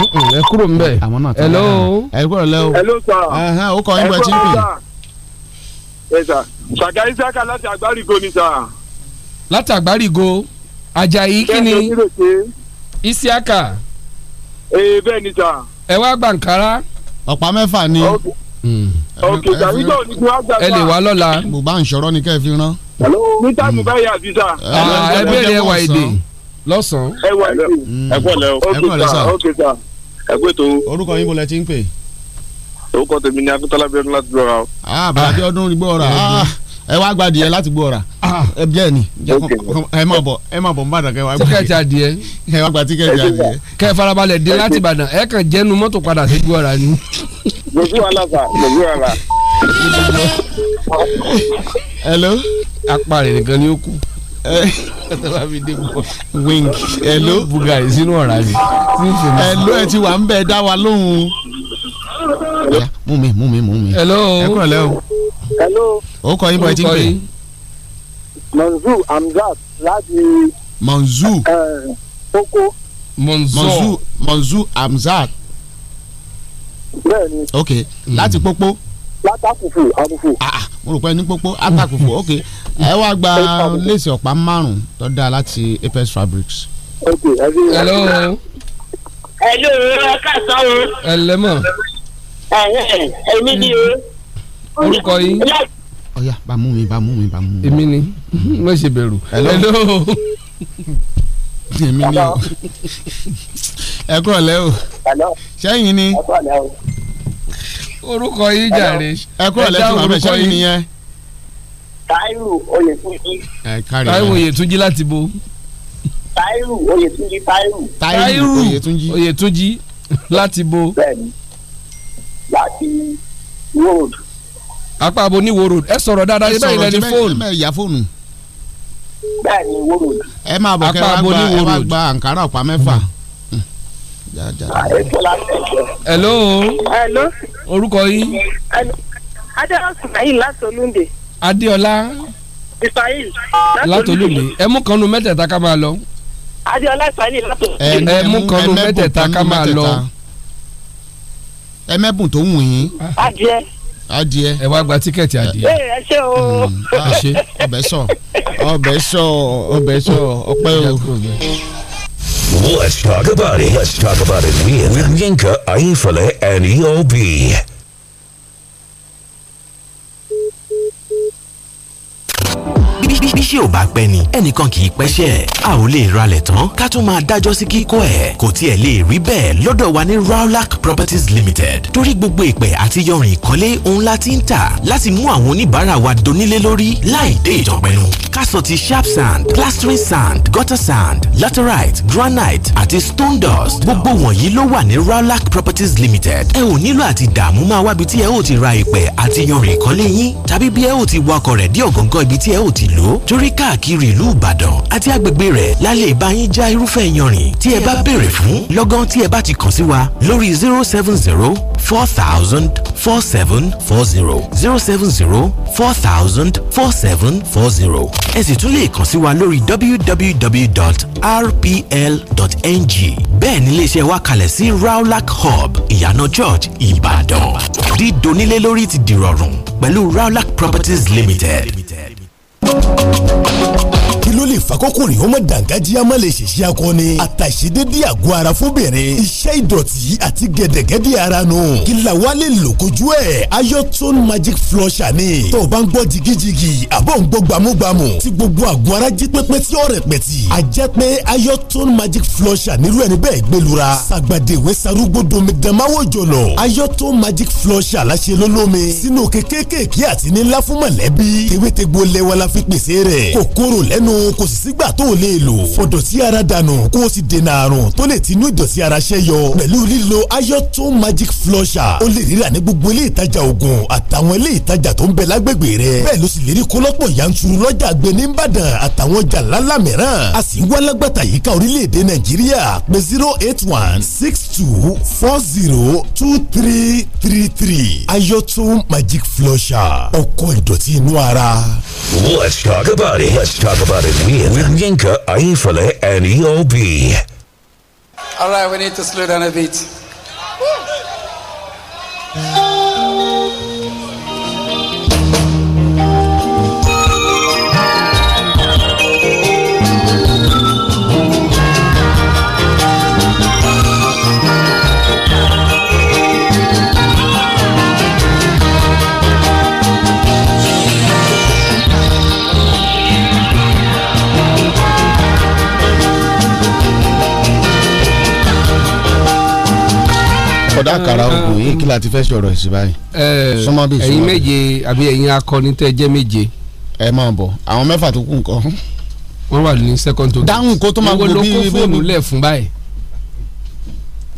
ẹ kúrò ń bẹ̀ hello ẹ kúrò hello sir ẹ̀hán ó kọ́ yín bẹ́ẹ̀ tí ń pè. láti Àgbárígo ni sà. láti Àgbárígo ee bẹ́ẹ̀ ni sà. ẹ wá gbàǹkárá. mẹ́fà ni. ok hmm. ok jàdígbò ní kí wọ́n gbà ẹ lè wá lọ́la. bùbá ń ṣọ̀rọ̀ ni kẹ́ ẹ fi rán. hello visa. Ah, ẹ bẹ̀rẹ̀ wà lọ́sàn-án. ẹ wà lẹ mm. ẹ lẹ o ẹ lẹ sà ókè tó. orúkọ yín mo lẹ ti ń pè. orúkọ tèmi ni akíntọ́lá bí ọdún láti gbọ́ ra o. Ah, bàbá ọdún rí gbọ́ ra ẹ wá gba adìyẹ láti gbọ́ ra ah. ẹ bí ẹ ní ẹ má bọ̀ ẹ má bọ̀ n bá dàn wá gba adìyẹ ẹ wá gba tíkẹ́ẹ̀tì adìyẹ. kẹ farabalẹ̀ dé láti Ìbàdàn ẹ kàn jẹnu mọ́tò padà sí gbọ́ ra ni. gbogbo alága gbogbo alága. hello apá rẹ̀ nìkan ni ó kù wing hello bugari sínú ọ̀rá mi hello ẹ ti wà ń bẹ dá wa lóhùn mú mi mú mi mú mi hello ẹ kúrọ̀ lẹ́wọ̀ hello ó kọ yín bọ́ ẹ ti ń pè. Manzu Hamzat láti. Manzu. Oko. Manzu Manzu Hamzat. Bẹ́ẹ̀ni. ok láti hmm. pópó. látàkùfù àkùfù. Ah, ah mo rò pé ní pópó àtàkùfù ok ẹ wá gba léèsì ọ̀pá márùn tó dáa láti Apex Fabrics. hello. hello ẹ ẹ lẹ́mọ̀. èmi ni o. orúkọ yín. ọ̀yá bá mú mi bá mú mi bá mú mi. èmi ni mo ṣe bẹ̀rù. hello. èmi ni o. ẹ kúrọ̀ lẹ́ o. sẹ́yìn ni. orúkọ yín jàre. ẹ kúrọ̀ lẹ́ tí wàá bẹ̀ sẹ́yìn nìyẹn. Táírù Oyètúnjí. Táírù Oyètúnjí láti bo. Táírù Oyètúnjí Táírù. Táírù Oyètúnjí láti bo. Bẹ́ẹ̀ni láti road. apá abo ní wo road ẹ sọ̀rọ̀ dáadáa yẹ báyìí lẹ́ni fóònù. ẹ sọ̀rọ̀ ìyá fóònù. bẹ́ẹ̀ni wo road. ẹ máa bọ̀ kẹ́ ẹ wá gba àǹkárá ọ̀pá mẹ́fà. Ah, hello. hello. orúkọ yín. adéwọ̀n sùnmáyì láti olúndé. Adéọlá. Israel. látolúmi ẹ mú kanu mẹ́tẹ̀ẹ̀ta ká máa lọ. Adéọlá Israel látolúmi. ẹ mú kanu mẹ́tẹ̀ẹ̀ta ká máa lọ. ẹ mẹ́bùn tó wù yín. adìẹ. adìẹ. ẹ wá gba tíkẹ́ẹ̀tì adìẹ. ẹ ẹ ṣe o. Mm, a sọ ọbẹ̀ sọ ọbẹ̀ sọ ọpẹ́ o. Let's talk about it. Let's talk about it with, with Yinka Ayefele and EOB. tí ò bá pẹ́ ni ẹnìkan kì í pẹ́ṣẹ̀ a ò lè ralẹ̀ tán ká tún máa dájọ́ sí kíkọ́ ẹ̀ kò tiẹ̀ lè rí bẹ́ẹ̀ lọ́dọ̀ wa ní Rawlac Properties Limited torí gbogbo ìpẹ́ àti yọrin ìkọ́lé òun la ti ń tà láti mú àwọn oníbàárà wa donílé lórí láì dé ìjọ̀pẹ̀nu kásọ̀ ti sharp sand plastering sand gutter sand laterite granite àti stone dust gbogbo wọ̀nyí ló wà ní Rawlac Properties Limited ẹ ò nílò àti dààmú máa wábi tí ẹ ò ti ra ìpẹ́ àti yọrin ìkọ́lé yín tàbí bí ẹ ò ti wakọ̀ rẹ̀ dé ọ̀gọ̀ngọ̀ ibi tí ẹ ò ti lò torí rí káàkiri ìlú ìbàdàn àti agbègbè rẹ̀ lálẹ́ ìbáyín já irúfẹ́ yanrìn tí ẹ bá béèrè fún lọ́gán tí ẹ bá ti kàn sí wa lórí zero seven zero four thousand four seven four zero zero seven zero four thousand four seven four zero ẹ sì tún lè kàn sí wa lórí www.rpl.ng bẹ́ẹ̀ ni iléeṣẹ́ wa kalẹ̀ sí Rawlac Hub ìyànà Church Ìbàdàn dídonílé lórí ti dìrọ̀rùn pẹ̀lú Rawlac Properties Limited. thank you ló lè fakọkùnrin ọmọ dàǹgájíá má lè ṣèṣe akọni àtàṣedédé àgọ́ ara fóbìnrin iṣẹ́ ìdọ̀tí àti gẹ̀dẹ̀gẹ̀dẹ̀ ara nù kí la lè lò kojú ẹ̀ ayọ́tún magic flusher ni tó o bá ń gbọ́ jigijigi àbọ̀ ń gbọ́ gbàmúgbàmù tí gbogbo àgọ́ ara jí pépé tí ọ̀rẹ́ pẹ̀tì a jẹ́ pé ayọ́tún magic flusher nírú ẹni bẹ́ẹ̀ gbẹlura sàgbàdéwé sarúgbó domidanmáwò jọlọ ayọ́tún magic flusher láṣẹ lólómi sínú kékékèké àti nílá fún mọ̀lẹ́bí tewétegbò lẹ́wọ́ la fi pèsè kò sì sígbà tó o lè lò fọ̀dọ̀tí ara dànù kó o sì dènà àrùn tó lè tinú ìdọ̀tí ara ṣẹ́ yọ pẹ̀lú lílo ayọ́tún magic flusher o lè rírà ní gbogbo ilé ìtajà oògùn àtàwọn ilé ìtajà tó ń bẹ lágbègbè rẹ bẹ́ẹ̀ ló sì lè rí kólọ́pọ̀ yanturu lọ́jà àgbẹ̀ ní Ìbàdàn àtàwọn ọjà ńláńlá mìíràn a sì ń wá lágbàtà yíká orílẹ̀-èdè Nàìjíríà pé zero eight one six two four zero two three three three ayọ́tún magic flusher ọkọ̀ ìdọ̀tí inú ara. Let's talk about it. Let's talk about it. with, with Yinka, Aifale, and EOB. All right, we need to slow down a bit. ọ̀dà àkàrà ògùn eh, yìí kí la ti fẹ́ sọ̀rọ̀ ẹ̀sìn báyìí. Eh, ẹ̀yin méje àbí ẹ̀yin akọni tẹ́ jẹ́ méje. ẹ máa bọ̀ àwọn mẹ́fà tó kù nǹkan. wọ́n wà ní second to. dáhùn kó tó máa gbó bí bí fóònù lẹ̀ fún báyìí.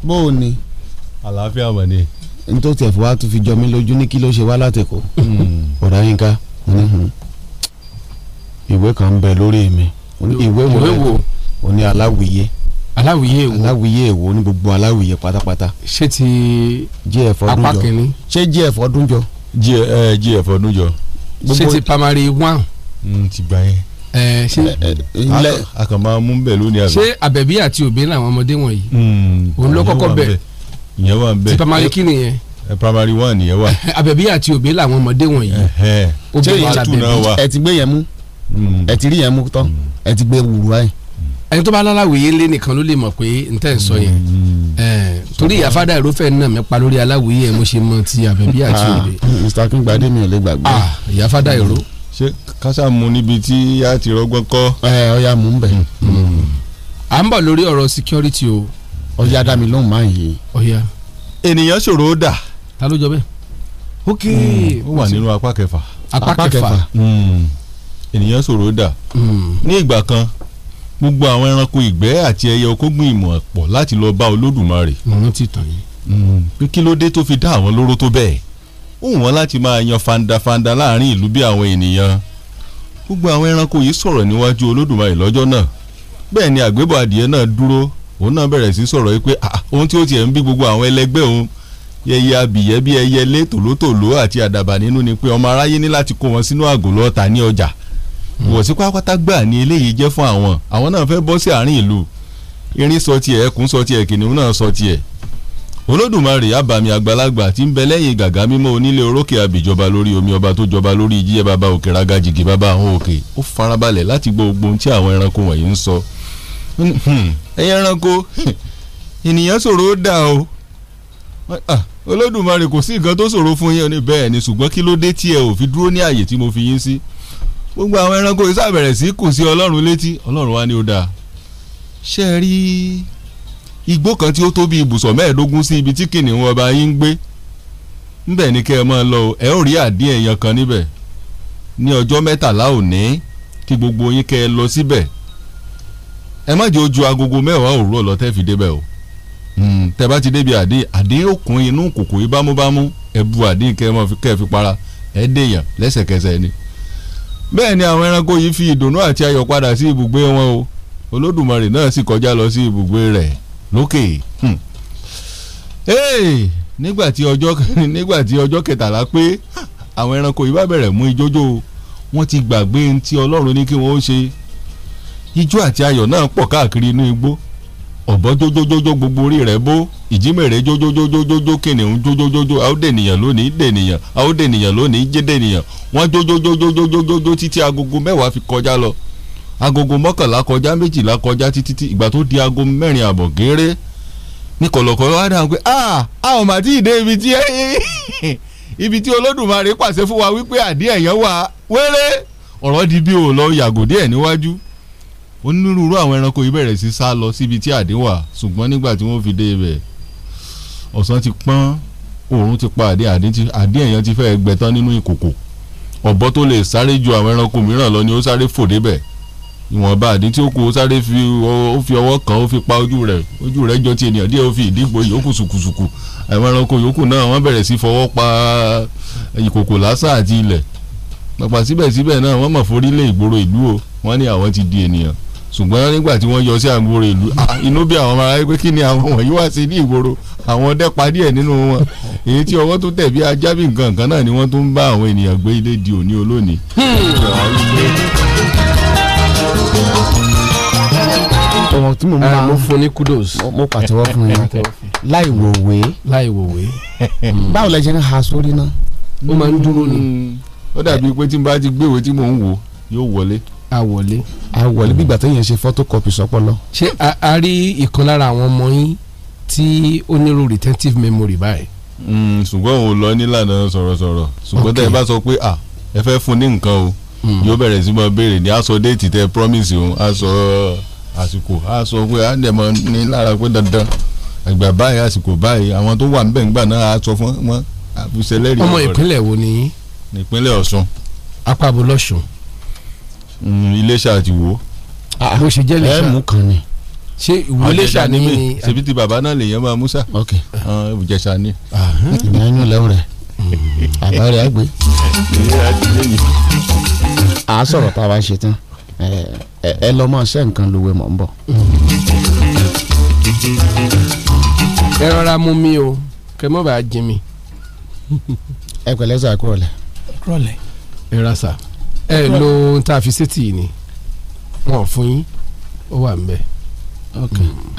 bó o ní. àlàáfíà mọ̀ ni. n tó tiẹ̀ fún wa tún fi jọ mí lójú ní kí ló ṣe wá látẹ̀kọ́. Hmm. ọ̀dà yín ká hmm. ìwé kan bẹ lórí mi ìwé wo ó ní aláwìyé aláwìyé èwo aláwìyé èwo ní gbogbo aláwìyé pátápátá. ṣé ti gf ọdúnjọ apá kìíní ṣé gf ọdúnjọ. gf eh, ọdúnjọ. ṣé ti primary one. Hmm, ti gbà yẹn. ẹ ṣe akàmọ mú bẹ lónìí àbẹ. ṣé àbẹ̀bí àti òbí làwọn ọmọdé wọ̀nyí. òun ló kọ́kọ́ bẹ̀. ìyẹn wà ń bẹ. ti primary kí nìyẹn primary one nìyẹn wà. àbẹ̀bí àti òbí làwọn ọmọdé wọ̀nyí. obìnrin àbẹ̀bí ẹ ti gbé yẹn mú hmm. ẹ ti rí yẹn mú tán hmm. ẹ ti gbé wùrù báyìí. ẹni tó bá láláwìyé lé nìkan ló lè mọ̀ pé n tẹ́ ń sọ yẹn mm. torí ìyá fada ìrófẹ́ náà mi pa lórí aláwìyé mo ṣe mọ ti àbẹ̀bí àti ah, òde. mr kingbade mi ò lè gbàgbé. Ah, ìyá fada ìró. ṣé kásá mu níbi tí a ti rọgbọ́n kọ́. ẹ ọya mú un mm. Mm. à ń bọ̀ lórí ọ̀rọ̀ security o. ọya dá mi lóhùn máa ń yé. ọya. ènìyàn ṣòro ó dà. ta ló jọ bẹ́ẹ̀. ok. ó wà nínú apá kẹfà. apá kẹfà. ènìyàn ṣòro ó dà. ní ìgbà kan gbogbo àwọn ẹranko ìgbẹ́ àti ẹyẹ okógun ìmọ̀ pọ̀ láti lọ bá olódùmarè. òun ti tàn yín. pé kí ló dé tó fi dá àwọn lóró tó bẹ́ẹ̀ ó wù wọ́n láti máa yan fandafanda láàrin ìlú bí àwọn ènìyàn gbogbo àwọn ẹranko yìí sọ̀rọ̀ níwájú olódùmarè lọ́jọ́ náà bẹ́ẹ̀ ni àgbébọ̀ adìẹ náà dúró òun náà bẹ̀rẹ̀ sí sọ̀rọ̀ yìí pé ohun tí ó tiẹ̀ ń bí gbogbo àwọn ẹlẹgbẹ́ òun yẹyẹ abìyẹ́ bí ẹyẹlé tòlótòló àti àdàbà nínú ni pé ọmọ aráyé ní láti kó wọn sínú àgò ní ọjà ìwọ̀sí mm. pátápátá gbà ní eléyìí jẹ́ fún àwọn àwọn náà fẹ́ bọ́ sí àárín ìlú irin sọ tiẹ̀ ẹkùn sọ tiẹ̀ kìnìún náà sọ tiẹ̀ olódùmarè abàmì àgbàlagbà tí ń bẹ lẹ́yìn gàgà mímọ́ onílé orókè àbíjọba lórí omi ọba tó jọba lórí jíjẹ bàbá òkè ragajìgì bàbá àwọn òkè ó farabalẹ̀ láti gbọ́ gbogbo ohun tí àwọn ẹranko wọ̀nyí ń sọ ẹ̀yin ẹranko ènìyàn ṣòro ó dà o ah, olódùmarè kò sí nǹkan tó ṣòro fún yín bẹ́ẹ̀ ni ṣùgbọ́n kí ló dé tí ẹ ò fi dúró ní àyè tí mo fi yín sí. Si gbogbo àwọn ẹranko yìí sàbẹ̀rẹ̀ sí kù sí ọlọ́run létí ọlọ́run wa ni ó dáa ṣe é rí igbó kan tí ó tó bí ibùsọ̀ mẹ́ẹ̀ẹ́dógún sí ibi tí kìnìún ọba yín ń gbé ńbẹ̀ ni kẹ́ ẹ máa lọ ẹ ó rí àdín èèyàn kan níbẹ̀ ní ọjọ́ mẹ́tàlá òní kí gbogbo yín kẹ́ ẹ lọ síbẹ̀ ẹ má jẹ́ ojú agogo mẹ́wàá òwúrọ̀ lọ tẹ́ fi débẹ̀ o hmm, tẹ́ bá ti débi àdín àdín òkun inú kòkò yìí ẹ bu àdín kẹ́ ẹ fi para ẹ dèèyàn lẹ́sẹ̀kẹsẹ̀ ni bẹ́ẹ̀ ni àwọn ẹranko yìí fi ìdùnnú àti ayọ̀ padà sí ibùgbé wọn o olódùmarè náà sì kọjá lọ sí ibùgbé rẹ̀ lókè hmm. nígbà tí ọjọ́ nígbà tí ọjọ́ kẹtàlá pé àwọn ẹranko yìí bá bẹ̀rẹ̀ mú ijójó wọ́n ti gbàgbé ohun tí ọlọ́run ní kí wọ́n ó ṣe ijó àti ayọ̀ náà pọ̀ káàkiri inú igbó ọ̀bọ jójójójó gbogbo orí rẹ̀ bó ìjímèrè jójójójójó kìnìún jójójójó a ó dènìyàn lónìí dènìyàn a ó dènìyàn lónìí jẹ́ dènìyàn wọ́n jójójójójójójó títí agogo mẹ́wàá fi kọjá lọ agogo mọ́kànlá kọjá méjìlá kọjá títí ìgbà tó di aago mẹ́rin àbọ̀ gééré ní kọ̀lọ̀kọ̀lọ̀ wá dáhùn pé a ah, a ò mà tí ì dé ibi tí ibi tí Olódùmarè pàṣẹ fún wa wípé àdí ẹ̀yán wà wéré ọ̀rọ̀ di bí òòlọ yàgò díẹ̀ níwájú onírúurú àwọn ẹranko yìí bẹ̀rẹ̀ sí sá lọ síbi tí àdé wà ṣùgbọ́n nígbà tí wọ́n fi dé ibẹ̀ ọ̀sán ti pọ́n oòrùn ti pa àdé àdé èèyàn ti fẹ́ẹ́ gbẹ tán nínú ìkòkò ọ̀bọ tó lè sáré ju àwọn ẹranko mìíràn lọ ni ó sáré fò débẹ̀ ìwọ̀nba àdín tí ó kù ó sáré fi ó fi ọwọ́ kan ó fi pa ojú rẹ̀ ojú rẹ̀ jọ ti ènìyàn díẹ̀ ó fi ìdígbò yòókù sùkùsùkù àwọn ẹranko yòókù náà wọ́n bẹ̀rẹ̀ sí fọwọ́ pa ìkòkò lásà àti ilẹ̀ pàpà síbẹ̀síbẹ̀ náà wọ́n mọ̀ forí ìgboro ìlú o wọ́n ní àwọn ti di ènìyàn ṣùgbọ́n nígbà tí wọ́n yọ sí àgbòrò ìlú ah, inú bí àwọn ará pé kí ni àwọn wọ̀nyí wá sí ní ìgboro àwọn ọdẹ pa díẹ̀ nínú wọn èyí tí ọwọ́ tó tẹ̀ bí ajá nǹkan kan náà ni wọ́n tún ń bá àwọn ènìyàn gbé ilé di òní olónìí. ọmọ tí mo máa ń fún ní kudos mo pàtẹ́wọ́ fún yín láì wòwe. láì wòwe. báwo lẹ ṣe ń ha sórí náà. ó máa ń dúró ni. ó dàbí pé tí n bá ti gbéwèé tí mò ń wò yóò wọlé. a wọlé. a wọlé bí ìgbà téèyàn ṣe photocopy sọpọlọ. ṣé a rí ìkan lára àwọn ọmọ yín tí ó nírú retentive memory báyìí. Hmm, ṣùgbọ́n òun lọ nílànà sọ̀rọ̀sọ̀rọ̀ ṣùgbọ́n tẹ́ ẹ bá sọ pé à ẹ fẹ́ fún ní nǹkan o hmm. yóò bẹ̀rẹ̀ sí máa béèrè ní aṣọ déètì tẹ promise òun aṣọ àsìkò aṣọ pé a dẹ̀ mọ́ ní lára pé dandan àgbà báyìí àsìkò báyìí àwọn tó wà níbẹ̀ ńgbà náà a sọ fún wọn àfisẹ́lẹ́rì ọmọ ìpínlẹ̀ wo ni. ìpínlẹ̀ Ọ̀ṣun. apá abúlọ́ṣun iléṣà ti wò. Ah, bó ṣe jẹ́ iléṣà ẹ mú kan ni ṣé ìwé iléṣà ni mi. ṣèbí ti bàbá náà lèèyàn máa mú sá. ok ah, ìjẹsà ni. ìyẹn yóò lẹ́wọ̀ rẹ̀ àbá rẹ̀ á gbé. à á sọ̀rọ̀ tá a bá ṣe tán ẹ lọ mọ ṣe nǹkan lówe mọ̀ ń bọ̀. ẹ rọra mú mi o kẹ mọ́ bàá jí mi. ẹ pẹ̀lẹ́ sà kúrọ̀lẹ́. kúrọ̀lẹ́. ẹ ra sà ẹ lo ohun tá a fi sétí ni wọn fún yín ó wà nbẹ. ok hmm.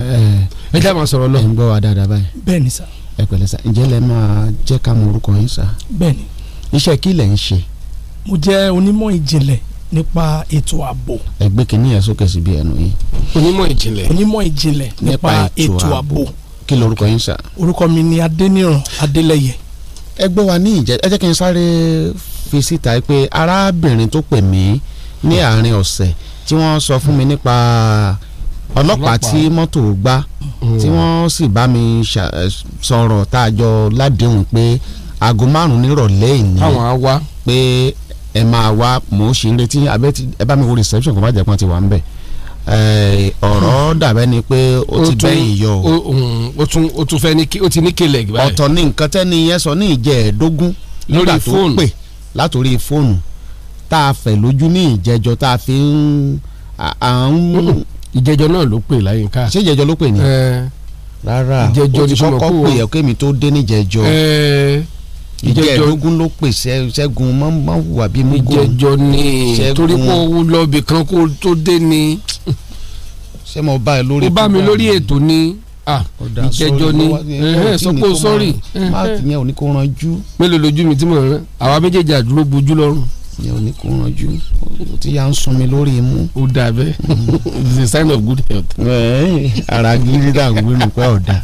ẹ jẹ́ àwọn sọ̀rọ̀ náà. ẹ ń gbọ́ wa dáadáa báyìí. bẹ́ẹ̀ni sá. ẹ pẹ̀lẹ́ sá ǹjẹ́ lẹ máa jẹ́ ká mọ orúkọ yín sá. bẹ́ẹ̀ni. iṣẹ́ kí lẹ̀ ń ṣe. mo jẹ́ onímọ̀ ìjìnlẹ̀ nípa ètò ààbò. ẹ gbé kínní yẹn sókè síbi ẹnu yìí. onímọ̀ ìjìnlẹ̀. onímọ̀ ìjìnlẹ̀ nípa ètò ààbò. kí lorúkọ yín sá. orúkọ mi ni Adéníran Adélẹ́yẹ ẹ gbọ́ wa ní ìjẹ́ ẹ jẹ́ kí n sáré fi síta pé arábìnrin tó pè mí ní àárín ọ̀sẹ̀ tí wọ́n sọ fún mi nípa ọlọ́pàá tí mọ́tò gbá tí wọ́n sì bá mi sọ̀rọ̀ tá a jọ ládéhùn pé aago márùn-ún nírọ̀lẹ́ ìní pé ẹ máa wá mò ń ṣe ń retí abẹ́ ẹ bá mi wo reception kò má jẹ́ pọ́n ti wà ń bẹ̀ ọ̀rọ̀ hmm. dàbẹ́ ni pé ó ti bẹ́yìn yọ o. o tún o tún fẹ́ ní ó ti ní kelẹ̀ gbà. ọ̀tọ̀ ni nǹkan tẹ́ni yẹn sọ ní ìjẹ́ẹ̀dógún nígbà tó pè látòrí fóònù tá a fẹ̀ lójú ní ìjẹ́jọ́ tá a fi ń. ìjẹ́jọ́ náà ló pè láyínká. ṣé ìjẹ́jọ́ ló pè ní. rárá ìjẹ́jọ́ ni kọ́kọ́ pè ẹ́ kémi tó dé níjẹ́jọ́. ẹ̀ẹ́ ìjẹjọ ogun ló pè ṣẹ́gun má wà bí mugu ìjẹjọ ni torí kó lọ́ọ̀bì kan kó tó dé ni ṣé mo bá ẹ lórí ètò ó bá mi lórí ètò ni ìjẹjọ ni sọ pé o sọ́ọ̀rì máàkì yẹn ò ní kó ranjú. mélòó lójú mi tí mo rán àwa méjèèjì àdúró bojú lọ́rùn. yẹn ò ní kó ranjú o yà ń sun mi lórí imú. ó dà bẹ́ẹ̀ it's a sign of good health. ara gírí dàgbé nìkan ọ̀dà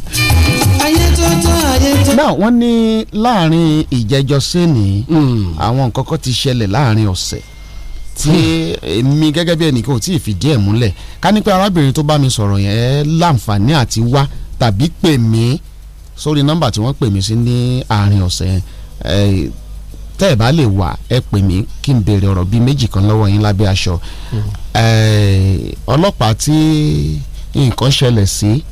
náà wọ́n ní láàrin ìjẹ́jọ́ sẹ́ni hmm. àwọn nǹkan kan ti ṣẹlẹ̀ láàrin ọ̀sẹ̀ tí hmm. èmi gẹ́gẹ́ bí ẹnìkan ò tí ì fìdí ẹ̀ múlẹ̀ ká ní pé arábìnrin tó bá mi sọ̀rọ̀ yẹn láǹfààní àti wá tàbí pè mí sórí nọ́mbà tí wọ́n pè mí sí ní àárín ọ̀sẹ̀ yẹn tẹ́ ẹ̀ bá lè wà ẹ pè mí kí n béèrè ọ̀rọ̀ bíi méjì kan lọ́wọ́ yín lábẹ́ aṣọ hmm. ọlọ́pàá tí nǹkan ṣẹlẹ̀ sí. Si,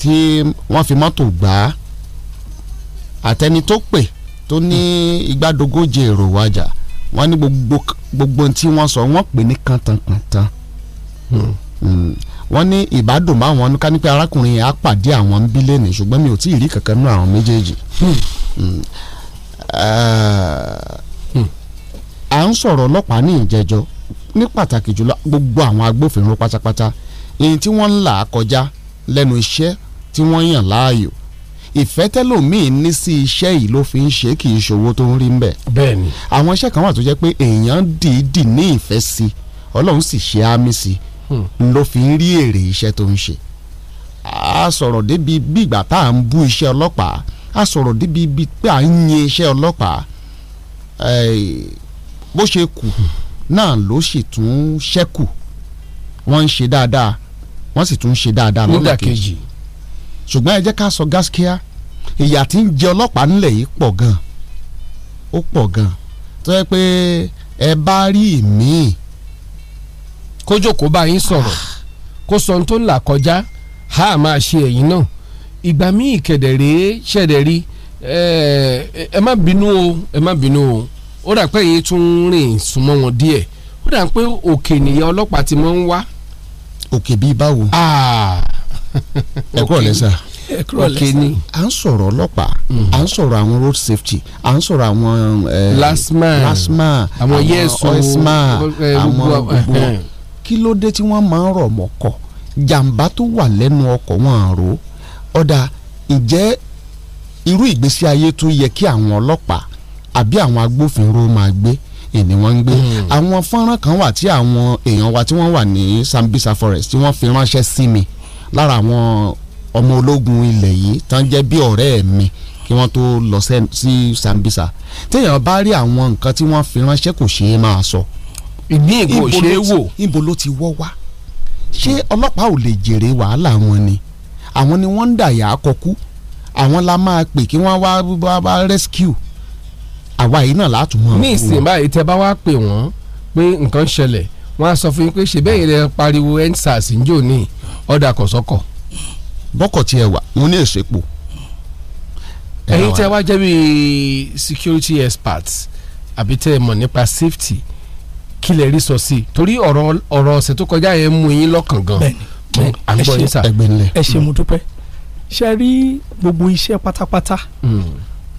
tí wọ́n fi mọ́tò gbà á àtẹni tó pè tó ní igbádogóje èrò wájà wọ́n ní gbogbo gbogbo tí wọ́n sọ wọ́n pè ní kàntankàntan hmm. Hmm. wọ́n ní ìbádùn bá wọn ká ní pé arákùnrin yẹn á pàdé àwọn ń bí lẹ́nu ṣùgbọ́n mi ò tí ì rí kankan nínú àwọn méjèèjì hmm. à ń sọ̀rọ̀ ọlọ́pàá ní ìjẹ́jọ́ ní pàtàkì jùlọ gbogbo àwọn agbófinró pátápátá èyí tí wọ́n ń là á kọjá lẹ́nu iṣẹ́ tí wọ́n yàn láàyò ìfẹ́ tẹ́lòmíì ní sí iṣẹ́ yìí ló fi ń ṣe kì í ṣòwò tó ń rí ń bẹ̀. bẹ́ẹ̀ni. àwọn iṣẹ́ kan wà tó jẹ́ pé èèyàn dìídì ní ìfẹ́ sí ọlọ́run sì ṣe àmì sí hmm. ló fi ń rí èrè iṣẹ́ tó ń ṣe. a sọ̀rọ̀ débi bí tá à ń bú iṣẹ́ ọlọ́pàá a sọ̀rọ̀ débi bí à ń yin iṣẹ́ ọlọ́pàá bó ṣe kù náà ló sì tún ṣẹ́kù wọ́n ń ṣe dáadáa wọ́n sì tún ń ṣe dáadáa lọ́nà kejì ṣùgbọ́n ẹ jẹ́ ká sọ gáskíá ìyà tí ń jẹ ọlọ́pàá gan ó pọ̀ gan tó yẹ pé ẹ bá rí míì. kójó kó bá yín sọ̀rọ̀ kó sọ tó ń là kọjá a máa ṣe ẹ̀yìn náà o ẹ o ó dà pé èyí tún rìn súnmọ́ wọn díẹ̀ ó dà pé òkè nìyẹn ọlọ́pàá ti máa ń wá. òkè bíi báwo. ẹ kúrò lẹ sà òkè ni à ń sọ̀rọ̀ ọlọ́pàá mm. à ń sọ̀rọ̀ àwọn road safety à ń sọ̀rọ̀ àwọn lasma lasma àwọn oesma àwọn gbogbo kí ló dé tí wọ́n máa ń rọ̀ mọ́kọ̀ jàǹbá tó wà lẹ́nu ọkọ̀ wọn àrò ọ̀dà ǹjẹ́ irú ìgbésí ayé tó yẹ kí àwọn ọlọ́pàá àbí àwọn agbófinró máa gbé ni wọ́n ń gbé mm. àwọn fọ́nrán kan wà tí àwọn èèyàn wa tí wọ́n wà ní Sambisa forest tí wọ́n fi ránṣẹ́ sí mi lára àwọn ọmọ ológun ilẹ̀ yìí tán jẹ́ bí ọ̀rẹ́ mi kí wọ́n tó lọ sí Sambisa téèyàn bá rí àwọn nǹkan tí wọ́n fi ránṣẹ́ kò ṣeé máa sọ. ìgbín ìgbò ṣe é wò. ibo ló ti wọ́ wá ṣé ọlọ́pàá ò lè jèrè wàhálà wọn ni àwọn ni wọ́n ń dàyà akọkú àwọn la máa pè kí wọ́n wá wá rescue àwa yìí náà látùn mọ́. ní ìsìn báyìí tẹ bá wá pè wọ́n pé nǹkan ṣẹlẹ̀ wọ́n á sọ fún yín pé ṣe bẹ́ẹ̀ yẹn lè pariwo endsars ń jò níyì ọ̀dà kọ̀sọ́kọ̀. bọ́kọ̀ tí ẹ wà mo ní èso epo. tí a wá jẹ́ bíi security experts àbí tẹ́ ẹ mọ̀ nípa safety kí lè rí sọ sí i torí ọ̀rọ̀ ọ̀rọ̀ ọ̀sẹ̀ tó kọjá yẹn mú yín lọ́kàn gan. bẹ́ẹ̀ni ẹ ṣe mo dúpẹ́ ṣe rí gbogbo iṣẹ́ pátápátá hmm.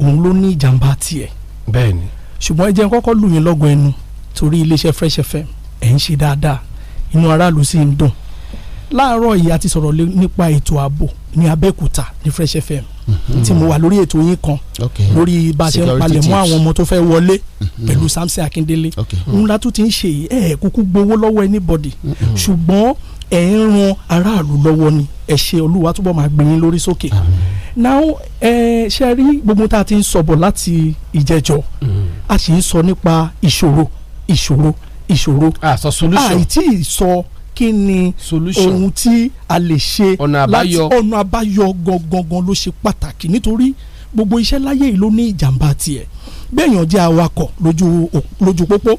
òun ló ní ìjàmbá tiẹ̀. bẹ́ẹ̀ni. ṣùgbọ́n ẹ jẹ́ kọ́kọ́ lù yín lọ́gọ̀ ẹnu torí iléeṣẹ́ fresh fm ẹ̀ ń ṣe dáadáa inú aráàlú sì ń dùn láàárọ̀ yìí a ti sọ̀rọ̀ nípa ètò ààbò ní Abẹ́òkúta ní Fresh FM mhm. tí mo wà lórí ètò yín kan lórí bá a ṣe ń palẹ̀ mọ́ àwọn ọmọ tó fẹ́ wọlé mhm. pẹ̀lú Samson Akíndélé ńlá tó ti ń ṣe yìí ẹ̀ kúkú gbowó lọ́wọ́ anybody mhm. ṣùgbọ́n ẹ̀ ń ran aráàlú lọ́wọ́ ni ẹ̀ ṣe Olúwa túbọ̀ máa gbé yín lórí sókè now ẹ ṣe rí gbogbo tá a ti ń sọ bọ̀ láti ìjẹjọ́ a sì ń sọ nípa ìṣòro ìṣòro ìṣòro àìtí sọ kí ni ohun tí a lè ṣe láti ọ̀nà àbáyọ gangan ló ṣe pàtàkì nítorí gbogbo iṣẹ́ láyé yìí ló ní ìjàmbá tiẹ̀ bẹ́ẹ̀yàn jẹ́ awakọ̀ lójú pópó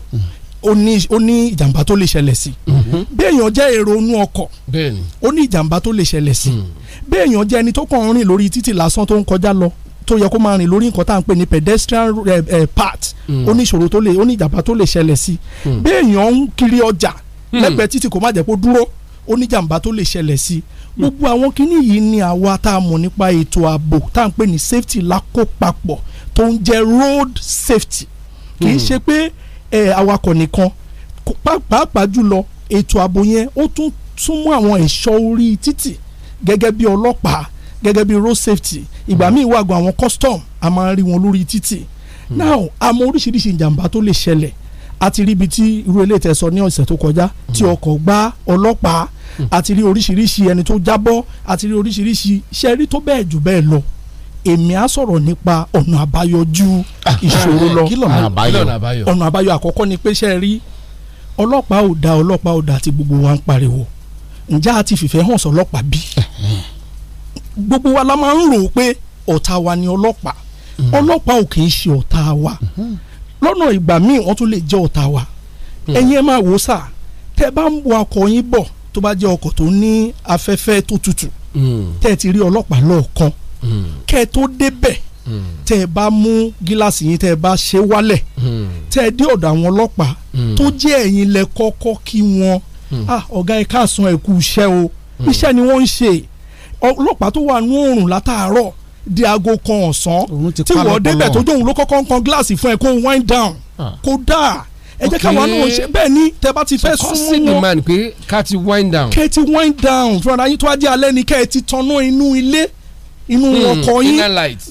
ó ní ìjàmbá tó lè ṣẹlẹ̀ sí mhm. bẹ́ẹ̀yàn jẹ́ èrò inú ọkọ̀ ó ní ìjàmbá tó lè ṣẹlẹ̀ sí hmm. bẹ́ẹ̀yàn jẹ́ ẹni tó kàn ń rìn lórí títì lásán tó ń kọjá lọ tó yẹ kó máa rìn lórí nǹkan tá à ń pè ní pedestrian eh, eh, path hmm. ó ní ìṣòro tó lè ó ní ìjàmbá tó lè ṣẹlẹ̀ sí hmm. bẹ́ẹ̀yàn ń kiri ọjà Hmm. lẹ́gbẹ̀ẹ́ títì kò má jẹ́ kó dúró ó ní jàǹbá tó lè ṣẹlẹ̀ sí i hmm. gbogbo àwọn kinní yìí ni àwa tá a mọ̀ nípa ètò ààbò tá à ń pè ní safety lákòpapọ̀ tó ń jẹ́ road safety kì í hmm. ṣe pé awakọ̀ nìkan pàápàá jùlọ ètò ààbò yẹn ó tún súnmọ́ àwọn ẹ̀ṣọ́ orí títì gẹ́gẹ́ bí ọlọ́pàá gẹ́gẹ́ bí road safety ìgbà míì wà gan àwọn custom a máa ń rí wọn lórí títì now àmọ́ oríṣiríṣi ìjàmbá tó lè ṣẹlẹ̀ a ti rí ibi tí irú ilé ìtẹ̀sọ ní ọ̀sẹ̀ tó kọjá tí mm. ọkọ̀ gbá ọlọ́pàá mm. a ti rí oríṣiríṣi ẹni tó jábọ́ a ti rí oríṣiríṣi iṣẹ́ rí tó bẹ́ẹ̀ jù bẹ́ẹ̀ lọ èmi á sọ̀rọ̀ nípa ọ̀nà àbáyọ ju ìṣòro lọ ọ̀nà àbáyọ àkọ́kọ́ ni pé iṣẹ́ rí ọlọ́pàá ò dá ọlọ́pàá ò dá ti gbogbo wa ń pariwo ǹjẹ́ a ti fìfẹ́ hàn sọ́lọ́pàá bí gbogbo wa la máa ń rò pé ọ̀tá wa ni ọlọ́pàá mm. ọlọ́pàá ò kì í ṣe ọ̀tá wa. Mm -hmm lọ́nà ìgbà míì wọ́n tún lè jẹ́ ọ̀tá wa hmm. ẹ̀yin ẹ máa wò sà tẹ́ bá ń wa ọkọ̀ yín bọ̀ tó bá jẹ́ ọkọ̀ tó ní afẹ́fẹ́ tó tutù hmm. tẹ́ ti rí ọlọ́pàá lọ́ọ̀kan hmm. kẹ́ tó débẹ̀ tẹ́ ẹ bá mú gíláàsì yín tẹ́ ẹ bá ṣe wálẹ̀ tẹ́ ẹ dé ọ̀dọ̀ àwọn ọlọ́pàá tó jẹ́ ẹ̀yin lẹ kọ́kọ́ kí wọn ah, ọ̀gá ẹ káàsán ẹ iṣẹ́ o iṣẹ́ ni wọ́n ń ṣe ọlọ́pàá tó wà nú òrùn látàárọ̀ di aago kan ọ̀sán tí wọ́n débẹ̀ tó jóun ló kọ́kọ́ ń kan gíláàsì fún ẹ kó wind down ah. kó dáa ẹ jẹ́ káwọn náà ṣe bẹ́ẹ̀ ni tẹ bá ti fẹ́ sún wọn. so man pé ká ti wind down. kẹ́ ti wind down fúnra yín tó wá alẹ́ ni kẹ́ ẹ ti tanná inú ilé inú hmm, ọkọ yín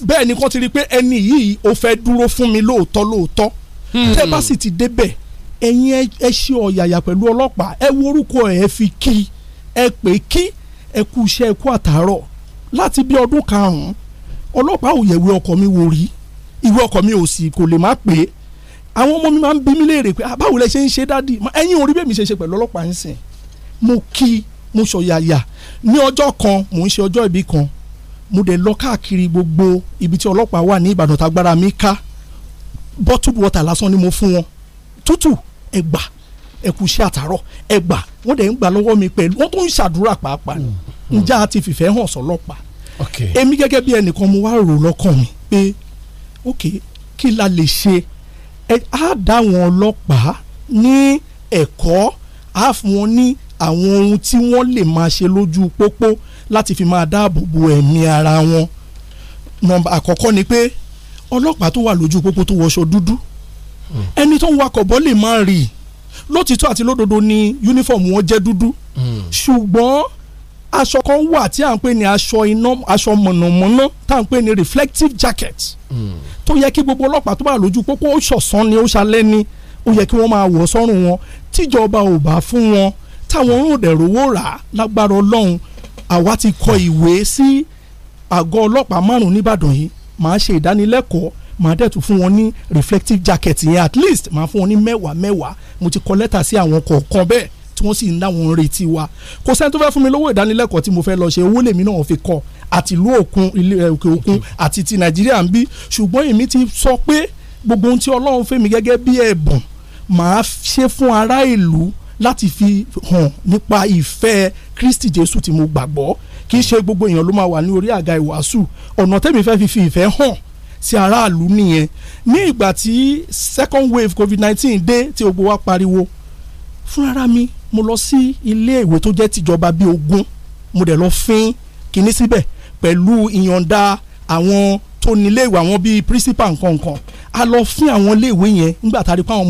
bẹ́ẹ̀ ni kàn ti rí i pé ẹni yìí ó fẹ́ dúró fún mi lóòótọ́ lóòótọ́ hmm. tẹ bá sì ti débẹ̀ ẹ̀yin ẹ ṣe ọ̀yàyà pẹ̀lú ọlọ́pàá ẹ wo orúkọ ẹ fi kí ẹ pè kí ẹ kú iṣẹ́ ẹ kú àtàárọ̀ láti bí ọdún karùn-ún ọlọ́pàá ò yẹ̀wé ọkọ̀ mi wò rí ìwé ọkọ̀ mi ò sì kò lè má pé àwọn ọmọ mi máa ń bí mi léèrè pé ah, báwo lẹ ṣe ń ṣe dádì ẹ̀yin orí bẹ́ẹ̀ mi ṣe ṣe pẹ̀lú ọlọ́pàá ń sìn mo kí mo ṣọ̀yàyà ní ọjọ́ kan mò ń ṣe ọjọ́ ìbí kan mo dẹ̀ lọ káàkiri gbogbo ibi tí ọlọ́pàá wà ní Ìbàdàn tágbára mi ká bottled water lásán ni mo fún wọn tútù ẹgbà ẹkùṣẹ́ àtàrọ̀ ẹgbà wọ́n dẹ̀ ń gbà lọ́wọ́ mi pẹ̀lú wọ́n tó ń ṣàdúrà pàápàá mm. ǹjẹ́ a ti fìfẹ́ hàn sọ́lọ́pàá èmi gẹ́gẹ́ bí ẹnìkan mo wá rò lọ́kàn mi pé ok kí la lè ṣe á dá àwọn ọlọ́pàá ní ẹ̀kọ́ á fún wọn ní àwọn ohun tí wọ́n lè máa ṣe lójú pópó láti fi máa dáàbò bo ẹ̀mí ara wọn nọ́mbà àkọ́kọ́ ni pé ọlọ́pàá tó wà lójú pópó tó wọṣọ dúdú hmm. ẹni tó ń wakọ̀ bọ́ lè má rí lótìtọ́ àti lódodo ni uniform wọn jẹ́ dúdú hmm. ṣùgbọ́n aṣọ kan wà tí à ń pè ní aṣọ iná aṣọ mọ̀nàmọ́ná tá à ń pè ní reflective jacket hmm. tó yẹ kí gbogbo ọlọ́pàá tó bá lójú pópó ó ṣọ̀sán ni ó ṣalẹ́ ni ó yẹ kí wọ́n máa wọ̀ sọ́rùn wọn tíjọba ò bá fún wọn táwọn ò dẹ̀ rówó rà á lágbára ọlọ́run àwa ti kọ ìwé sí àgọ́ ọlọ́pàá márùn-ún nìbàdàn yìí màá ṣe ìdánilẹ́kọ̀ọ́ màá dẹ̀ fún wọn ní reflective jacket yẹn at least màá fún wọn ní mẹ́wàá mẹ́wàá mo ti kọ lẹ́tà sí àwọn kọ̀ọ̀kan bẹ́ẹ̀ tí wọ́n sì ń dáwọn retí wa kò sẹ́ni tó fẹ́ fún mi lówó ìdánilẹ́kọ̀ọ́ tí mo fẹ́ lọ ṣe owó lèmi náà fi kọ́ àti ìlú òkun eh, òkè òkun àti ti nàìjíríà ń bí ṣùgbọ́n èmi ti sọ pé gbogbo ohun tí ọlọ́run fẹ́ mi gẹ́gẹ́ bí ẹ̀bùn màá ṣe fún ará ìlú láti fi hàn nípa ìfẹ́ kristi jésù tí mo gbàgbọ́ kì í ṣe gbogbo èèyàn ló máa wà ní orí àga ìwàásù ọ̀nà tẹ́mi fẹ́ fi fi ìfẹ́ hàn sí aráàlú nìyẹn ní ìgbà tí second wave covid nineteen dé tí gbogbo wa pariwo fúnra mi mo lọ sí ilé ìwé tó jẹ́ tìjọba bíi ogún mo dẹ̀ lọ fín kinní síbẹ̀ pẹ̀lú ìyọ̀ǹda àwọn tó nílé ìwé àwọn bíi principal nǹkan nǹkan a lọ fín àwọn ilé ìwé yẹn nígbà tá a rí i àwọn ọmọ